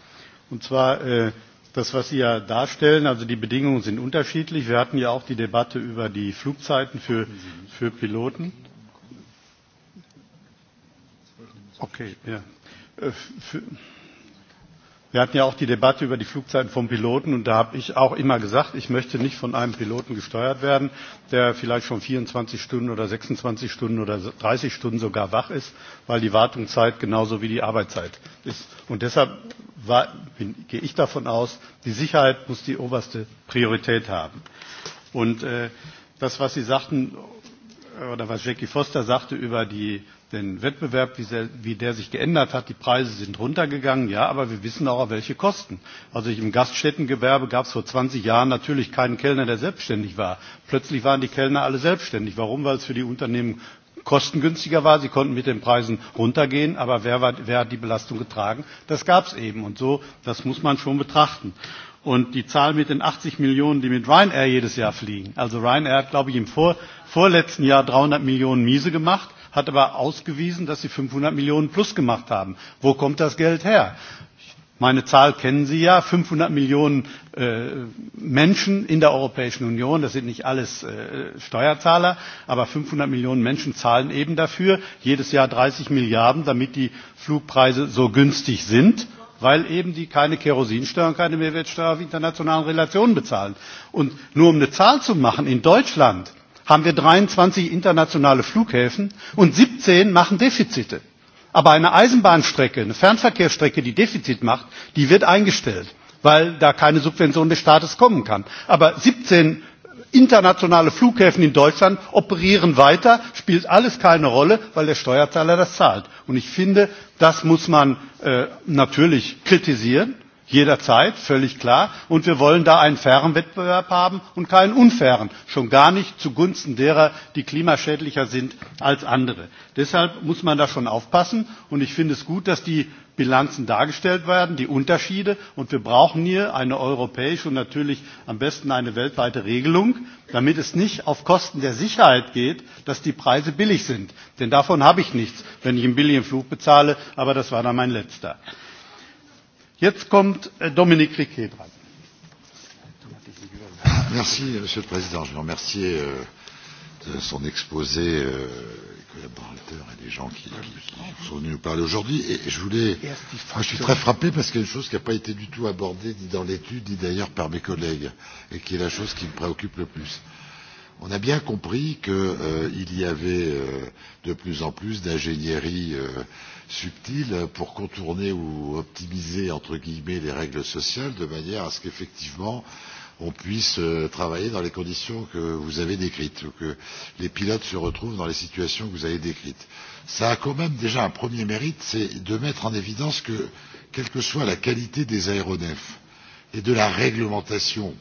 Und zwar äh, das, was Sie ja darstellen. Also die Bedingungen sind unterschiedlich. Wir hatten ja auch die Debatte über die Flugzeiten für, für Piloten. Okay, ja. Äh, wir hatten ja auch die Debatte über die Flugzeiten von Piloten und da habe ich auch immer gesagt, ich möchte nicht von einem Piloten gesteuert werden, der vielleicht schon 24 Stunden oder 26 Stunden oder 30 Stunden sogar wach ist, weil die Wartungszeit genauso wie die Arbeitszeit ist. Und deshalb war, bin, gehe ich davon aus, die Sicherheit muss die oberste Priorität haben. Und äh, das, was Sie sagten, oder was Jackie Foster sagte über die den Wettbewerb, wie, sehr, wie der sich geändert hat. Die Preise sind runtergegangen, ja, aber wir wissen auch, auf welche Kosten. Also im Gaststättengewerbe gab es vor 20 Jahren natürlich keinen Kellner, der selbstständig war. Plötzlich waren die Kellner alle selbstständig. Warum? Weil es für die Unternehmen kostengünstiger war. Sie konnten mit den Preisen runtergehen, aber wer, war, wer hat die Belastung getragen? Das gab es eben. Und so, das muss man schon betrachten. Und die Zahl mit den 80 Millionen, die mit Ryanair jedes Jahr fliegen. Also Ryanair hat, glaube ich, im vor, vorletzten Jahr 300 Millionen Miese gemacht hat aber ausgewiesen, dass sie 500 Millionen plus gemacht haben. Wo kommt das Geld her? Meine Zahl kennen Sie ja, 500 Millionen äh, Menschen in der Europäischen Union, das sind nicht alles äh, Steuerzahler, aber 500 Millionen Menschen zahlen eben dafür, jedes Jahr 30 Milliarden, damit die Flugpreise so günstig sind weil eben die keine Kerosinsteuer und keine Mehrwertsteuer auf internationalen Relationen bezahlen. Und nur um eine Zahl zu machen, in Deutschland haben wir 23 internationale Flughäfen und 17 machen Defizite. Aber eine Eisenbahnstrecke, eine Fernverkehrsstrecke, die Defizit macht, die wird eingestellt, weil da keine Subvention des Staates kommen kann. Aber 17 internationale Flughäfen in Deutschland operieren weiter, spielt alles keine Rolle, weil der Steuerzahler das zahlt. Und ich finde, das muss man äh, natürlich kritisieren. Jederzeit, völlig klar. Und wir wollen da einen fairen Wettbewerb haben und keinen unfairen. Schon gar nicht zugunsten derer, die klimaschädlicher sind als andere. Deshalb muss man da schon aufpassen. Und ich finde es gut, dass die Bilanzen dargestellt werden, die Unterschiede. Und wir brauchen hier eine europäische und natürlich am besten eine weltweite Regelung, damit es nicht auf Kosten der Sicherheit geht, dass die Preise billig sind. Denn davon habe ich nichts, wenn ich einen billigen Flug bezahle. Aber das war dann mein letzter. Jetzt kommt äh, Dominique Riquet dran. Merci, Monsieur le Président. Je veux remercier euh, de son exposé euh, les collaborateurs et les gens qui, qui sont venus nous parler aujourd'hui. Et je voulais, moi, je suis très frappé parce qu'il y a une chose qui n'a pas été du tout abordée ni dans l'étude ni d'ailleurs par mes collègues et qui est la chose qui me préoccupe le plus. On a bien compris qu'il euh, y avait euh, de plus en plus d'ingénierie euh, subtile pour contourner ou optimiser entre guillemets les règles sociales de manière à ce qu'effectivement on puisse euh, travailler dans les conditions que vous avez décrites ou que les pilotes se retrouvent dans les situations que vous avez décrites. Ça a quand même déjà un premier mérite, c'est de mettre en évidence que, quelle que soit la qualité des aéronefs et de la réglementation,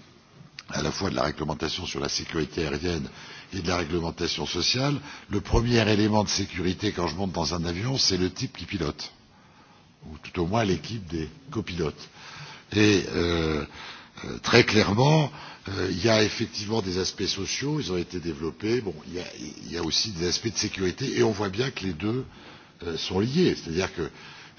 à la fois de la réglementation sur la sécurité aérienne et de la réglementation sociale, le premier élément de sécurité quand je monte dans un avion, c'est le type qui pilote, ou tout au moins l'équipe des copilotes. Et euh, euh très clairement, euh, il euh, y a effectivement des aspects sociaux, ils ont été développés, bon, il, y y a aussi des aspects de sécurité, et on voit bien que les deux euh, sont liés, c'est-à-dire que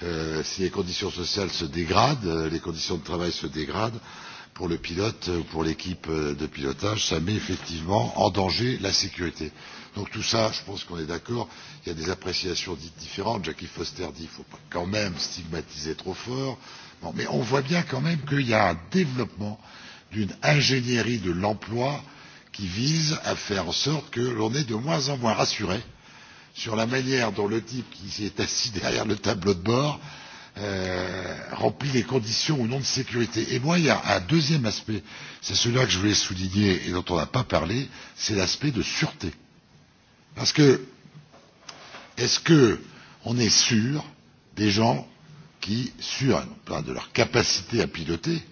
euh, si les conditions sociales se dégradent, euh, les conditions de travail se dégradent, euh, pour le pilote euh, ou pour l'équipe euh, de pilotage, ça met effectivement en danger la sécurité. Donc tout ça, je pense qu'on est d'accord. Il y a des appréciations dites différentes. Jackie Foster dit qu'il ne faut pas quand même stigmatiser trop fort. Bon, mais on voit bien quand même qu'il y a un développement d'une ingénierie de l'emploi qui vise à faire en sorte que l'on est de moins en moins rassuré sur la manière dont le type qui est assis derrière le tableau de bord euh, remplit les conditions ou non de sécurité. Et moi, il y a un deuxième aspect, c'est celui-là que je voulais souligner et dont on n'a pas parlé, c'est l'aspect de sûreté. Parce que, est-ce que on est sûr des gens qui, sûrs de leur capacité à piloter,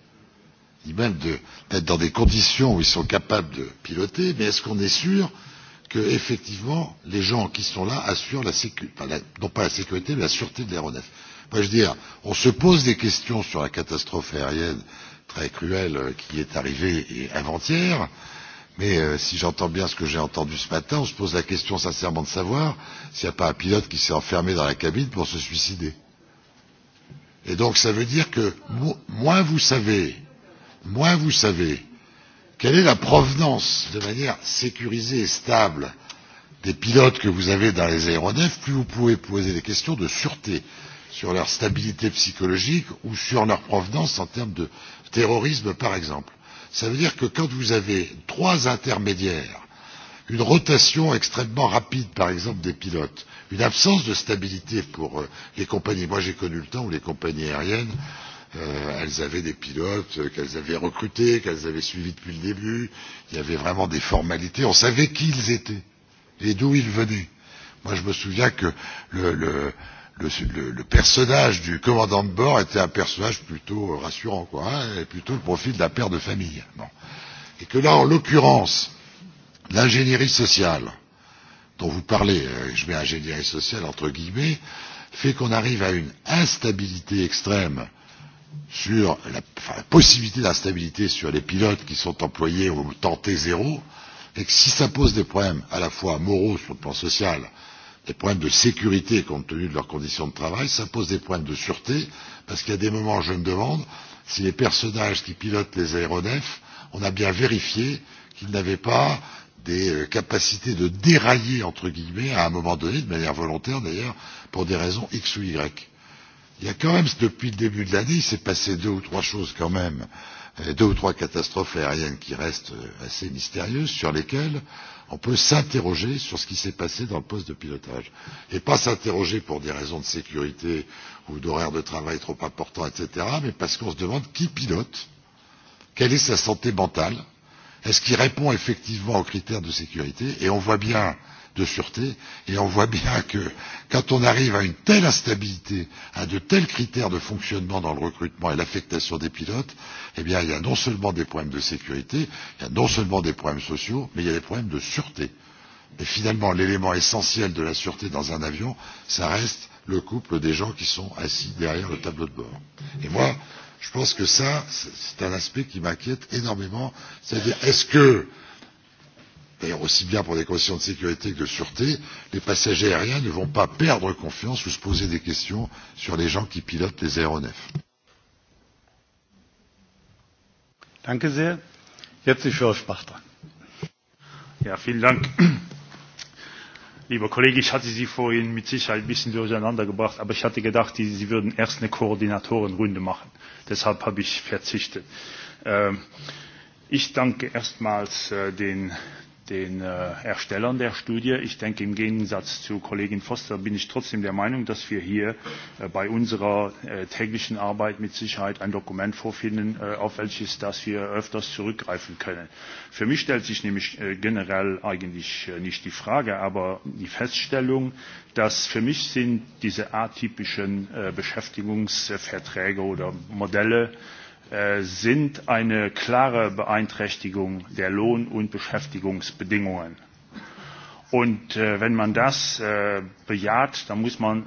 ni même d'être de, dans des conditions où ils sont capables de piloter, mais est-ce qu'on est sûr que effectivement les gens qui sont là assurent la sécurité, enfin, non pas la sécurité, mais la sûreté de l'aéronef Enfin, je veux dire, on se pose des questions sur la catastrophe aérienne très cruelle euh, qui est arrivée avant-hier, mais euh, si j'entends bien ce que j'ai entendu ce matin, on se pose la question sincèrement de savoir s'il n'y a pas un pilote qui s'est enfermé dans la cabine pour se suicider. Et donc, ça veut dire que mo moins vous savez, moins vous savez quelle est la provenance de manière sécurisée et stable des pilotes que vous avez dans les aéronefs, plus vous pouvez poser des questions de sûreté sur leur stabilité psychologique ou sur leur provenance en termes de terrorisme, par exemple. Ça veut dire que quand vous avez trois intermédiaires, une rotation extrêmement rapide, par exemple, des pilotes, une absence de stabilité pour euh, les compagnies. Moi, j'ai connu le temps où les compagnies aériennes, euh, elles avaient des pilotes euh, qu'elles avaient recrutés, qu'elles avaient suivis depuis le début. Il y avait vraiment des formalités. On savait qui ils étaient et d'où ils venaient. Moi, je me souviens que le, le, le, le, le personnage du commandant de bord était un personnage plutôt rassurant, quoi, hein, et plutôt le profil d'un père de famille. Bon. Et que là, en l'occurrence, l'ingénierie sociale dont vous parlez, euh, je mets ingénierie sociale entre guillemets, fait qu'on arrive à une instabilité extrême sur la, enfin, la possibilité d'instabilité sur les pilotes qui sont employés au temps T zéro, et que si ça pose des problèmes à la fois moraux sur le plan social des problèmes de sécurité compte tenu de leurs conditions de travail, ça pose des problèmes de sûreté, parce qu'il y a des moments, je me demande, si les personnages qui pilotent les aéronefs, on a bien vérifié qu'ils n'avaient pas des euh, capacités de dérailler, entre guillemets, à un moment donné, de manière volontaire d'ailleurs, pour des raisons X ou Y. Il y a quand même, depuis le début de l'année, il s'est passé deux ou trois choses quand même, euh, deux ou trois catastrophes aériennes qui restent euh, assez mystérieuses, sur lesquelles on peut s'interroger sur ce qui s'est passé dans le poste de pilotage et pas s'interroger pour des raisons de sécurité ou d'horaires de travail trop importants, etc., mais parce qu'on se demande qui pilote, quelle est sa santé mentale, est-ce qu'il répond effectivement aux critères de sécurité, et on voit bien euh, de sûreté et on voit bien que quand on arrive à une telle instabilité, à de tels critères de fonctionnement dans le recrutement et l'affectation des pilotes, eh bien il y a non seulement des problèmes de sécurité, il y a non seulement des problèmes sociaux, mais il y a des problèmes de sûreté. Et finalement, l'élément essentiel de la sûreté dans un avion, ça reste le couple des gens qui sont assis derrière le tableau de bord. Et moi, je pense que ça, c'est un aspect qui m'inquiète énormément. C'est-à-dire, est-ce que euh, d'ailleurs aussi bien pour des questions de sécurité que de sûreté, les passagers aériens ne vont pas perdre confiance ou se poser des questions sur les gens qui pilotent les aéronefs. Danke sehr. Jetzt ist George Bach dran. Ja, vielen Dank. Lieber Kollege, ich hatte Sie vorhin mit Sicherheit ein bisschen durcheinander gebracht, aber ich hatte gedacht, Sie würden erst eine Koordinatorenrunde machen. Deshalb habe ich verzichtet. Ähm, ich danke erstmals äh, den den äh, Erstellern der Studie. Ich denke, im Gegensatz zu Kollegin Foster bin ich trotzdem der Meinung, dass wir hier äh, bei unserer äh, täglichen Arbeit mit Sicherheit ein Dokument vorfinden, auf welches das wir öfters zurückgreifen können. Für mich stellt sich nämlich generell eigentlich nicht die Frage, aber die Feststellung, dass für mich sind diese atypischen Beschäftigungsverträge oder Modelle Äh, sind eine klare Beeinträchtigung der Lohn- und Beschäftigungsbedingungen. Und äh, wenn man das äh, bejaht, dann muss man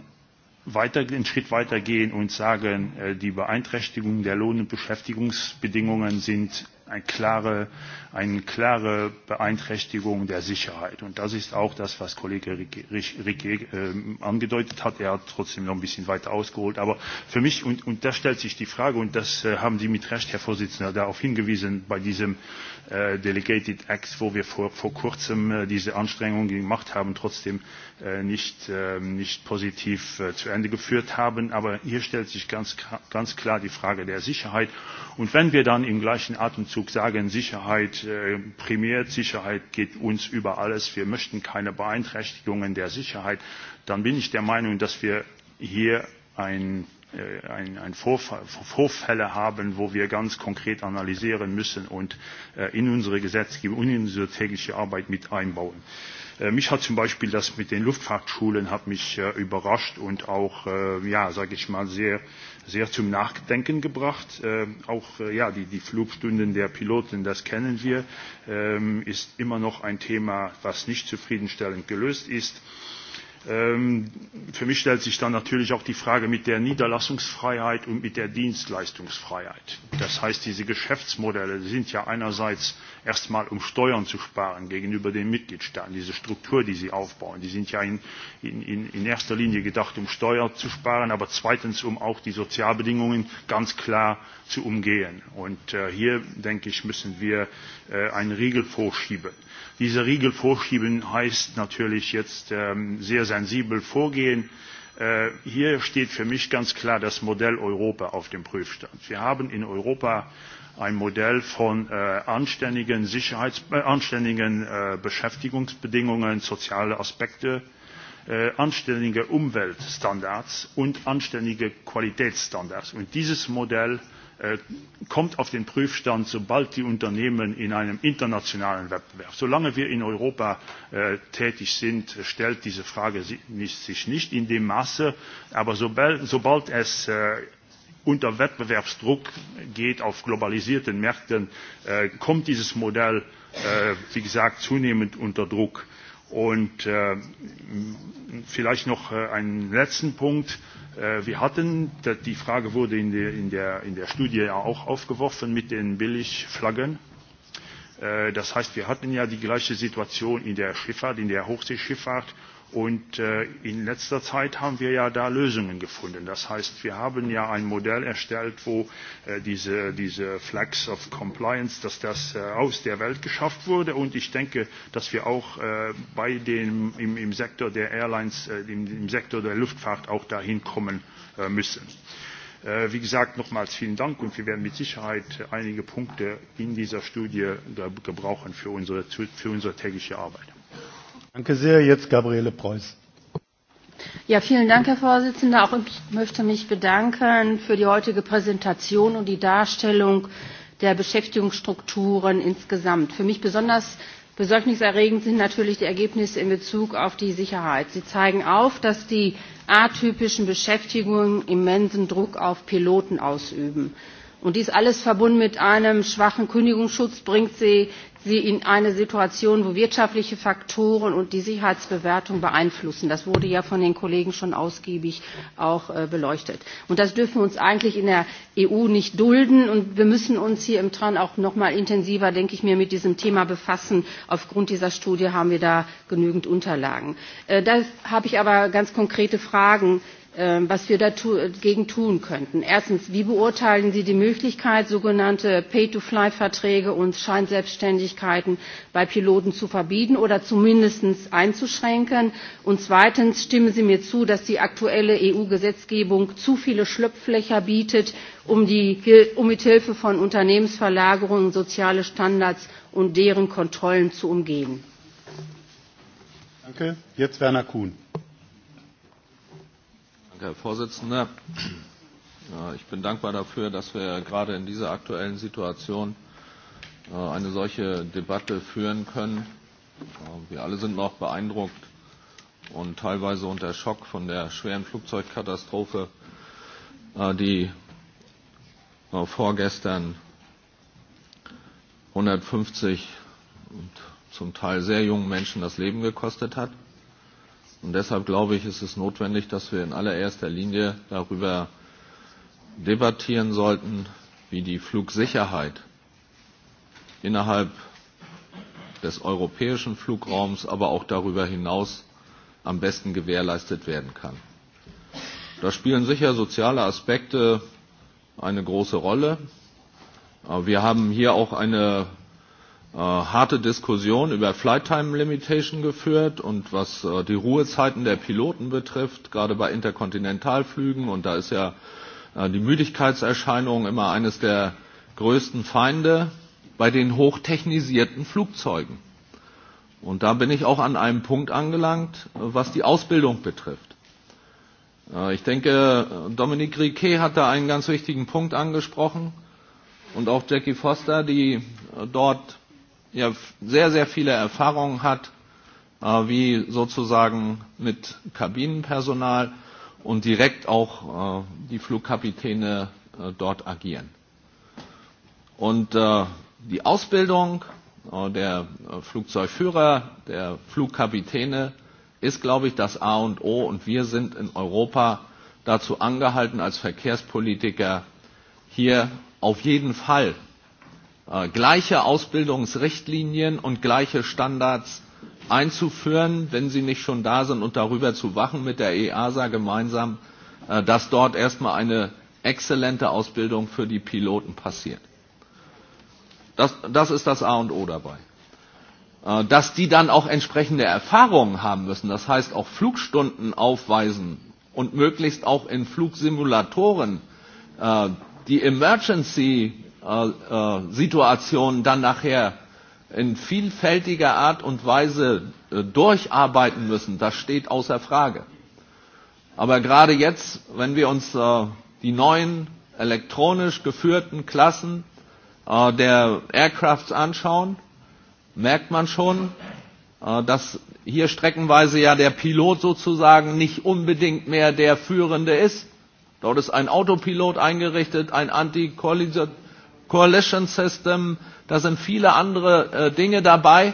weiter, einen Schritt weiter gehen und sagen, äh, die Beeinträchtigung der Lohn- und Beschäftigungsbedingungen sind eine klare, eine klare Beeinträchtigung der Sicherheit. Und das ist auch das, was Kollege Riquet äh, angedeutet hat. Er hat trotzdem noch ein bisschen weiter ausgeholt. Aber für mich, und, und da stellt sich die Frage, und das äh, haben Sie mit Recht, Herr Vorsitzender, darauf hingewiesen, bei diesem äh, Delegated Act, wo wir vor, vor kurzem äh, diese Anstrengungen gemacht haben, trotzdem äh, nicht, äh, nicht positiv äh, zu Ende geführt haben. Aber hier stellt sich ganz, ganz klar die Frage der Sicherheit. Und wenn wir dann im gleichen Atemzug Herzog sagen, Sicherheit äh, primiert, Sicherheit geht uns über alles, wir möchten keine Beeinträchtigungen der Sicherheit, dann bin ich der Meinung, dass wir hier ein äh, ein, ein Vorfall, Vorfälle haben, wo wir ganz konkret analysieren müssen und äh, in unsere Gesetzgebung und in unsere tägliche Arbeit mit einbauen. Äh, mich hat zum Beispiel das mit den Luftfahrtschulen hat mich überrascht und auch, ja, sage ich mal, sehr äh, sehr zum Nachdenken gebracht. Ähm, auch äh, ja, die, die Flugstunden der Piloten, das kennen wir, ähm, ist immer noch ein Thema, was nicht zufriedenstellend gelöst ist. Ähm, für mich stellt sich dann natürlich auch die Frage mit der Niederlassungsfreiheit und mit der Dienstleistungsfreiheit. Das heißt, diese Geschäftsmodelle sind ja einerseits erstmal, um Steuern zu sparen gegenüber den Mitgliedstaaten. Diese Struktur, die sie aufbauen, die sind ja in, in, in erster Linie gedacht, um Steuern zu sparen, aber zweitens, um auch die Sozialbedingungen ganz klar zu umgehen. Und äh, hier, denke ich, müssen wir äh, einen Riegel vorschieben. Diese Riegel vorschieben heißt natürlich jetzt ähm, sehr sensibel vorgehen. Äh, hier steht für mich ganz klar das Modell Europa auf dem Prüfstand. Wir haben in Europa ein Modell von äh, anständigen, Sicherheits äh, anständigen äh, Beschäftigungsbedingungen, soziale Aspekte, äh, anständige Umweltstandards und anständige Qualitätsstandards. Und dieses Modell äh, Äh, kommt auf den Prüfstand, sobald die Unternehmen in einem internationalen Wettbewerb. Solange wir in Europa äh, tätig sind, stellt diese Frage sich nicht in dem Maße, aber sobald, es äh, unter Wettbewerbsdruck geht auf globalisierten Märkten, kommt dieses Modell, wie gesagt, zunehmend unter Druck. Und äh, vielleicht noch äh, einen letzten Punkt. Äh, Äh, wir hatten, die Frage wurde in der, in der, in der Studie ja auch aufgeworfen mit den Billigflaggen. Äh, das heißt, wir hatten ja die gleiche Situation in der Schifffahrt, in der Hochseeschifffahrt Und äh, in letzter Zeit haben wir ja da Lösungen gefunden. Das heißt, wir haben ja ein Modell erstellt, wo äh, diese, diese Flags of Compliance, dass das äh, aus der Welt geschafft wurde. Und ich denke, dass wir auch äh, bei dem, im, im Sektor der Airlines, äh, im, im Sektor der Luftfahrt auch dahin kommen äh, müssen. Äh, wie gesagt, nochmals vielen Dank und wir werden mit Sicherheit einige Punkte in dieser Studie gebrauchen für unsere, für unsere tägliche Arbeit. Danke sehr, jetzt Gabriele Preuß. Ja, vielen Dank, Herr Vorsitzender. Auch ich möchte mich bedanken für die heutige Präsentation und die Darstellung der Beschäftigungsstrukturen insgesamt. Für mich besonders besorgniserregend sind natürlich die Ergebnisse in Bezug auf die Sicherheit. Sie zeigen auf, dass die atypischen Beschäftigungen immensen Druck auf Piloten ausüben. Und dies alles verbunden mit einem schwachen Kündigungsschutz bringt sie, sie in eine Situation, wo wirtschaftliche Faktoren und die Sicherheitsbewertung beeinflussen. Das wurde ja von den Kollegen schon ausgiebig auch äh, beleuchtet. Und das dürfen wir uns eigentlich in der EU nicht dulden. Und wir müssen uns hier im Tran auch noch mal intensiver, denke ich mir, mit diesem Thema befassen. Aufgrund dieser Studie haben wir da genügend Unterlagen. Äh, da habe ich aber ganz konkrete Fragen Ähm, was wir dagegen tun könnten. Erstens, wie beurteilen Sie die Möglichkeit, sogenannte Pay-to-Fly-Verträge und Scheinselbstständigkeiten bei Piloten zu verbieten oder zumindest einzuschränken? Und zweitens, stimmen Sie mir zu, dass die aktuelle EU-Gesetzgebung zu viele Schlupflöcher bietet, um, die, um mit Hilfe von Unternehmensverlagerungen soziale Standards und deren Kontrollen zu umgehen? Danke. Jetzt Werner Kuhn. Herr Vorsitzender. Ich bin dankbar dafür, dass wir gerade in dieser aktuellen Situation äh, eine solche Debatte führen können. Äh, wir alle sind noch beeindruckt und teilweise unter Schock von der schweren Flugzeugkatastrophe, äh, die vorgestern 150 und zum Teil sehr jungen Menschen das Leben gekostet hat. Und deshalb glaube ich, ist es notwendig, dass wir in allererster Linie darüber debattieren sollten, wie die Flugsicherheit innerhalb des europäischen Flugraums, aber auch darüber hinaus am besten gewährleistet werden kann. Da spielen sicher soziale Aspekte eine große Rolle. Wir haben hier auch eine Äh, harte Diskussion über Flight Time Limitation geführt und was äh, die Ruhezeiten der Piloten betrifft, gerade bei Interkontinentalflügen und da ist ja äh, die Müdigkeitserscheinung immer eines der größten Feinde bei den hochtechnisierten Flugzeugen. Und da bin ich auch an einem Punkt angelangt, was die Ausbildung betrifft. Äh, ich denke, Dominique Riquet hat da einen ganz wichtigen Punkt angesprochen und auch Jackie Foster, die äh, dort ja sehr, sehr viele Erfahrungen hat, äh, wie sozusagen mit Kabinenpersonal und direkt auch äh, die Flugkapitäne äh, dort agieren. Und äh, die Ausbildung äh, der äh, Flugzeugführer, der Flugkapitäne ist, glaube ich, das A und O. Und wir sind in Europa dazu angehalten, als Verkehrspolitiker hier auf jeden Fall Äh, gleiche Ausbildungsrichtlinien und gleiche Standards einzuführen, wenn sie nicht schon da sind und darüber zu wachen mit der EASA gemeinsam, äh, dass dort erstmal eine exzellente Ausbildung für die Piloten passiert. Das, das ist das A und O dabei. Äh, dass die dann auch entsprechende Erfahrungen haben müssen, das heißt auch Flugstunden aufweisen und möglichst auch in Flugsimulatoren äh, die Emergency Äh, äh, Situationen dann nachher in vielfältiger Art und Weise äh, durcharbeiten müssen, das steht außer Frage. Aber gerade jetzt, wenn wir uns die neuen elektronisch geführten Klassen der Aircrafts anschauen, merkt man schon, dass hier streckenweise ja der Pilot sozusagen nicht unbedingt mehr der Führende ist. Dort ist ein Autopilot eingerichtet, ein anti Coalition System, da sind viele andere äh, Dinge dabei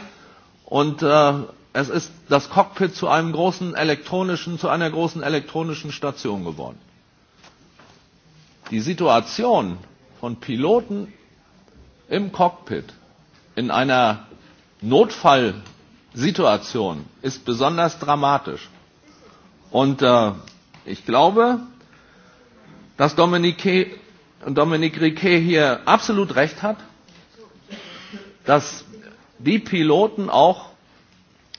und äh, es ist das Cockpit zu einem großen elektronischen, zu einer großen elektronischen Station geworden. Die Situation von Piloten im Cockpit in einer Notfallsituation ist besonders dramatisch. Und äh, ich glaube, dass Dominique Dominique Riquet hier absolut recht hat, dass die Piloten auch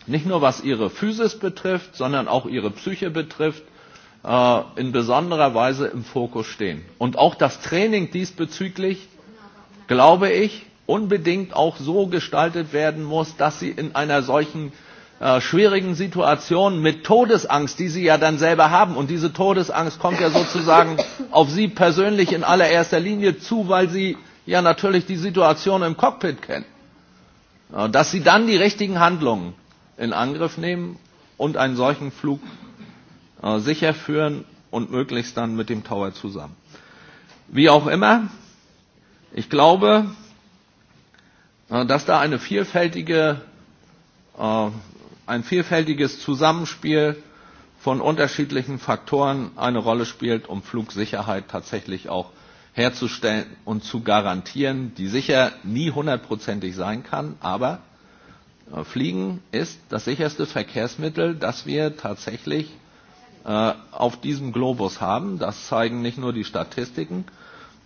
nicht nur was ihre Physis betrifft, sondern auch ihre Psyche betrifft, äh, in besonderer Weise im Fokus stehen. Und auch das Training diesbezüglich, glaube ich, unbedingt auch so gestaltet werden muss, dass sie in einer solchen äh, Äh, schwierigen Situationen mit Todesangst, die sie ja dann selber haben. Und diese Todesangst kommt ja sozusagen <laughs> auf sie persönlich in allererster Linie zu, weil sie ja natürlich die Situation im Cockpit kennen. Äh, dass sie dann die richtigen Handlungen in Angriff nehmen und einen solchen Flug äh, sicher führen und möglichst dann mit dem Tower zusammen. Wie auch immer, ich glaube, dass da eine vielfältige ein vielfältiges Zusammenspiel von unterschiedlichen Faktoren eine Rolle spielt, um Flugsicherheit tatsächlich auch herzustellen und zu garantieren, die sicher nie hundertprozentig sein kann, aber äh, Fliegen ist das sicherste Verkehrsmittel, das wir tatsächlich äh, auf diesem Globus haben. Das zeigen nicht nur die Statistiken,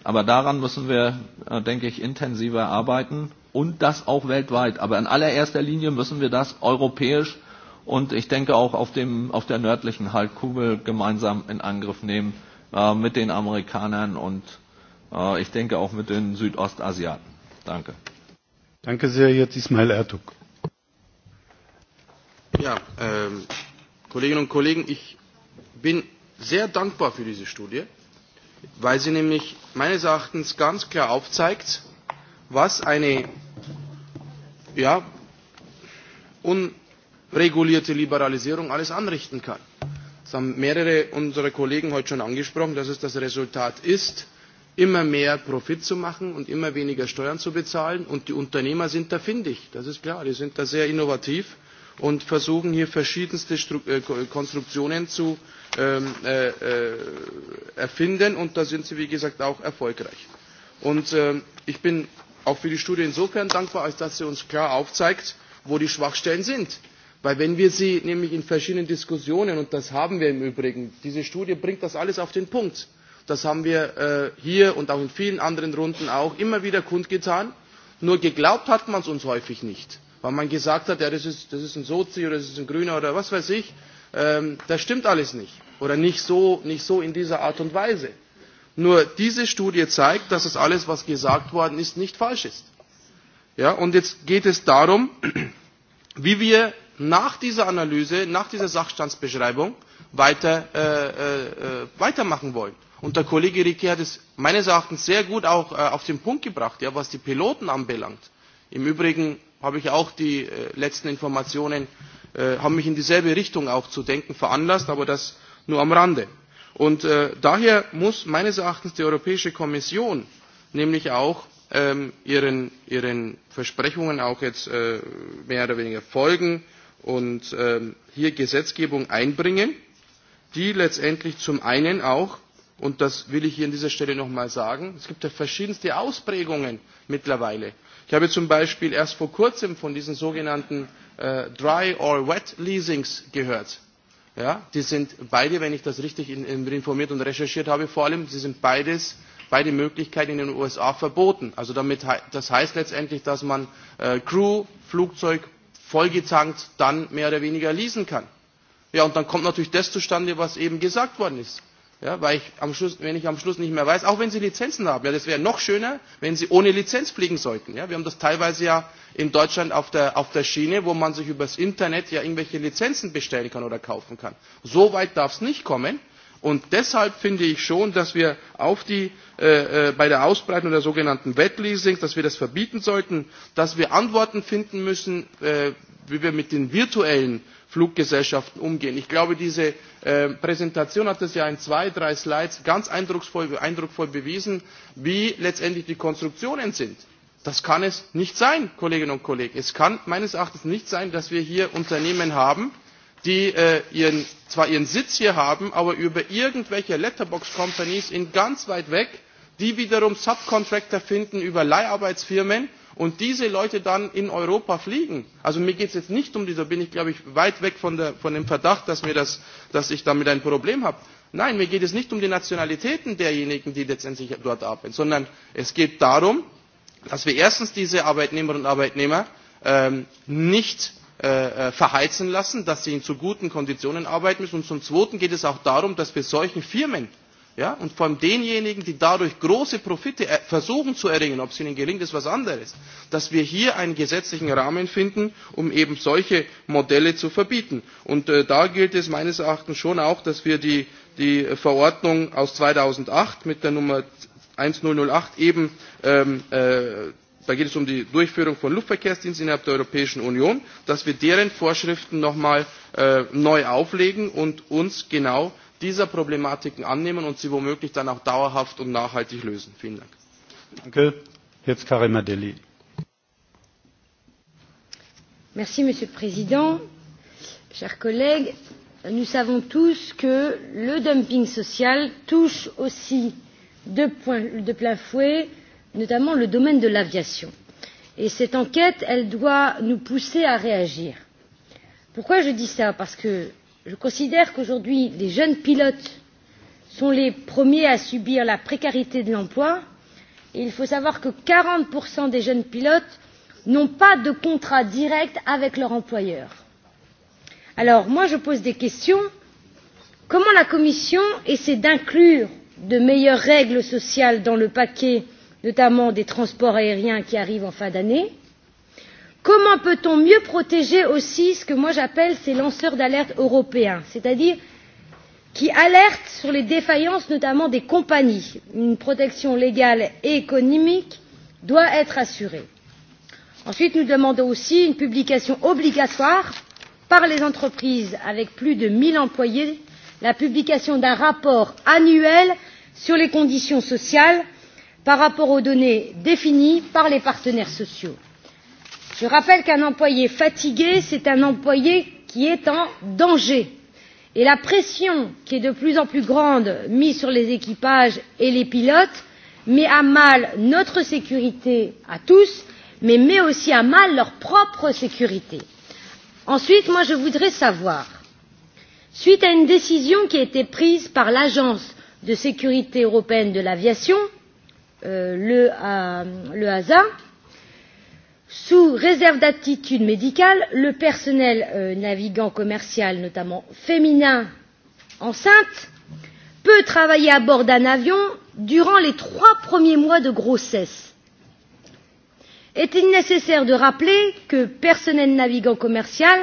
aber daran müssen wir, äh, denke ich, intensiver arbeiten und das auch weltweit. Aber in allererster Linie müssen wir das europäisch und ich denke auch auf, dem, auf der nördlichen Halbkugel gemeinsam in Angriff nehmen äh, mit den Amerikanern und äh, ich denke auch mit den Südostasiaten. Danke. Danke sehr. Jetzt Ismail Ertug. Ja, ähm, Kolleginnen und Kollegen, ich bin sehr dankbar für diese Studie, weil sie nämlich meines Erachtens ganz klar aufzeigt, was eine ja, unregulierte Liberalisierung alles anrichten kann. Das haben mehrere unserer Kollegen heute schon angesprochen, dass es das Resultat ist, immer mehr Profit zu machen und immer weniger Steuern zu bezahlen. Und die Unternehmer sind da findig, das ist klar. Die sind da sehr innovativ und versuchen hier verschiedenste Stru äh, Konstruktionen zu ähm, äh, äh, erfinden. Und da sind sie, wie gesagt, auch erfolgreich. Und äh, ich bin auch für die Studie insofern dankbar, als dass sie uns klar aufzeigt, wo die Schwachstellen sind. Weil wenn wir sie nämlich in verschiedenen Diskussionen, und das haben wir im Übrigen, diese Studie bringt das alles auf den Punkt. Das haben wir äh, hier und auch in vielen anderen Runden auch immer wieder kundgetan. Nur geglaubt hat man es uns häufig nicht. Weil man gesagt hat, ja, das ist, das ist ein Sozi oder das ist ein Grüner oder was weiß ich. Ähm, das stimmt alles nicht. Oder nicht so, nicht so in dieser Art und Weise. Nur diese Studie zeigt, dass das alles, was gesagt worden ist, nicht falsch ist. Ja, und jetzt geht es darum, wie wir nach dieser Analyse, nach dieser Sachstandsbeschreibung weiter, äh, äh, äh, weitermachen wollen. Und der Kollege Ricke hat es meines Erachtens sehr gut auch äh, auf den Punkt gebracht, ja, was die Piloten anbelangt. Im Übrigen habe ich auch die äh, letzten Informationen, äh, haben mich in dieselbe Richtung auch zu denken veranlasst, aber das nur am Rande. Und äh, daher muss meines Erachtens die Europäische Kommission nämlich auch ähm, ihren, ihren Versprechungen auch jetzt äh, mehr oder weniger folgen und ähm, hier Gesetzgebung einbringen, die letztendlich zum einen auch und das will ich hier an dieser Stelle noch einmal sagen. Es gibt ja verschiedenste Ausprägungen mittlerweile. Ich habe zum Beispiel erst vor kurzem von diesen sogenannten äh, Dry or Wet Leasings gehört. Ja, die sind beide, wenn ich das richtig in, in, informiert und recherchiert habe, vor allem, sie sind beides, beide Möglichkeiten in den USA verboten. Also damit, das heißt letztendlich, dass man äh, Crew, Flugzeug vollgetankt dann mehr oder weniger leasen kann. Ja, und dann kommt natürlich das zustande, was eben gesagt worden ist ja, weil ich am Schluss, wenn ich am Schluss nicht mehr weiß, auch wenn sie Lizenzen haben, ja, das wäre noch schöner, wenn sie ohne Lizenz fliegen sollten. Ja. Wir haben das teilweise ja in Deutschland auf der, auf der Schiene, wo man sich über das Internet ja irgendwelche Lizenzen bestellen kann oder kaufen kann. So weit darf es nicht kommen. Und deshalb finde ich schon, dass wir auf die, äh, äh, bei der Ausbreitung der sogenannten Wetleasings, dass wir das verbieten sollten, dass wir Antworten finden müssen, äh, wie wir mit den virtuellen Fluggesellschaften umgehen. Ich glaube, diese äh, Präsentation hat es ja in zwei, drei Slides ganz eindrucksvoll, eindrucksvoll bewiesen, wie letztendlich die Konstruktionen sind. Das kann es nicht sein, Kolleginnen und Kollegen. Es kann meines Erachtens nicht sein, dass wir hier Unternehmen haben, die äh, zwar ihren Sitz hier haben, aber über irgendwelche Letterbox-Companies in ganz weit weg, die wiederum Subcontractor finden über Leiharbeitsfirmen und diese Leute dann in Europa fliegen. Also mir geht es jetzt nicht um die, da bin ich, glaube ich, weit weg von, der, von dem Verdacht, dass, mir das, dass ich damit ein Problem habe. Nein, mir geht es nicht um die Nationalitäten derjenigen, die letztendlich dort arbeiten, sondern es geht darum, dass wir erstens diese Arbeitnehmerinnen und Arbeitnehmer ähm, nicht Äh, äh, verheizen lassen, dass sie zu guten Konditionen arbeiten müssen. Und zum Zweiten geht es auch darum, dass wir solchen Firmen ja, und vor allem denjenigen, die dadurch große Profite er-, versuchen zu erringen, ob es ihnen gelingt, ist was anderes, dass wir hier einen gesetzlichen Rahmen finden, um eben solche Modelle zu verbieten. Und äh, da gilt es meines Erachtens schon auch, dass wir die, die Verordnung aus 2008 mit der Nummer 1008 eben ähm, äh, da geht es um die Durchführung von Luftverkehrsdiensten innerhalb der Europäischen Union, dass wir deren Vorschriften nochmal äh, neu auflegen und uns genau dieser Problematiken annehmen und sie womöglich dann auch dauerhaft und nachhaltig lösen. Vielen Dank. Danke. Jetzt Karima Deli. Merci, Monsieur le Président. Chers collègues, nous savons tous que le dumping social touche aussi de, point, de plein fouet euh, notamment le domaine de l'aviation. Et cette enquête, elle doit nous pousser à réagir. Pourquoi je dis ça Parce que je considère qu'aujourd'hui, les jeunes pilotes sont les premiers à subir la précarité de l'emploi. Et il faut savoir que 40% des jeunes pilotes n'ont pas de contrat direct avec leur employeur. Alors, moi, je pose des questions. Comment la Commission essaie d'inclure de meilleures règles sociales dans le paquet notamment des transports aériens qui arrivent en fin d'année. Comment peut on mieux protéger aussi ce que moi j'appelle ces lanceurs d'alerte européens, c'est à dire qui alertent sur les défaillances notamment des compagnies? Une protection légale et économique doit être assurée. Ensuite, nous demandons aussi une publication obligatoire par les entreprises avec plus de 1000 employés, la publication d'un rapport annuel sur les conditions sociales par rapport aux données définies par les partenaires sociaux. je rappelle qu'un employé fatigué c'est un employé qui est en danger et la pression qui est de plus en plus grande mise sur les équipages et les pilotes met à mal notre sécurité à tous mais met aussi à mal leur propre sécurité. ensuite moi, je voudrais savoir suite à une décision qui a été prise par l'agence de sécurité européenne de l'aviation le, euh, le hasa sous réserve d'aptitude médicale le personnel euh, navigant commercial notamment féminin enceinte peut travailler à bord d'un avion durant les trois premiers mois de grossesse. Est il nécessaire de rappeler que personnel navigant commercial,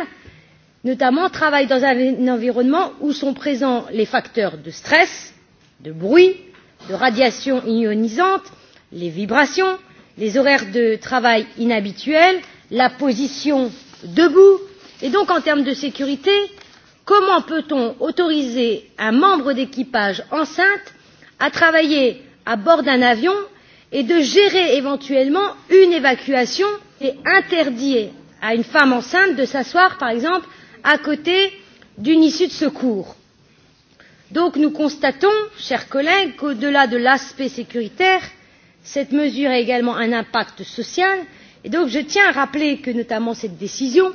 notamment, travaille dans un environnement où sont présents les facteurs de stress, de bruit, de radiation ionisante les vibrations les horaires de travail inhabituels la position debout et donc en termes de sécurité comment peut on autoriser un membre d'équipage enceinte à travailler à bord d'un avion et de gérer éventuellement une évacuation et interdire à une femme enceinte de s'asseoir par exemple à côté d'une issue de secours? Donc nous constatons, chers collègues, qu'au-delà de l'aspect sécuritaire, cette mesure a également un impact social. Et donc je tiens à rappeler que notamment cette décision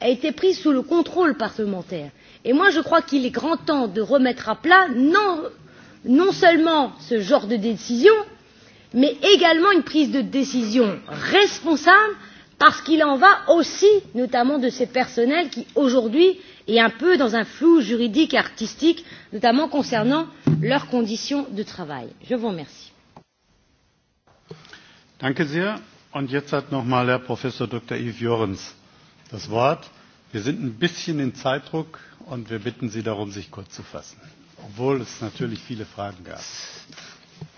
a été prise sous le contrôle parlementaire. Et moi je crois qu'il est grand temps de remettre à plat non, non seulement ce genre de décision, mais également une prise de décision responsable parce qu'il en va aussi notamment de ces personnels qui aujourd'hui et un peu dans un flou juridique et artistique, notamment concernant leurs conditions de travail. Je vous remercie. Danke sehr. Und jetzt hat noch mal Herr Professor Dr. Yves Jorens das Wort. Wir sind ein bisschen in Zeitdruck und wir bitten Sie darum, sich kurz zu fassen, obwohl es natürlich viele Fragen gab.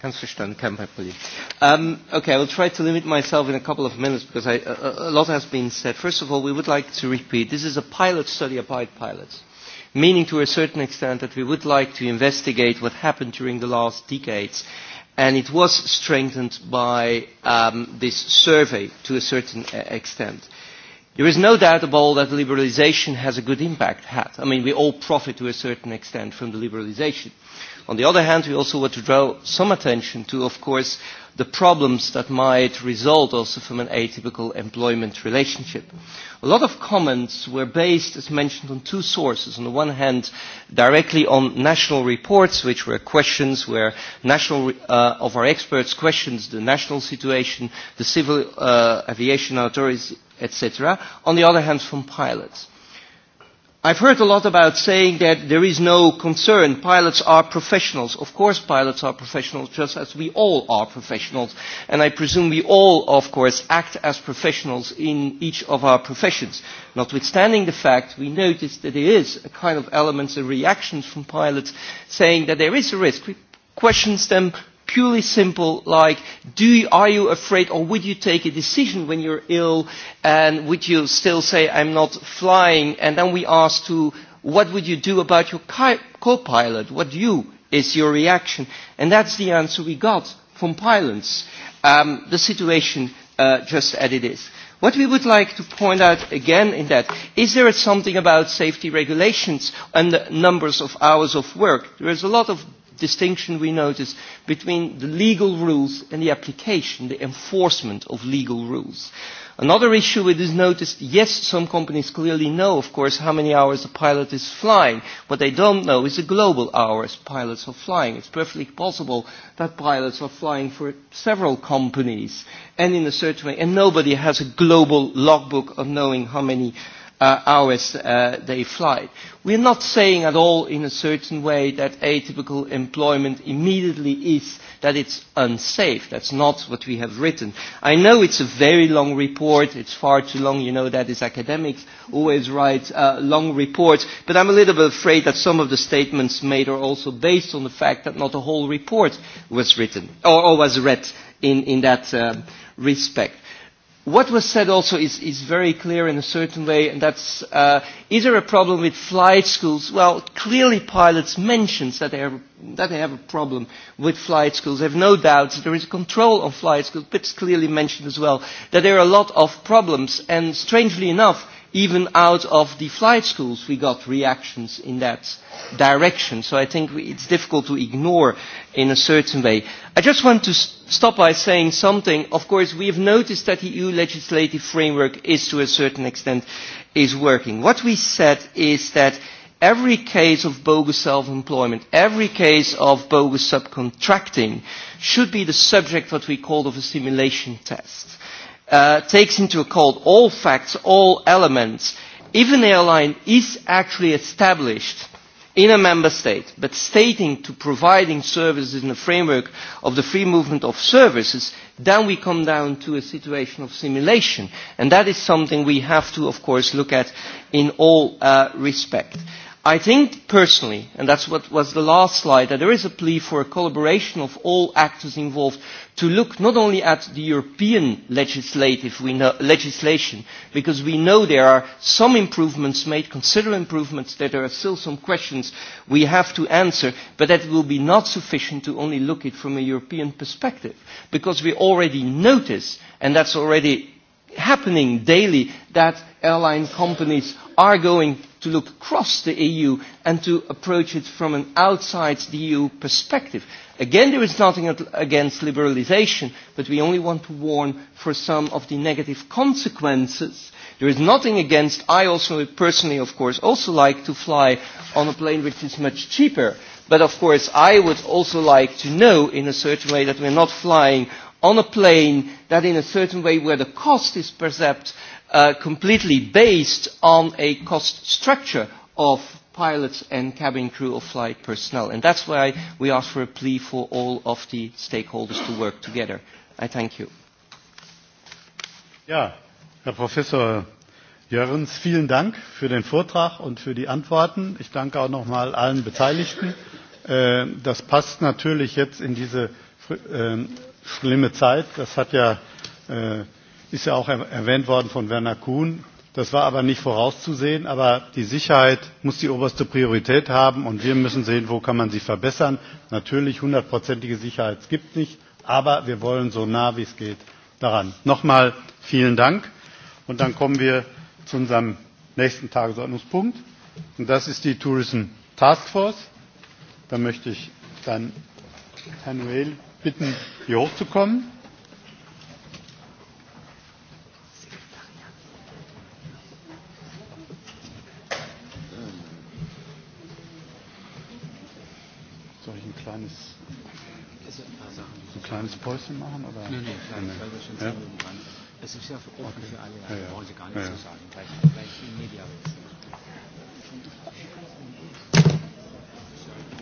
Councillor Stone, Kemper, please. Um, okay, I will try to limit myself in a couple of minutes because I, a, a lot has been said. First of all, we would like to repeat this is a pilot study about pilots, meaning to a certain extent that we would like to investigate what happened during the last decades. And it was strengthened by um, this survey to a certain uh, extent. There is no doubt at all that liberalisation has a good impact had. I mean, we all profit to a certain extent from the liberalisation. On the other hand, we also want to draw some attention to, of course, the problems that might result also from an atypical employment relationship. A lot of comments were based, as mentioned, on two sources. On the one hand, directly on national reports, which were questions where national, uh, of our experts questions the national situation, the civil uh, aviation authorities, etc. On the other hand, from pilots. I've heard a lot about saying that there is no concern. Pilots are professionals. Of course, pilots are professionals, just as we all are professionals. And I presume we all, of course, act as professionals in each of our professions. Notwithstanding the fact, we notice that there is a kind of elements and reactions from pilots saying that there is a risk. We questions them purely simple like do you, are you afraid or would you take a decision when you're ill and would you still say I'm not flying and then we ask to what would you do about your co-pilot what you is your reaction and that's the answer we got from pilots um, the situation uh, just as it is what we would like to point out again in that is there something about safety regulations and the numbers of hours of work there is a lot of distinction we notice between the legal rules and the application, the enforcement of legal rules. Another issue it is noticed, yes, some companies clearly know, of course, how many hours a pilot is flying. What they don't know is the global hours pilots are flying. It's perfectly possible that pilots are flying for several companies and in a certain way, and nobody has a global logbook of knowing how many uh, hours uh, they fly. We're not saying at all in a certain way that atypical employment immediately is that it's unsafe. That's not what we have written. I know it's a very long report. It's far too long. You know that is academics always write uh, long reports. But I'm a little bit afraid that some of the statements made are also based on the fact that not a whole report was written or, or was read in, in that um, respect what was said also is, is very clear in a certain way, and that's, uh, is there a problem with flight schools? Well, clearly pilots mentions that they, have, that they have a problem with flight schools. They have no doubts there is control on flight schools, but it's clearly mentioned as well that there are a lot of problems, and strangely enough, even out of the flight schools we got reactions in that direction. So I think it's difficult to ignore in a certain way. I just want to stop by saying something. Of course, we have noticed that the EU legislative framework is to a certain extent is working. What we said is that every case of bogus self-employment, every case of bogus subcontracting should be the subject what we call of a simulation test uh, takes into account all facts, all elements. If an airline is actually established in a member state, but stating to providing services in the framework of the free movement of services, then we come down to a situation of simulation. And that is something we have to, of course, look at in all uh, respect. Mm -hmm. I think personally, and that's what was the last slide, that there is a plea for a collaboration of all actors involved to look not only at the European legislative we know, legislation, because we know there are some improvements made, considerable improvements, that there are still some questions we have to answer, but that will be not sufficient to only look at it from a European perspective, because we already notice, and that's already happening daily, that airline companies are going to look across the EU and to approach it from an outside the EU perspective. Again, there is nothing against liberalisation, but we only want to warn for some of the negative consequences. There is nothing against, I also personally, of course, also like to fly on a plane which is much cheaper. But of course, I would also like to know in a certain way that we're not flying on a plane that in a certain way where the cost is perhaps Uh, completely based on a cost structure of pilots and cabin crew of flight personnel. And that's why we ask for a plea for all of the stakeholders to work together. I thank you. Ja, Herr Professor Jörgens, vielen Dank für den Vortrag und für die Antworten. Ich danke auch nochmal allen Beteiligten. Äh, das passt natürlich jetzt in diese äh, schlimme Zeit. Das hat ja äh, ist ja auch er-, erwähnt worden von Werner Kuhn. Das war aber nicht vorauszusehen. Aber die Sicherheit muss die oberste Priorität haben und wir müssen sehen, wo kann man sie verbessern. Natürlich, hundertprozentige Sicherheit gibt es nicht, aber wir wollen so nah wie es geht daran. Nochmal vielen Dank. Und dann kommen wir zu unserem nächsten Tagesordnungspunkt. Und das ist die Tourism Task Force. Da möchte ich dann Herrn Noel bitten, hier hochzukommen. kleines, ein kleines Päuschen machen? Oder? Nein, nein, nee. ja? Es ist ja für offen okay. für alle, also ja, ja. brauchen Sie gar nichts ja, ja. zu sagen. Gleich, gleich die Media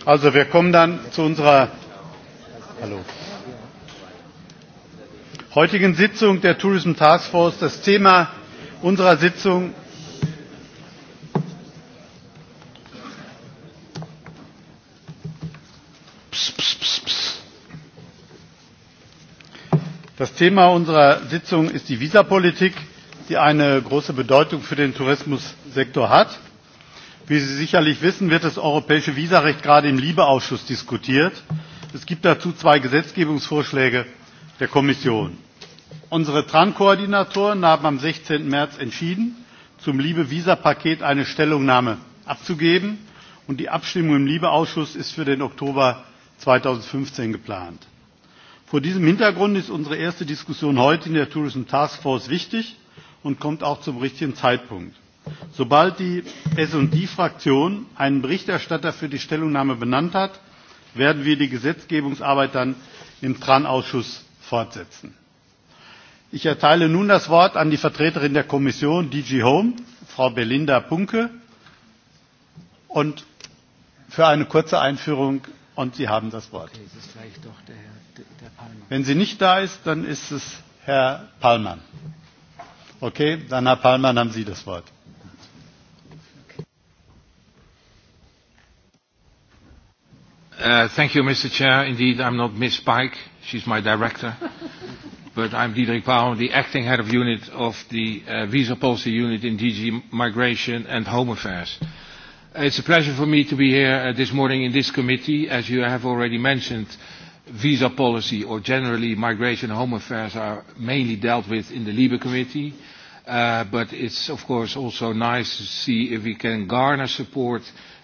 Also wir kommen dann zu unserer Hallo. heutigen Sitzung der Tourism Task Force. Das Thema unserer Sitzung Das Thema unserer Sitzung ist die Visapolitik, die eine große Bedeutung für den Tourismussektor hat. Wie Sie sicherlich wissen, wird das europäische Visarecht gerade im LIBE-Ausschuss diskutiert. Es gibt dazu zwei Gesetzgebungsvorschläge der Kommission. Unsere TRAN-Koordinatoren haben am 16. März entschieden, zum LIBE-Visa-Paket eine Stellungnahme abzugeben. Und die Abstimmung im LIBE-Ausschuss ist für den Oktober 2015 geplant. Vor diesem Hintergrund ist unsere erste Diskussion heute in der Tourism Task Force wichtig und kommt auch zum richtigen Zeitpunkt. Sobald die S&D-Fraktion einen Berichterstatter für die Stellungnahme benannt hat, werden wir die Gesetzgebungsarbeit dann im TRAN-Ausschuss fortsetzen. Ich erteile nun das Wort an die Vertreterin der Kommission, DG Home, Frau Belinda Punke, und für eine kurze Einführung und Sie haben das Wort. Wenn sie nicht da ist, dann ist es Herr Palmer. Okay, dann Herr Palmer, haben Sie das Wort. Uh, thank you, Mr. Chair. Indeed, I'm not Miss Pike. She's my director. <laughs> but I'm Diederik Pauw, the acting head of unit of the uh, visa policy unit in DG Migration and Home Affairs. Uh, It's a pleasure for me to be here uh, this morning in this committee. As you have already mentioned, visa policy or generally migration and home affairs are mainly dealt with in the Libre committee. Uh, but it's of course also nice to see if we can garner support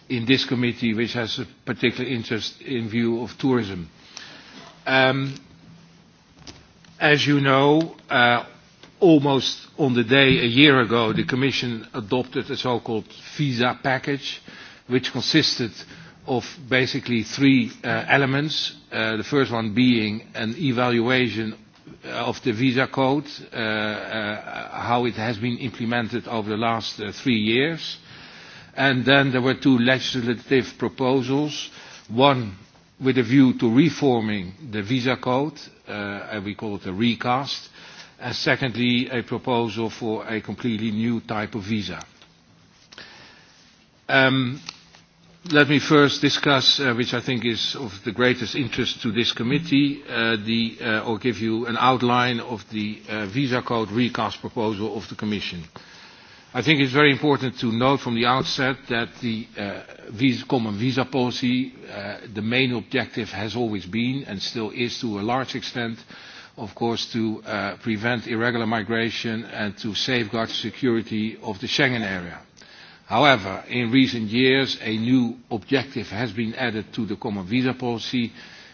in this committee which has a particular interest in view of tourism. Um, as you know, uh, almost on the day a year ago, the Commission adopted a so-called visa package, which consisted of basically three uh, elements. Uh, the first one being an evaluation of the visa code, uh, uh, how it has been implemented over the last uh, three years. And then there were two legislative proposals, one with a view to reforming the visa code, uh, and we call it a recast, and secondly, a proposal for a completely new type of visa. Um, let me first discuss, uh, which I think is of the greatest interest to this committee, uh, the, uh, or give you an outline of the uh, visa code recast proposal of the Commission. I think it's very important to note from the outset that the uh, visa, common visa policy, uh, the main objective has always been and still is to a large extent of course, to uh, prevent irregular migration and to safeguard security of the Schengen area. However, in recent years, a new objective has been added to the common visa policy,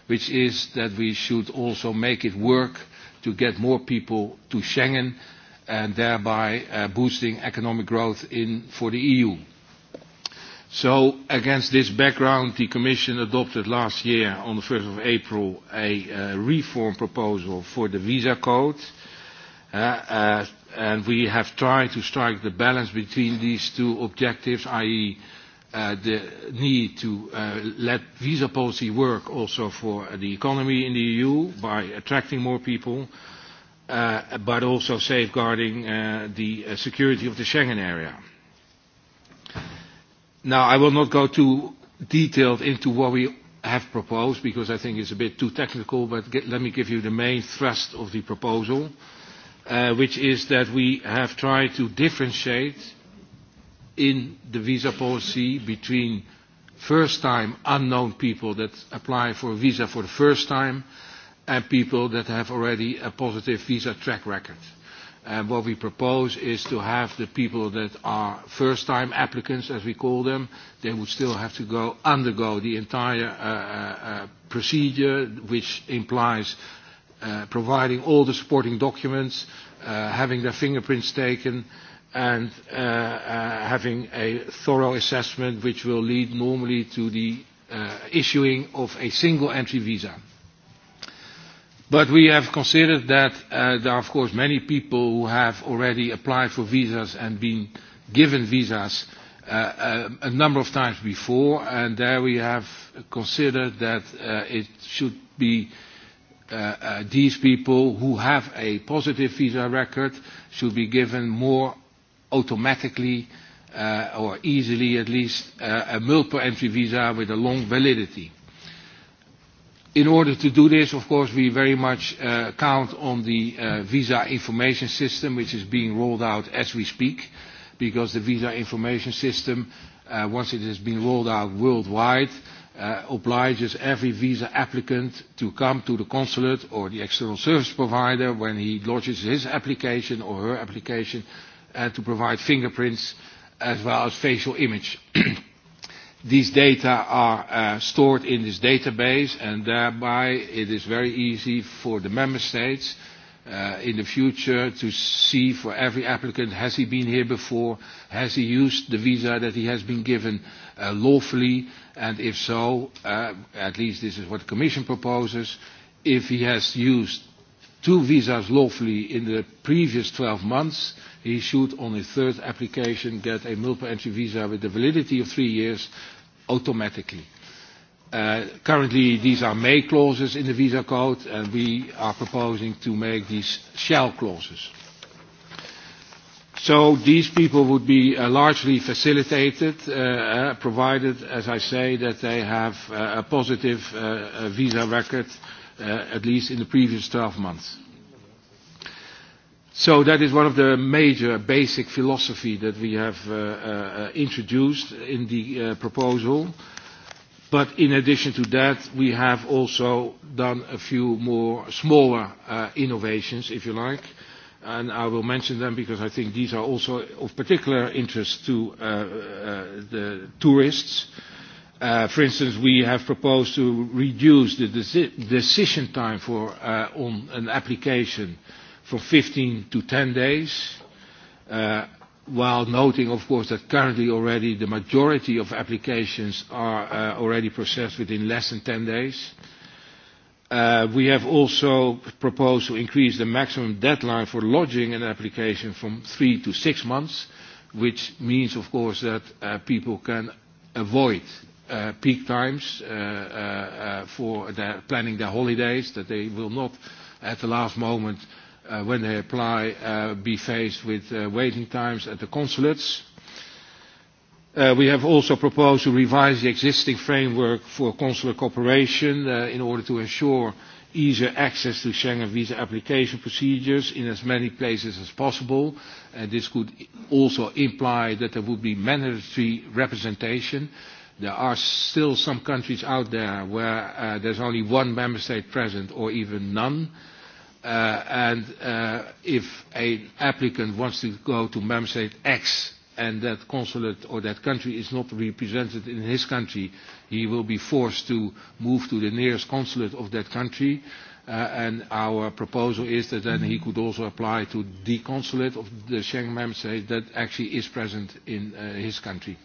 which is that we should also make it work to get more people to Schengen and thereby uh, boosting economic growth in, for the EU. So against this background, the Commission adopted last year, on the 1st of April, a uh, reform proposal for the visa code. Uh, uh, and we have tried to strike the balance between these two objectives, i.e. Uh, the need to uh, let visa policy work also for the economy in the EU by attracting more people, uh, but also safeguarding uh, the uh, security of the Schengen area. Now, I will not go too detailed into what we have proposed because I think it's a bit too technical, but let me give you the main thrust of the proposal, uh, which is that we have tried to differentiate in the visa policy between first-time unknown people that apply for a visa for the first time and people that have already a positive visa track record. And what we propose is to have the people that are first-time applicants, as we call them, they would still have to go undergo the entire uh, uh, uh, procedure, which implies uh, providing all the supporting documents, uh, having their fingerprints taken, and uh, uh, having a thorough assessment, which will lead normally to the uh, issuing of a single entry visa. But we have considered that uh, there are, of course, many people who have already applied for visas and been given visas uh, a, um, a number of times before, and there we have considered that uh, it should be uh, uh, these people who have a positive visa record should be given more automatically uh, or easily at least uh, a multiple entry visa with a long validity in order to do this, of course, we very much uh, count on the uh, visa information system, which is being rolled out as we speak, because the visa information system, uh, once it has been rolled out worldwide, obliges every visa applicant to come to the consulate or the external service provider when he lodges his application or her application to provide fingerprints as well as facial image. <clears throat> these data are uh, stored in this database and thereby it is very easy for the member states uh, in the future to see for every applicant, has he been here before, has he used the visa that he has been given uh, lawfully, and if so, uh, at least this is what the Commission proposes, if he has used two visas lawfully in the previous 12 months, he should on his third application get a multiple entry visa with the validity of three years automatically. Uh, currently, these are may clauses in the visa code, and we are proposing to make these shall clauses. So these people would be uh, largely facilitated, uh, uh, provided, as I say, that they have uh, a positive uh, visa record, uh, at least in the previous 12 months. So that is one of the major basic philosophy that we have uh, uh, introduced in the uh, proposal. But in addition to that, we have also done a few more smaller uh, innovations, if you like. And I will mention them because I think these are also of particular interest to uh, uh, the tourists. Uh, for instance, we have proposed to reduce the deci decision time for, uh, on an application uh, from 15 to 10 days, uh, while noting, of course, that currently already the majority of applications are uh, already processed within less than 10 days. Uh, we have also proposed to increase the maximum deadline for lodging an application from three to six months, which means, of course, that people can avoid peak times for planning their holidays, that they will not at the last moment uh, when they apply, uh, be faced with uh, waiting times at the consulates. Uh, we have also proposed to revise the existing framework for consular cooperation uh, in order to ensure easier access to Schengen visa application procedures in as many places as possible. Uh, this could also imply that there would be mandatory representation. There are still some countries out there where uh, there's only one member state present or even none. Uh, uh, and uh, if an applicant wants to go to member state X and that consulate or that country is not represented in his country, he will be forced to move to the nearest consulate of that country. Uh, and our proposal is that then he mm-hmm. could also apply to the consulate of the Schengen member state that actually is present in uh, his country.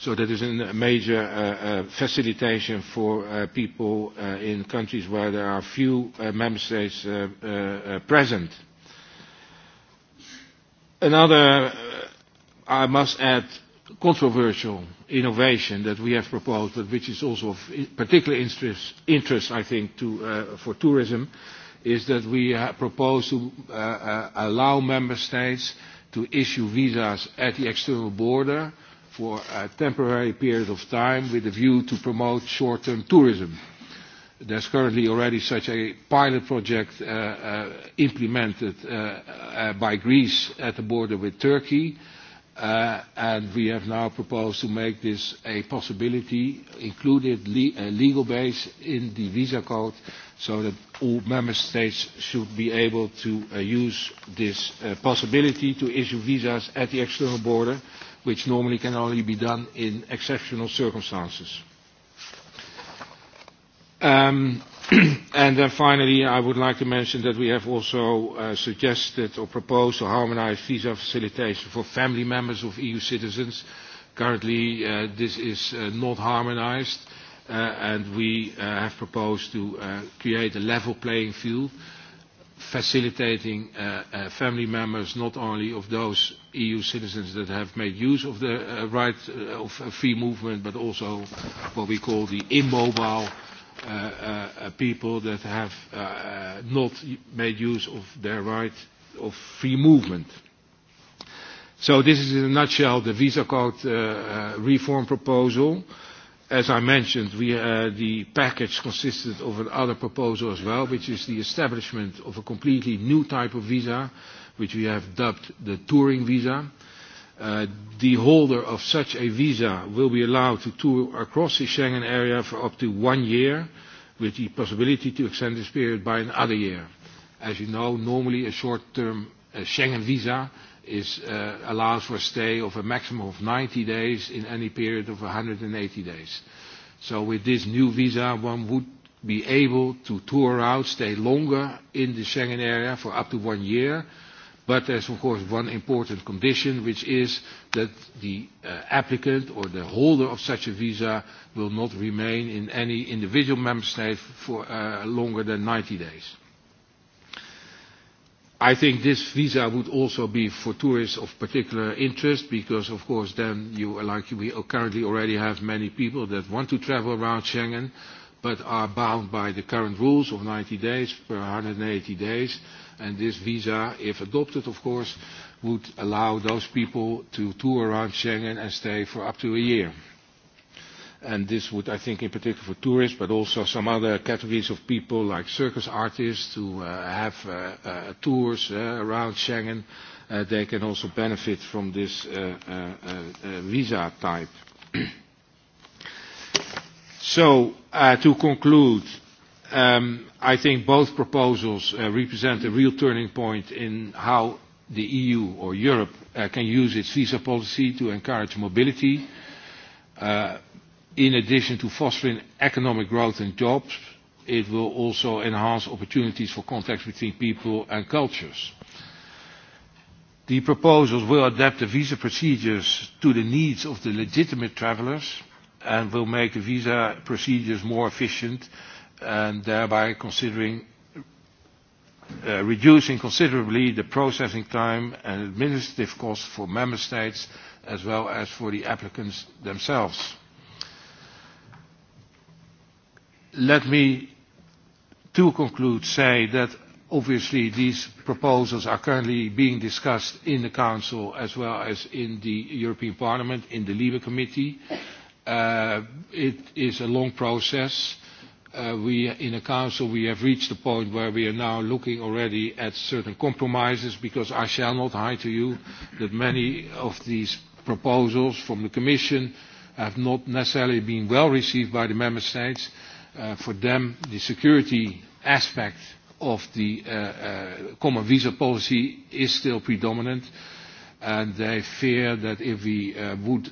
So that is a major uh, uh, facilitation for uh, people uh, in countries where there are few uh, member states uh, uh, uh, present. Another, uh, I must add, controversial innovation that we have proposed, but which is also of particular interest, interest I think, to, uh, for tourism, is that we uh, propose to uh, uh, allow member states to issue visas at the external border for a temporary period of time with a view to promote short-term tourism. There's currently already such a pilot project uh, uh, implemented uh, uh, by Greece at the border with Turkey, uh, and we have now proposed to make this a possibility, included le a legal base in the visa code, so that all member states should be able to uh, use this uh, possibility to issue visas at the external border which normally can only be done in exceptional circumstances. Um, <clears throat> and then finally, I would like to mention that we have also uh, suggested or proposed to harmonize visa facilitation for family members of EU citizens. Currently, uh, this is uh, not harmonized, uh, and we uh, have proposed to uh, create a level playing field uh, facilitating uh, uh, family members not only of those EU citizens that have made use of the uh, right uh, of uh, free movement, but also what we call the immobile uh, uh, uh, people that have uh, uh, not made use of their right of free movement. So this is in a nutshell the visa code uh, uh, reform proposal. Uh, As I mentioned, we, uh, the package consisted of another proposal as well, which is the establishment of a completely new type of visa, which we have dubbed the touring visa. Uh, the holder of such a visa will be allowed to tour across the Schengen area for up to one year, with the possibility to extend this period by another year. As you know, normally a short-term uh, Schengen visa is uh, allows for a stay of a maximum of 90 days in any period of 180 days. So with this new visa, one would be able to tour out, stay longer in the Schengen area for up to one year. But there's, of course, one important condition, which is that the uh, applicant or the holder of such a visa will not remain in any individual member state for uh, longer than 90 days. I think this visa would also be for tourists of particular interest because, of course, then you, like we currently already have many people that want to travel around Schengen but are bound by the current rules of 90 days per 180 days. And this visa, if adopted, of course, would allow those people to tour around Schengen and stay for up to a year. And this would, I think, in particular for tourists, but also some other categories of people like circus artists who uh, have uh, uh, tours uh, around Schengen. Uh, they can also benefit from this uh, uh, uh, uh visa type. <clears throat> so, uh, to conclude, um, I think both proposals uh, represent a real turning point in how the EU or Europe uh, can use its visa policy to encourage mobility. Uh, in addition to fostering economic growth and jobs, it will also enhance opportunities for contacts between people and cultures. The proposals will adapt the visa procedures to the needs of the legitimate travelers and will make the visa procedures more efficient and thereby considering uh, reducing considerably the processing time and administrative costs for member states as well as for the applicants themselves. let me, to conclude, say that obviously these proposals are currently being discussed in the Council as well as in the European Parliament, in the LIBE Committee. Uh, it is a long process. Uh, we, in the Council, we have reached the point where we are now looking already at certain compromises because I shall not hide to you that many of these proposals from the Commission have not necessarily been well received by the Member States uh, for them the security aspect of the uh, uh, common visa policy is still predominant and they fear that if we uh, would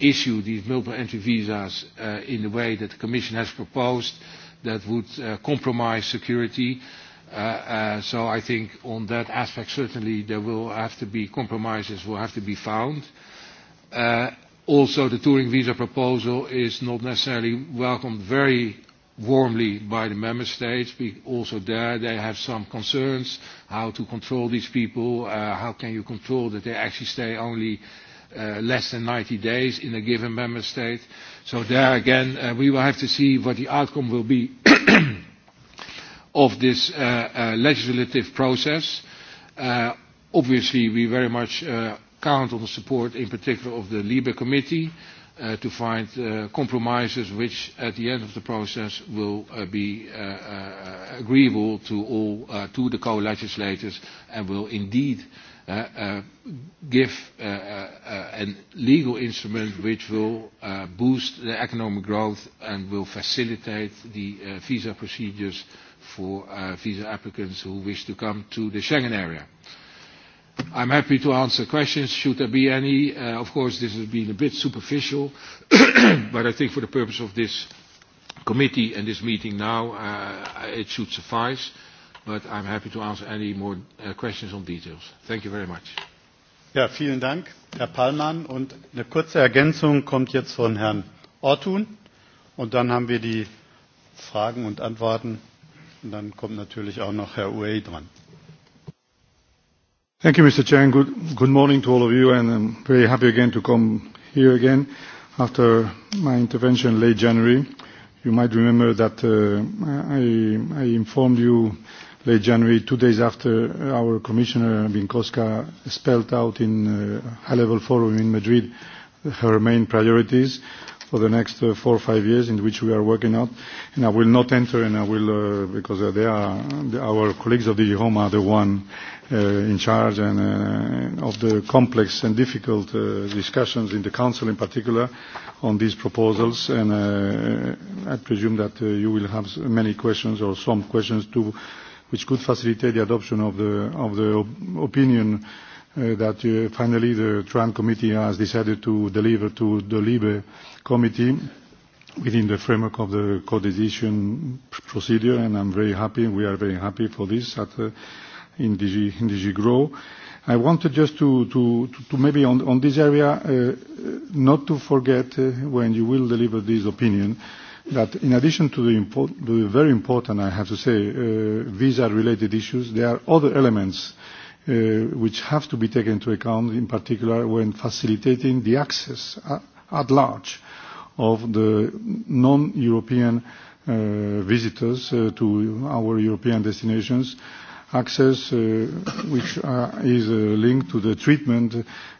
issue these multiple entry visas uh, in the way that the Commission has proposed that would uh, compromise security. Uh, uh, so I think on that aspect certainly there will have to be compromises will have to be found. Uh, also the touring visa proposal is not necessarily welcomed very warmly by the member states. We also there they have some concerns how to control these people. Uh, how can you control that they actually stay only uh, less than 90 days in a given member state? So there again, uh, we will have to see what the outcome will be <coughs> of this uh, uh, legislative process. Uh, obviously, we very much uh, count on the support, in particular, of the Libre Committee. Uh, uh, to find uh, compromises which at the end of the process will uh, be uh, uh, agreeable to all, uh, to the co-legislators and will indeed uh, uh, give uh, uh, a legal instrument which will uh, boost the economic growth and will facilitate the uh, visa procedures for uh, visa applicants who wish to come to the Schengen area. I'm happy to answer questions, should there be any. Uh, of course, this has been a bit superficial, <clears throat> but I think for the purpose of this committee and this meeting now, uh, it should suffice. But I'm happy to answer any more uh, questions on details. Thank you very much. Ja, vielen Dank, Herr Pallmann. Und eine kurze Ergänzung kommt jetzt von Herrn Ortun. Und dann haben wir die Fragen und Antworten. Und dann kommt natürlich auch noch Herr Uey dran. Thank you, Mr. Chair. Good, good morning to all of you, and I'm very happy again to come here again after my intervention late January. You might remember that uh, I, I informed you late January, two days after our Commissioner Binkowska spelled out in a uh, high-level forum in Madrid her main priorities for the next uh, four or five years in which we are working out, And I will not enter, and I will, uh, because uh, they are the, our colleagues of the home are the one uh, in charge and uh, of the complex and difficult uh, discussions in the council in particular on these proposals. And uh, I presume that uh, you will have many questions or some questions too, which could facilitate the adoption of the of the op opinion. Uh, that uh, finally the Tran committee has decided to deliver to the Libe committee within the framework of the co-decision procedure, and I'm very happy, we are very happy for this at, uh, in, DG, in DG GROW. I wanted just to, to, to maybe on, on this area, uh, not to forget uh, when you will deliver this opinion, that in addition to the, import, the very important, I have to say, uh, visa-related issues, there are other elements Uh, which have to be taken into account, in particular when facilitating the access at, uh, at large uh, of the non-European uh, visitors uh, to our European destinations, access uh, which uh, is uh, linked to the treatment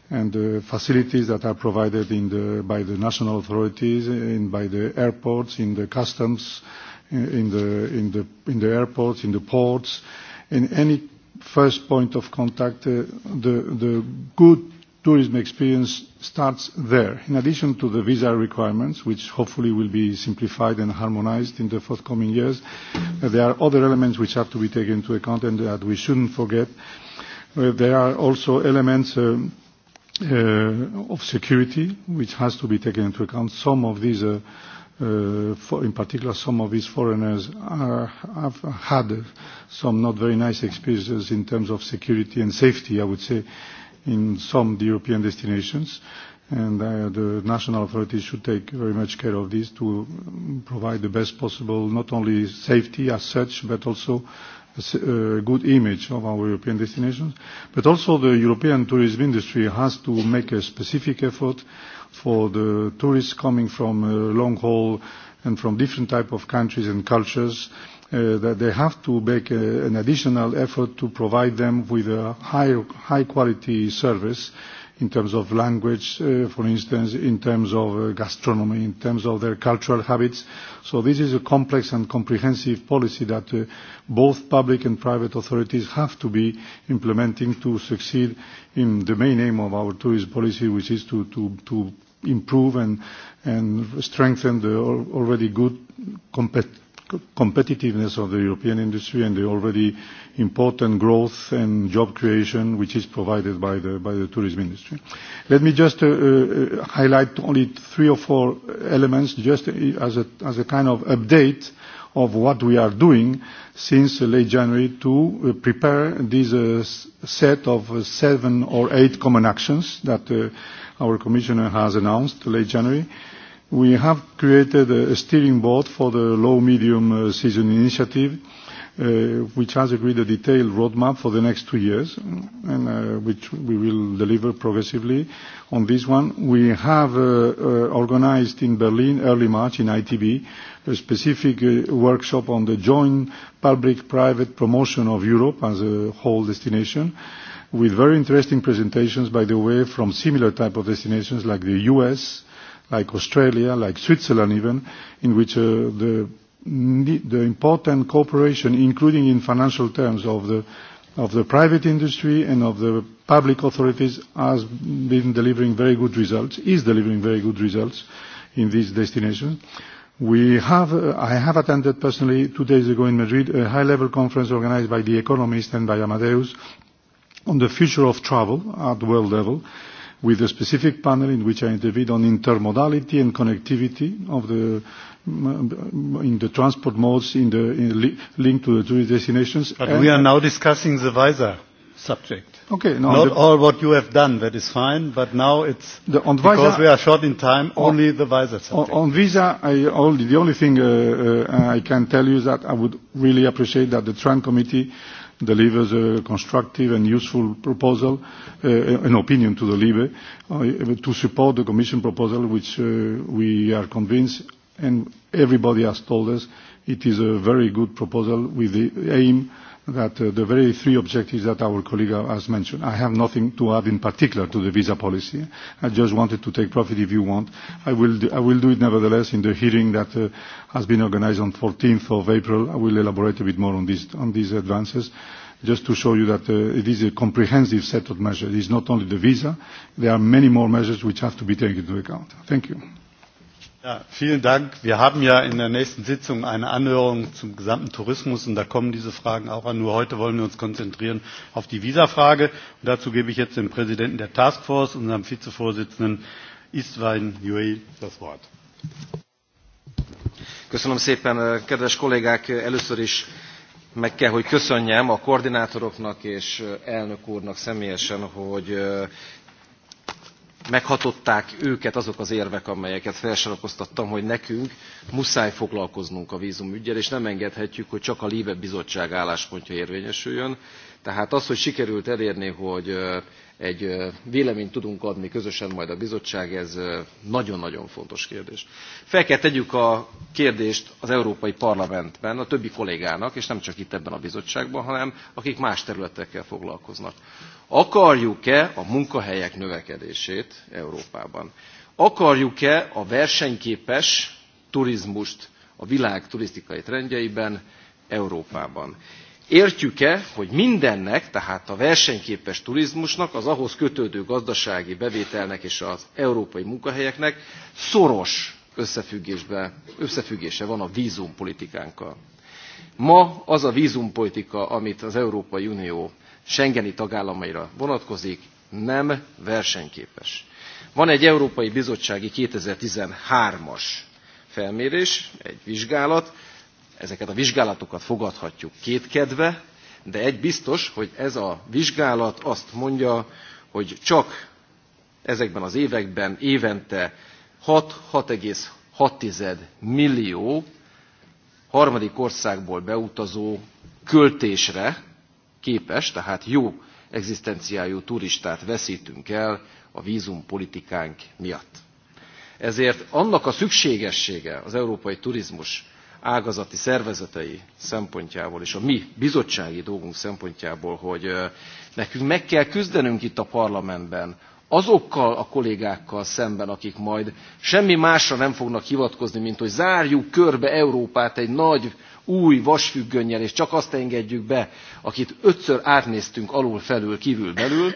and the facilities that are provided in the, by the national authorities, in, by the airports, in the customs, uh, in the, in, the, in the airports, in the ports, in any first point of contact, uh, the, the good tourism experience starts there, in addition to the visa requirements, which hopefully will be simplified and harmonized in the forthcoming years. Uh, there are other elements which have to be taken into account and that we shouldn't forget. Uh, there are also elements um, uh, of security, which has to be taken into account. Some of these uh, Uh, for, in particular, some of these foreigners are, have had some not very nice experiences in terms of security and safety, I would say, in some European destinations. And uh, the national authorities should take very much care of this to provide the best possible, not only safety as such, but also a uh, good image of our European destinations. But also the European tourism industry has to make a specific effort for the tourists coming from uh, long haul and from different type of countries and cultures Uh, that they have to make a, uh, an additional effort to provide them with a high, high quality service in terms of language, uh, for instance, in terms of uh, gastronomy, in terms of their cultural habits. So this is a complex and comprehensive policy that uh, both public and private authorities have to be implementing to succeed in the main aim of our tourist policy, which is to, to, to improve and, and strengthen the already good compet competitiveness of the European industry and the already important growth and job creation which is provided by the, by the tourism industry. Let me just uh, uh, highlight only three or four elements just as a, as a kind of update of what we are doing since late January to uh, prepare this uh, set of uh, seven or eight common actions that uh, our commissioner has announced late January. Uh, We have created a steering board for the low-medium uh, season initiative, uh, which has agreed a detailed roadmap for the next two years, and uh, which we will deliver progressively. On this one, we have uh, uh organized in Berlin, early March, in ITB, a specific uh, workshop on the joint public-private promotion of Europe as a whole destination with very interesting presentations, by the way, from similar type of destinations like the U.S., like Australia, like Switzerland even, in which uh, the, the important cooperation, including in financial terms, of the, of the private industry and of the public authorities has been delivering very good results, is delivering very good results in these destinations. We have, uh, I have attended personally two days ago in Madrid a high-level conference organized by The Economist and by Amadeus on the future of travel at world level with a specific panel in which I intervened on intermodality and connectivity of the in the transport modes in the in li link to the tourist destinations. But and we are now discussing the visa subject. Okay, no, not all what you have done. That is fine, but now it's the, on because visa, we are short in time. On, only the visa subject. On, on visa, I only, the only thing uh, uh, I can tell you is that I would really appreciate that the Tran committee delivers a constructive and useful proposal, uh, an opinion to the uh, to support the Commission proposal, which uh, we are convinced, and everybody has told us, it is a very good proposal with the aim that uh, the very three objectives that our colleague has mentioned. I have nothing to add in particular to the visa policy. I just wanted to take profit if you want. I will, do, I will do it nevertheless in the hearing that uh, has been organized on 14th of April. I will elaborate a bit more on, this, on these advances just to show you that uh, it is a comprehensive set of measures. It is not only the visa. There are many more measures which have to be taken into account. Thank you. Ja, vielen Dank. Wir haben ja in der nächsten Sitzung eine Anhörung zum gesamten Tourismus und da kommen diese Fragen auch an. Nur heute wollen wir uns konzentrieren auf die Visafrage. Und dazu gebe ich jetzt dem Präsidenten der Taskforce, unserem Vizevorsitzenden Istvain Juey, das Wort. Köszönöm szépen, kedves kollégák! Először is meg kell, hogy köszönjem a koordinátoroknak és elnök úrnak személyesen, hogy meghatották őket azok az érvek, amelyeket felsorakoztattam, hogy nekünk muszáj foglalkoznunk a vízumügyel, és nem engedhetjük, hogy csak a Líbe bizottság álláspontja érvényesüljön. Tehát az, hogy sikerült elérni, hogy egy véleményt tudunk adni közösen majd a bizottság, ez nagyon-nagyon fontos kérdés. Fel kell tegyük a kérdést az Európai Parlamentben a többi kollégának, és nem csak itt ebben a bizottságban, hanem akik más területekkel foglalkoznak. Akarjuk-e a munkahelyek növekedését Európában? Akarjuk-e a versenyképes turizmust a világ turisztikai trendjeiben Európában? Értjük-e, hogy mindennek, tehát a versenyképes turizmusnak, az ahhoz kötődő gazdasági bevételnek és az európai munkahelyeknek szoros összefüggésbe, összefüggése van a vízumpolitikánkkal? Ma az a vízumpolitika, amit az Európai Unió Schengeni tagállamaira vonatkozik, nem versenyképes. Van egy Európai Bizottsági 2013-as felmérés, egy vizsgálat, ezeket a vizsgálatokat fogadhatjuk kétkedve, de egy biztos, hogy ez a vizsgálat azt mondja, hogy csak ezekben az években évente 6-6,6 millió harmadik országból beutazó költésre képes, tehát jó egzisztenciájú turistát veszítünk el a vízumpolitikánk miatt. Ezért annak a szükségessége az európai turizmus ágazati szervezetei szempontjából és a mi bizottsági dolgunk szempontjából, hogy nekünk meg kell küzdenünk itt a parlamentben azokkal a kollégákkal szemben, akik majd semmi másra nem fognak hivatkozni, mint hogy zárjuk körbe Európát egy nagy új vasfüggönnyel, és csak azt engedjük be, akit ötször átnéztünk alul, felül, kívül, belül,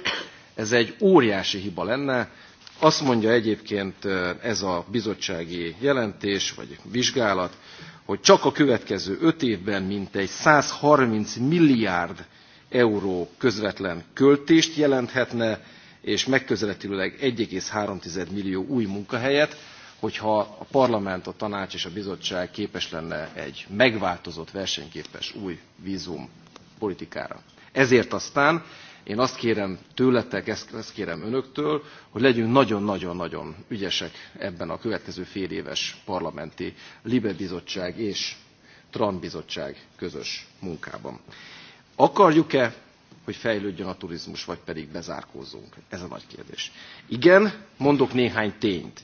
ez egy óriási hiba lenne. Azt mondja egyébként ez a bizottsági jelentés, vagy vizsgálat, hogy csak a következő öt évben mintegy 130 milliárd euró közvetlen költést jelenthetne, és megközelítőleg 1,3 millió új munkahelyet hogyha a parlament, a tanács és a bizottság képes lenne egy megváltozott, versenyképes új vízum politikára. Ezért aztán én azt kérem tőletek, ezt, kérem önöktől, hogy legyünk nagyon-nagyon-nagyon ügyesek ebben a következő fél éves parlamenti Libe Bizottság és Tran Bizottság közös munkában. Akarjuk-e, hogy fejlődjön a turizmus, vagy pedig bezárkózzunk? Ez a nagy kérdés. Igen, mondok néhány tényt.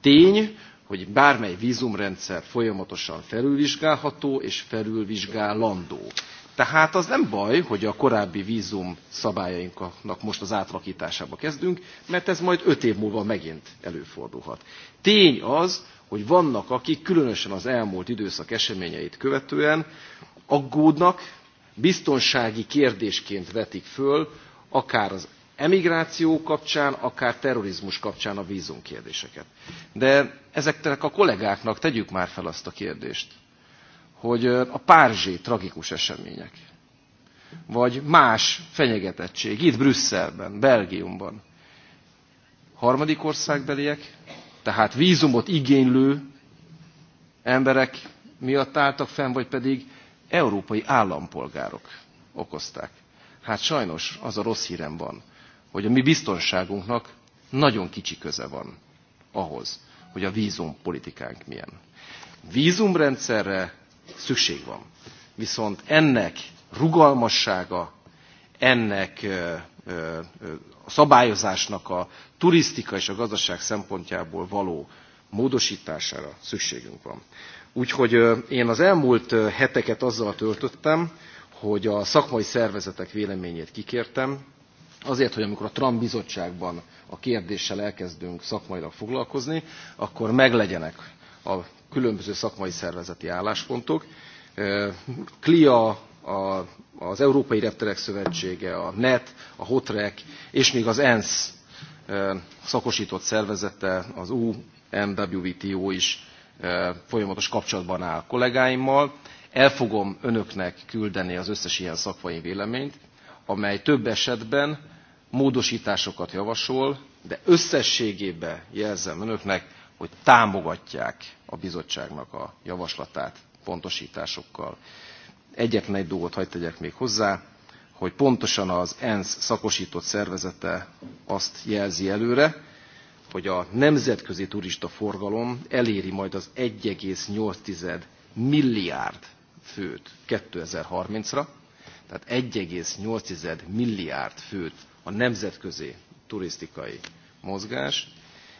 Tény, hogy bármely vízumrendszer folyamatosan felülvizsgálható és felülvizsgálandó. Tehát az nem baj, hogy a korábbi vízum szabályainknak most az átlakításába kezdünk, mert ez majd öt év múlva megint előfordulhat. Tény az, hogy vannak, akik különösen az elmúlt időszak eseményeit követően aggódnak, biztonsági kérdésként vetik föl, akár az emigráció kapcsán, akár terrorizmus kapcsán a vízumkérdéseket. De ezeknek a kollégáknak tegyük már fel azt a kérdést, hogy a párzsi tragikus események, vagy más fenyegetettség itt Brüsszelben, Belgiumban, harmadik országbeliek, tehát vízumot igénylő emberek miatt álltak fenn, vagy pedig európai állampolgárok okozták. Hát sajnos az a rossz hírem van, hogy a mi biztonságunknak nagyon kicsi köze van ahhoz, hogy a politikánk milyen. Vízumrendszerre szükség van, viszont ennek rugalmassága, ennek a szabályozásnak a turisztika és a gazdaság szempontjából való módosítására szükségünk van. Úgyhogy én az elmúlt heteket azzal töltöttem, hogy a szakmai szervezetek véleményét kikértem, Azért, hogy amikor a Trump bizottságban a kérdéssel elkezdünk szakmailag foglalkozni, akkor meglegyenek a különböző szakmai szervezeti álláspontok. CLIA, az Európai Repterek Szövetsége, a NET, a HOTREK, és még az ENSZ szakosított szervezete, az UMWTO is folyamatos kapcsolatban áll kollégáimmal. El fogom önöknek küldeni az összes ilyen szakmai véleményt, amely több esetben módosításokat javasol, de összességében jelzem önöknek, hogy támogatják a bizottságnak a javaslatát pontosításokkal. Egyetlen egy dolgot hagyd tegyek még hozzá, hogy pontosan az ENSZ szakosított szervezete azt jelzi előre, hogy a nemzetközi turista forgalom eléri majd az 1,8 milliárd főt 2030-ra, Tehát 1,8 milliárd főt a nemzetközi turisztikai mozgás,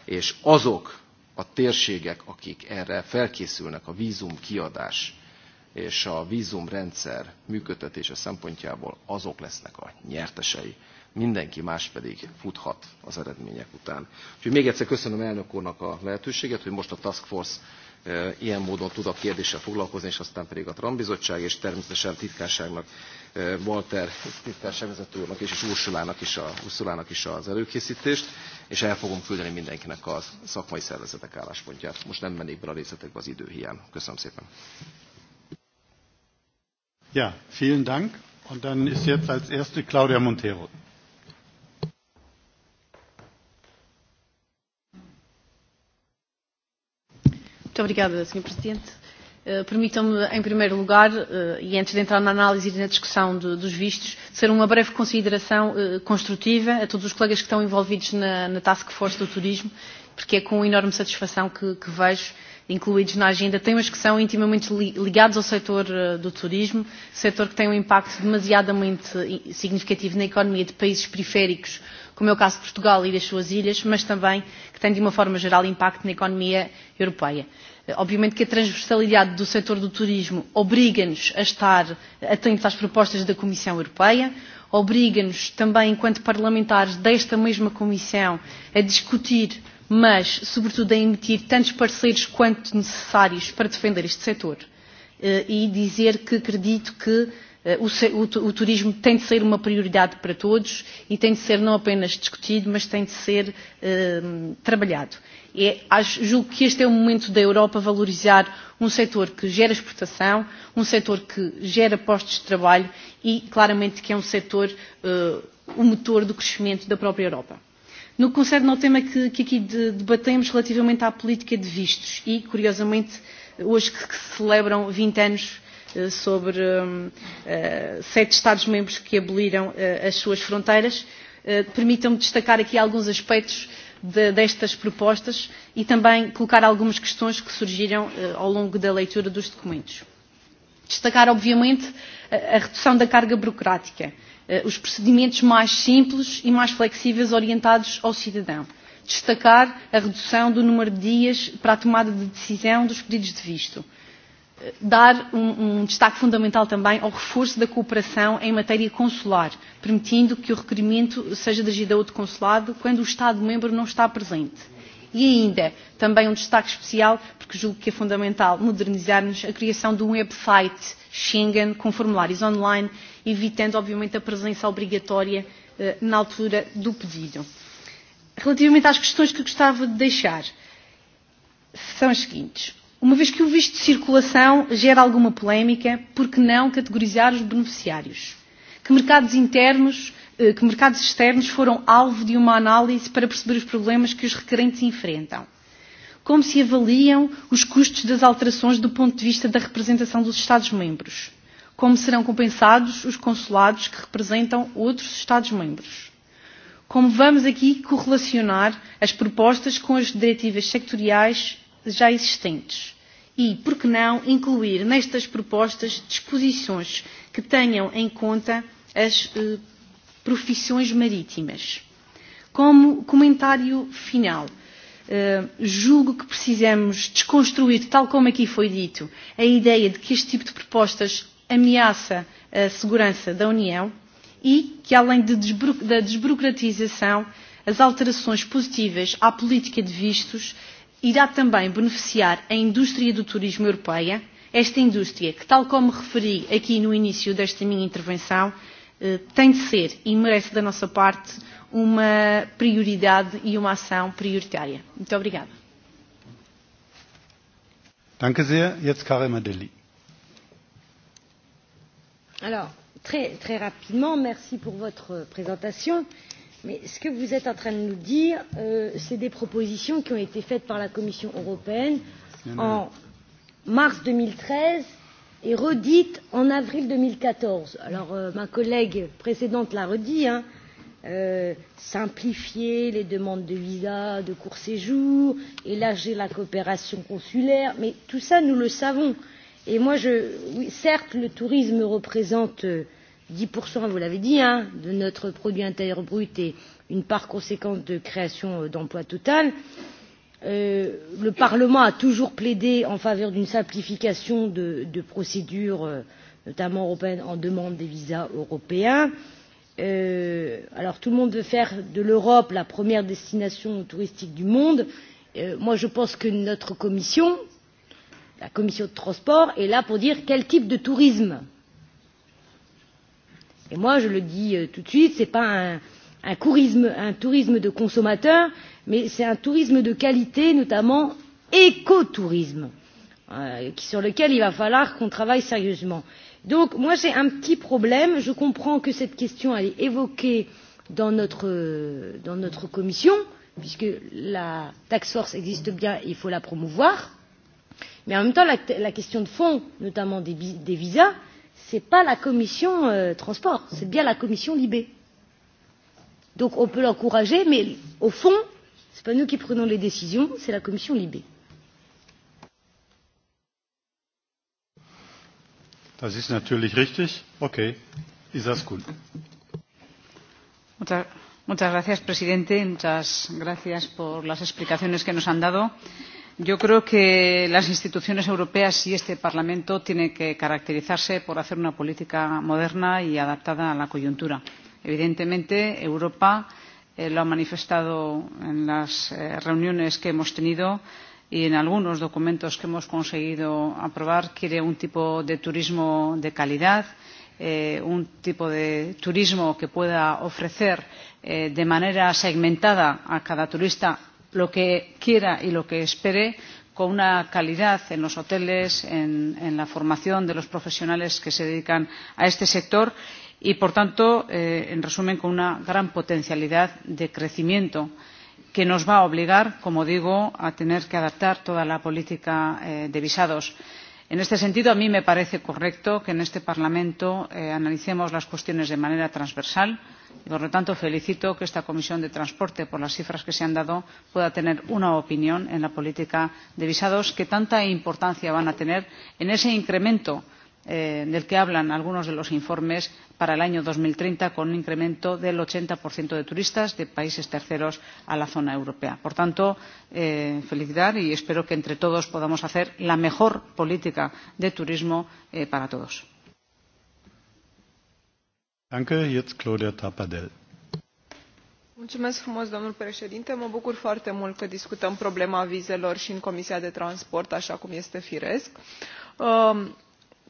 és azok a térségek, akik erre felkészülnek a vízum kiadás és a vízumrendszer működtetése szempontjából, azok lesznek a nyertesei. Mindenki más pedig futhat az eredmények után. Úgyhogy még egyszer köszönöm elnök úrnak a lehetőséget, hogy most a Task Force e, ilyen módon tud a kérdéssel foglalkozni, és aztán pedig a Trambizottság, és természetesen a titkárságnak Eh, Walter tisztelsevezető úrnak és, és Ursulának is, a, Ursulának is az előkészítést, és el fogom küldeni mindenkinek a szakmai szervezetek álláspontját. Most nem mennék bele a részletekbe az időhiány. Köszönöm szépen. Ja, vielen Dank. Und dann ist jetzt als erste Claudia Montero. Muito obrigada, Sr. Presidente. Eh, permitam-me, em primeiro lugar, eh, e antes de entrar na análise e na discussão de, dos vistos, ser uma breve consideração eh, construtiva a todos os colegas que estão envolvidos na, na Task Force do Turismo, porque é com enorme satisfação que, que vejo incluídos na agenda temas que são intimamente ligados ao setor do turismo, setor que tem um impacto demasiadamente significativo na economia de países periféricos, como é o caso de Portugal e das suas ilhas, mas também que tem, de uma forma geral, impacto na economia europeia. Obviamente que a transversalidade do setor do turismo obriga-nos a estar atentos às propostas da Comissão Europeia, obriga-nos também, enquanto parlamentares desta mesma Comissão, a discutir, mas, sobretudo, a emitir tantos parceiros quanto necessários para defender este setor. Eh, e dizer que acredito que Eh, o, turismo tem de ser uma prioridade para todos e tem de ser não apenas discutido, mas tem de ser um, trabalhado. É, e acho, julgo que este é o momento da Europa valorizar um setor que gera exportação, um setor que gera postos de trabalho e claramente que é um setor, uh, o motor do crescimento da própria Europa. No que concerne ao tema que, que aqui de, debatemos relativamente à política de vistos e, curiosamente, hoje que, que se celebram 20 anos uh, Eh, sobre eh, sete Estados-membros que aboliram eh, as suas fronteiras. Permitam-me destacar aqui alguns aspectos destas propostas e também colocar algumas questões que surgiram ao longo da leitura dos documentos. Destacar, obviamente, a redução da carga burocrática, os procedimentos mais simples e mais flexíveis orientados ao cidadão. Destacar a redução do número de dias para a tomada de decisão dos pedidos de visto dar um, um destaque fundamental também ao reforço da cooperação em matéria consular, permitindo que o requerimento seja dirigido a outro consulado quando o Estado-membro não está presente. E ainda, também um destaque especial, porque julgo que é fundamental modernizarmos a criação de um website Schengen com formulários online, evitando, obviamente, a presença obrigatória eh, na altura do pedido. Relativamente às questões que gostava de deixar, são as seguintes uma vez que o visto de circulação gera alguma polémica, por que não categorizar os beneficiários? Que mercados internos, eh, que mercados externos foram alvo de uma análise para perceber os problemas que os requerentes enfrentam? Como se avaliam os custos das alterações do ponto de vista da representação dos Estados-membros? Como serão compensados os consulados que representam outros Estados-membros? Como vamos aqui correlacionar as propostas com as diretivas sectoriais já existentes e, por que não, incluir nestas propostas disposições que tenham em conta as eh, profissões marítimas. Como comentário final, eh, julgo que precisamos desconstruir, tal como aqui foi dito, a ideia de que este tipo de propostas ameaça a segurança da União e que, além de desburo da desburocratização, as alterações positivas à política de vistos irá e também beneficiar a indústria do turismo europeia, esta indústria que, tal como referi aqui no início desta minha intervenção, eh, tem de ser e merece da nossa parte uma prioridade e uma ação prioritária. Muito obrigada. Danke sehr. Jetzt Karim Adeli. Alors, très, très rapidement, merci pour votre présentation. Euh, mais ce que vous êtes en train de nous dire euh, c'est des propositions qui ont été faites par la commission européenne en mars 2013 et redites en avril 2014. alors euh, ma collègue précédente l'a redit hein, euh, simplifier les demandes de visa de court séjour élargir la coopération consulaire mais tout ça nous le savons et moi je oui, certes le tourisme représente euh, 10 vous l'avez dit, hein, de notre produit intérieur brut et une part conséquente de création euh, d'emplois totale. Euh, le Parlement a toujours plaidé en faveur d'une simplification de, de procédures, euh, notamment européennes, en demande des visas européens. Euh, alors tout le monde veut faire de l'Europe la première destination touristique du monde. Euh, moi je pense que notre commission, la commission de transport, est là pour dire quel type de tourisme euh, Et moi, je le dis euh, tout de suite, ce n'est pas un, un, courisme, un tourisme de consommateurs, mais c'est un tourisme de qualité, notamment écotourisme, euh, sur lequel il va falloir qu'on travaille sérieusement. Donc, moi, j'ai un petit problème. Je comprends que cette question elle est évoquée dans notre, euh, dans notre commission, puisque la tax force existe bien, il faut la promouvoir. Mais en même temps, la, la question de fond, notamment des, des visas, ce n'est pas la commission euh, transport, c'est bien la commission Libé. Donc on peut l'encourager, mais au fond, ce n'est pas nous qui prenons les décisions, c'est la commission Libé. Das ist natürlich richtig. Okay. ist das gut. muchas gracias, presidente. Muchas gracias por las explicaciones que nos han dado yo creo que las instituciones europeas y este parlamento tienen que caracterizarse por hacer una política moderna y adaptada a la coyuntura. evidentemente europa eh, lo ha manifestado en las eh, reuniones que hemos tenido y en algunos documentos que hemos conseguido aprobar quiere un tipo de turismo de calidad eh, un tipo de turismo que pueda ofrecer eh, de manera segmentada a cada turista lo que quiera y lo que espere con una calidad en los hoteles en, en la formación de los profesionales que se dedican a este sector y por tanto eh, en resumen con una gran potencialidad de crecimiento que nos va a obligar como digo a tener que adaptar toda la política eh, de visados. en este sentido a mí me parece correcto que en este parlamento eh, analicemos las cuestiones de manera transversal y por lo tanto felicito que esta comisión de transporte por las cifras que se han dado pueda tener una opinión en la política de visados que tanta importancia van a tener en ese incremento eh, del que hablan algunos de los informes para el año dos mil treinta con un incremento del ochenta de turistas de países terceros a la zona europea. por tanto eh, felicitar y espero que entre todos podamos hacer la mejor política de turismo eh, para todos. Danke, jetzt Claudia Tapadel. Mulțumesc frumos, domnul președinte. Mă bucur foarte mult că discutăm problema vizelor și în Comisia de Transport, așa cum este firesc. Um,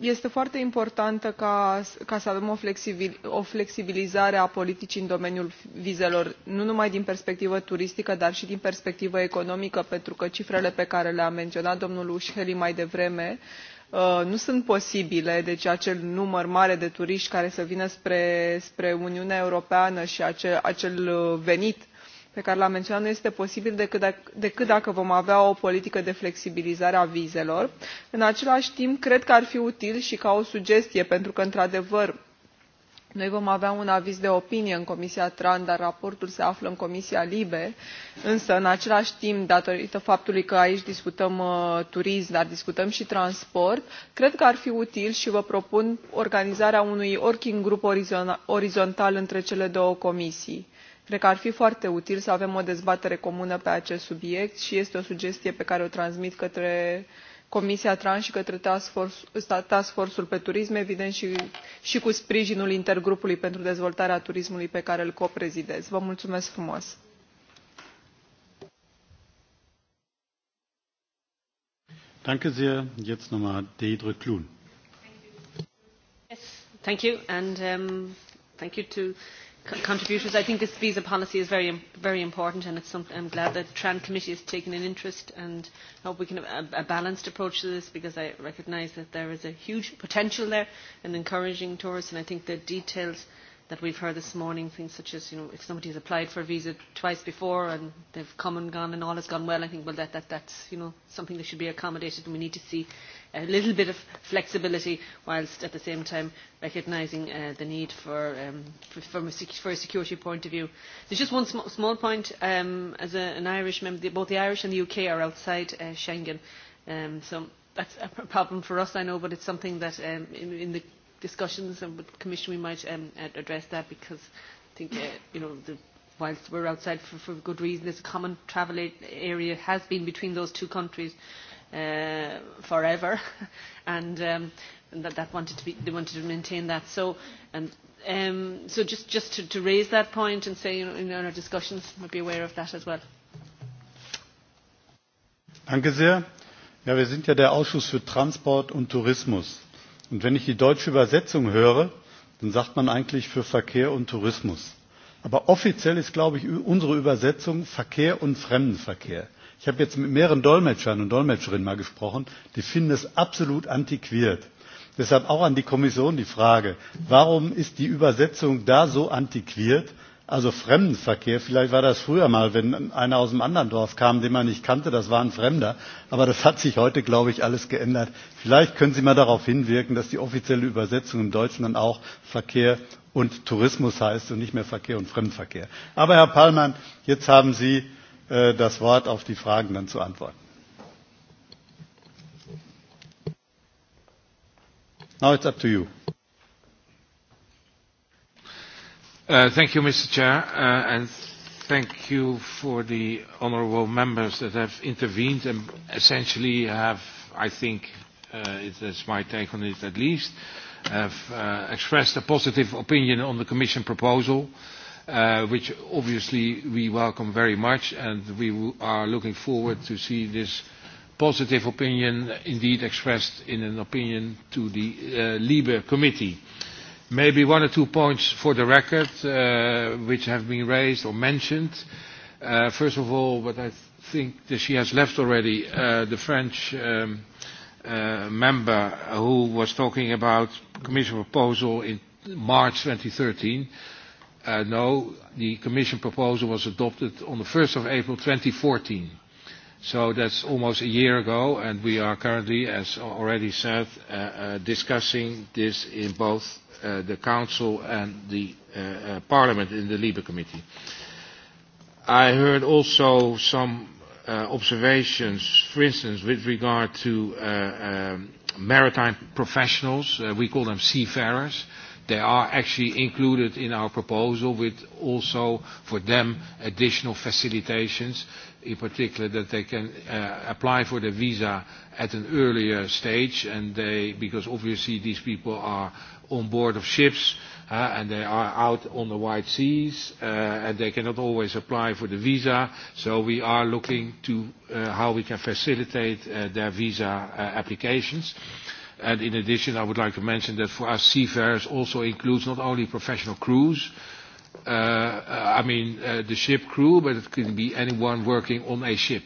este foarte importantă ca, ca să avem o, flexibil, o flexibilizare a politicii în domeniul vizelor, nu numai din perspectivă turistică, dar și din perspectivă economică, pentru că cifrele pe care le-a menționat domnul Ușheli mai devreme uh, Uh, nu sunt posibile deci acel număr mare de turiști care să vină spre, uniunea europeană și acel, uh, venit pe care l am menționat nu este posibil decât dacă vom avea o politică de flexibilizare a vizelor. în același timp cred că ar fi util și ca o sugestie pentru că într adevăr noi vom avea un aviz de opinie în comisia tran dar raportul se află în comisia libe însă în același timp datorită faptului că aici discutăm uh, turism dar discutăm și transport cred că ar fi util și vă propun organizarea unui working group orizontal între cele două comisii cred că ar fi foarte util să avem o dezbatere comună pe acest subiect și este o sugestie pe care o transmit către Comisia tran și către Task Force-ul pe Turism, evident și, cu sprijinul intergrupului pentru dezvoltarea turismului pe care îl coprezidez. Vă mulțumesc frumos! contributors. I think this visa policy is very, very important and it's am I'm glad that the TRAN committee has taken an interest and hope we can have a, a balanced approach to this because I recognise that there is a huge potential there in encouraging tourists and I think the details that we've heard this morning, things such as, you know, if somebody has applied for a visa twice before and they've come and gone and all has gone well, I think, well, that, that, that's, you know, something that should be accommodated and we need to see a little bit of flexibility whilst at the same time recognising uh, the need for, um, for, from a, sec- for a security point of view. There's just one sm- small point. Um, as a, an Irish member, the, both the Irish and the UK are outside uh, Schengen. Um, so that's a problem for us, I know, but it's something that um, in, in the discussions and with the Commission we might um, address that because I think, uh, you know, the, whilst we're outside for, for good reason, there's a common travel area has been between those two countries uh, forever <laughs> and, um, and that, that wanted to be, they wanted to maintain that. So, and, um, so just, just to, to raise that point and say you know, in our discussions, we'll be aware of that as well. Danke sehr. Ja, wir sind ja der Ausschuss für Transport und Tourismus Und wenn ich die deutsche Übersetzung höre, dann sagt man eigentlich für Verkehr und Tourismus. Aber offiziell ist, glaube ich, unsere Übersetzung Verkehr und Fremdenverkehr. Ich habe jetzt mit mehreren Dolmetschern und Dolmetscherinnen mal gesprochen, die finden es absolut antiquiert. Deshalb auch an die Kommission die Frage, warum ist die Übersetzung da so antiquiert? Also Fremdenverkehr, vielleicht war das früher mal, wenn einer aus einem anderen Dorf kam, den man nicht kannte, das war ein Fremder. Aber das hat sich heute, glaube ich, alles geändert. Vielleicht können Sie mal darauf hinwirken, dass die offizielle Übersetzung im Deutschen dann auch Verkehr und Tourismus heißt und nicht mehr Verkehr und Fremdenverkehr. Aber Herr Pallmann, jetzt haben Sie äh, das Wort, auf die Fragen dann zu antworten. Now it's up to you. Uh, thank you, Mr. Chair, uh, and thank you for the honourable members that have intervened and essentially have, I think, uh, it, is my take on it at least, have uh, expressed a positive opinion on the Commission proposal, uh, which obviously we welcome very much, and we are looking forward to see this positive opinion indeed expressed in an opinion to the uh, LIBE committee. Uh, Maybe one or two points for the record uh, which have been raised or mentioned. Uh, first of all, but I think that she has left already, uh, the French um, uh, member who was talking about Commission proposal in March 2013. Uh, no, the Commission proposal was adopted on the 1st of April 2014. So that's almost a year ago, and we are currently, as already said, uh, uh, discussing this in both Uh, the Council and the uh, uh Parliament in the Libre Committee. I heard also some uh, observations, for instance, with regard to uh, um, maritime professionals. Uh, we call them seafarers. They are actually included in our proposal with also for them additional facilitations, in particular that they can uh, apply for the visa at an earlier stage and they, because obviously these people are on board of ships uh, and they are out on the wide seas uh, and they cannot always apply for the visa. So we are looking to uh, how we can facilitate uh, their visa uh, applications. And in addition, I would like to mention that for us, seafarers also includes not only professional crews, uh, uh I mean uh, the ship crew, but it can be anyone working on a ship.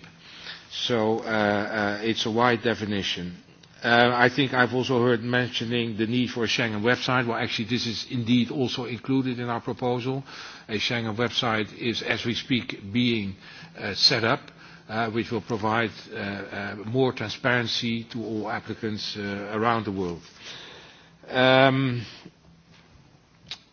So uh, uh, it's a wide definition. Uh, I think I've also heard mentioning the need for a Schengen website. Well, actually, this is indeed also included in our proposal. A Schengen website is, as we speak, being uh, set up, uh, which will provide uh, uh, more transparency to all applicants around the world. Um,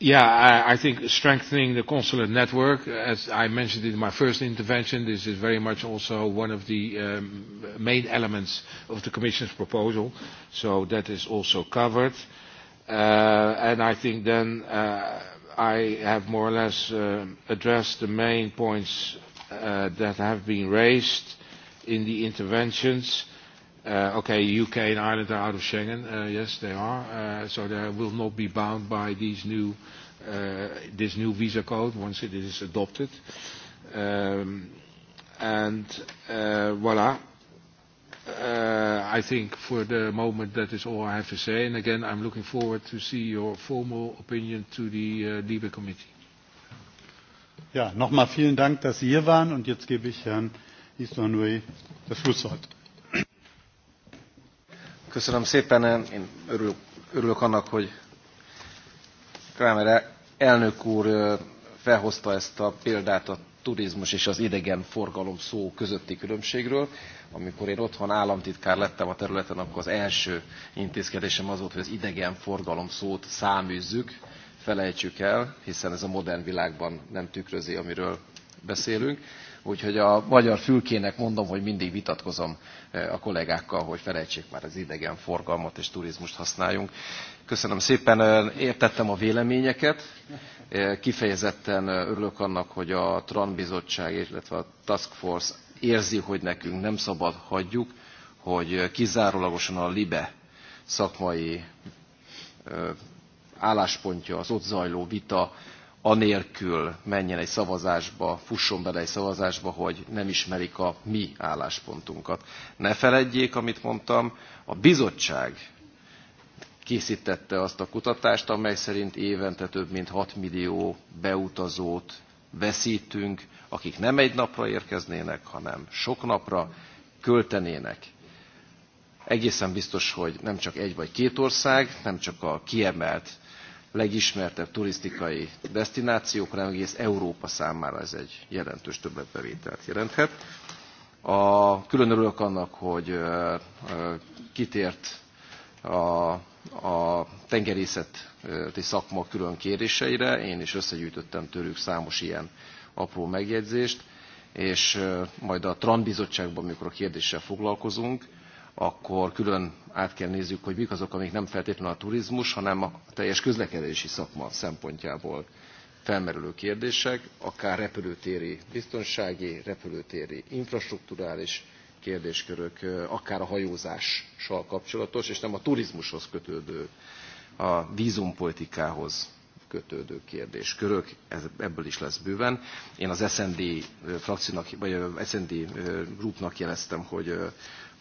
Yeah, I, I think strengthening the consulate network, as I mentioned in my first intervention, this is very much also one of the um, main elements of the Commission's proposal, so that is also covered. Uh, and I think then uh, I have more or less uh, addressed the main points uh, that have been raised in the interventions. Uh, okay, U.K. and Ireland are out of Schengen. Uh, yes, they are. Uh, so they will not be bound by these new, uh, this new visa code once it is adopted. Um, and uh, Voilà. Uh, I think for the moment that is all I have to say. And Again, I'm looking forward to see your formal opinion to the Libe Committee. Ja, nochmal vielen Dank, dass Sie hier waren. Und Jetzt gebe ich Herrn Ismail das Schlusswort. Köszönöm szépen. Én örülök, örülök annak, hogy Kramer elnök úr felhozta ezt a példát a turizmus és az idegen forgalom szó közötti különbségről. Amikor én otthon államtitkár lettem a területen, akkor az első intézkedésem az volt, hogy az idegen forgalom szót száműzzük, felejtsük el, hiszen ez a modern világban nem tükrözi, amiről beszélünk. Úgyhogy a magyar fülkének mondom, hogy mindig vitatkozom eh, a kollégákkal, hogy felejtsék már az idegen forgalmat és turizmust használjunk. Köszönöm szépen, eh, értettem a véleményeket. Eh, kifejezetten örülök annak, hogy a TRAN bizottság, illetve a Task Force érzi, hogy nekünk nem szabad hagyjuk, hogy kizárólagosan a LIBE szakmai álláspontja, az ott zajló vita anélkül menjen egy szavazásba, fusson bele egy szavazásba, hogy nem ismerik a mi álláspontunkat. Ne feledjék, amit mondtam, a bizottság készítette azt a kutatást, amely szerint évente több mint 6 millió beutazót veszítünk, akik nem egy napra érkeznének, hanem sok napra költenének. Egészen biztos, hogy nem csak egy vagy két ország, nem csak a kiemelt legismertebb turisztikai destinációk, hanem egész Európa számára ez egy jelentős többletbevételt jelenthet. A, külön örülök annak, hogy ö, ö, kitért a, a tengerészeti szakma külön kéréseire. Én is összegyűjtöttem tőlük számos ilyen apró megjegyzést, és ö, majd a TRAN bizottságban, amikor a kérdéssel foglalkozunk, akkor külön át kell nézzük, hogy mik azok, amik nem feltétlenül a turizmus, hanem a teljes közlekedési szakma szempontjából felmerülő kérdések, akár repülőtéri biztonsági, repülőtéri infrastruktúrális kérdéskörök, akár a hajózással kapcsolatos, és nem a turizmushoz kötődő, a vízumpolitikához kötődő kérdéskörök, ebből is lesz bőven. Én az SND frakciónak, vagy SND grupnak jeleztem, hogy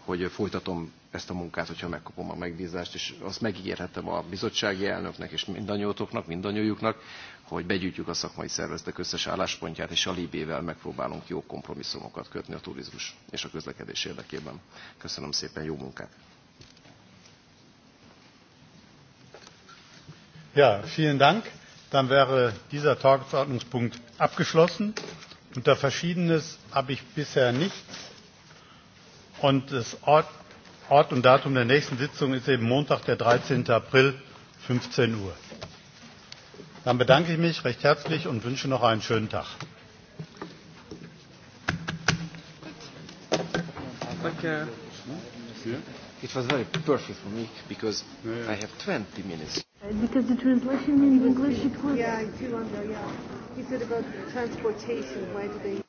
hogy folytatom ezt a munkát, hogyha megkapom a megbízást, és azt megígérhetem a bizottsági elnöknek és mindannyiótoknak, mindannyiójuknak, hogy begyűjtjük a szakmai szervezetek összes álláspontját, és a libével megpróbálunk jó kompromisszumokat kötni a turizmus és a közlekedés érdekében. Köszönöm szépen, jó munkát! Ja, vielen Dank. Dann wäre dieser Tagesordnungspunkt abgeschlossen. Unter Verschiedenes habe ich bisher nichts. Und das Ort, Ort und Datum der nächsten Sitzung ist eben Montag, der 13. April, 15 Uhr. Dann bedanke ich mich recht herzlich und wünsche noch einen schönen Tag. Danke. It was very perfect for me because yeah. I have 20 minutes. Because the translation in English it was. Yeah, I do wonder. Yeah, he said about transportation. Why do they?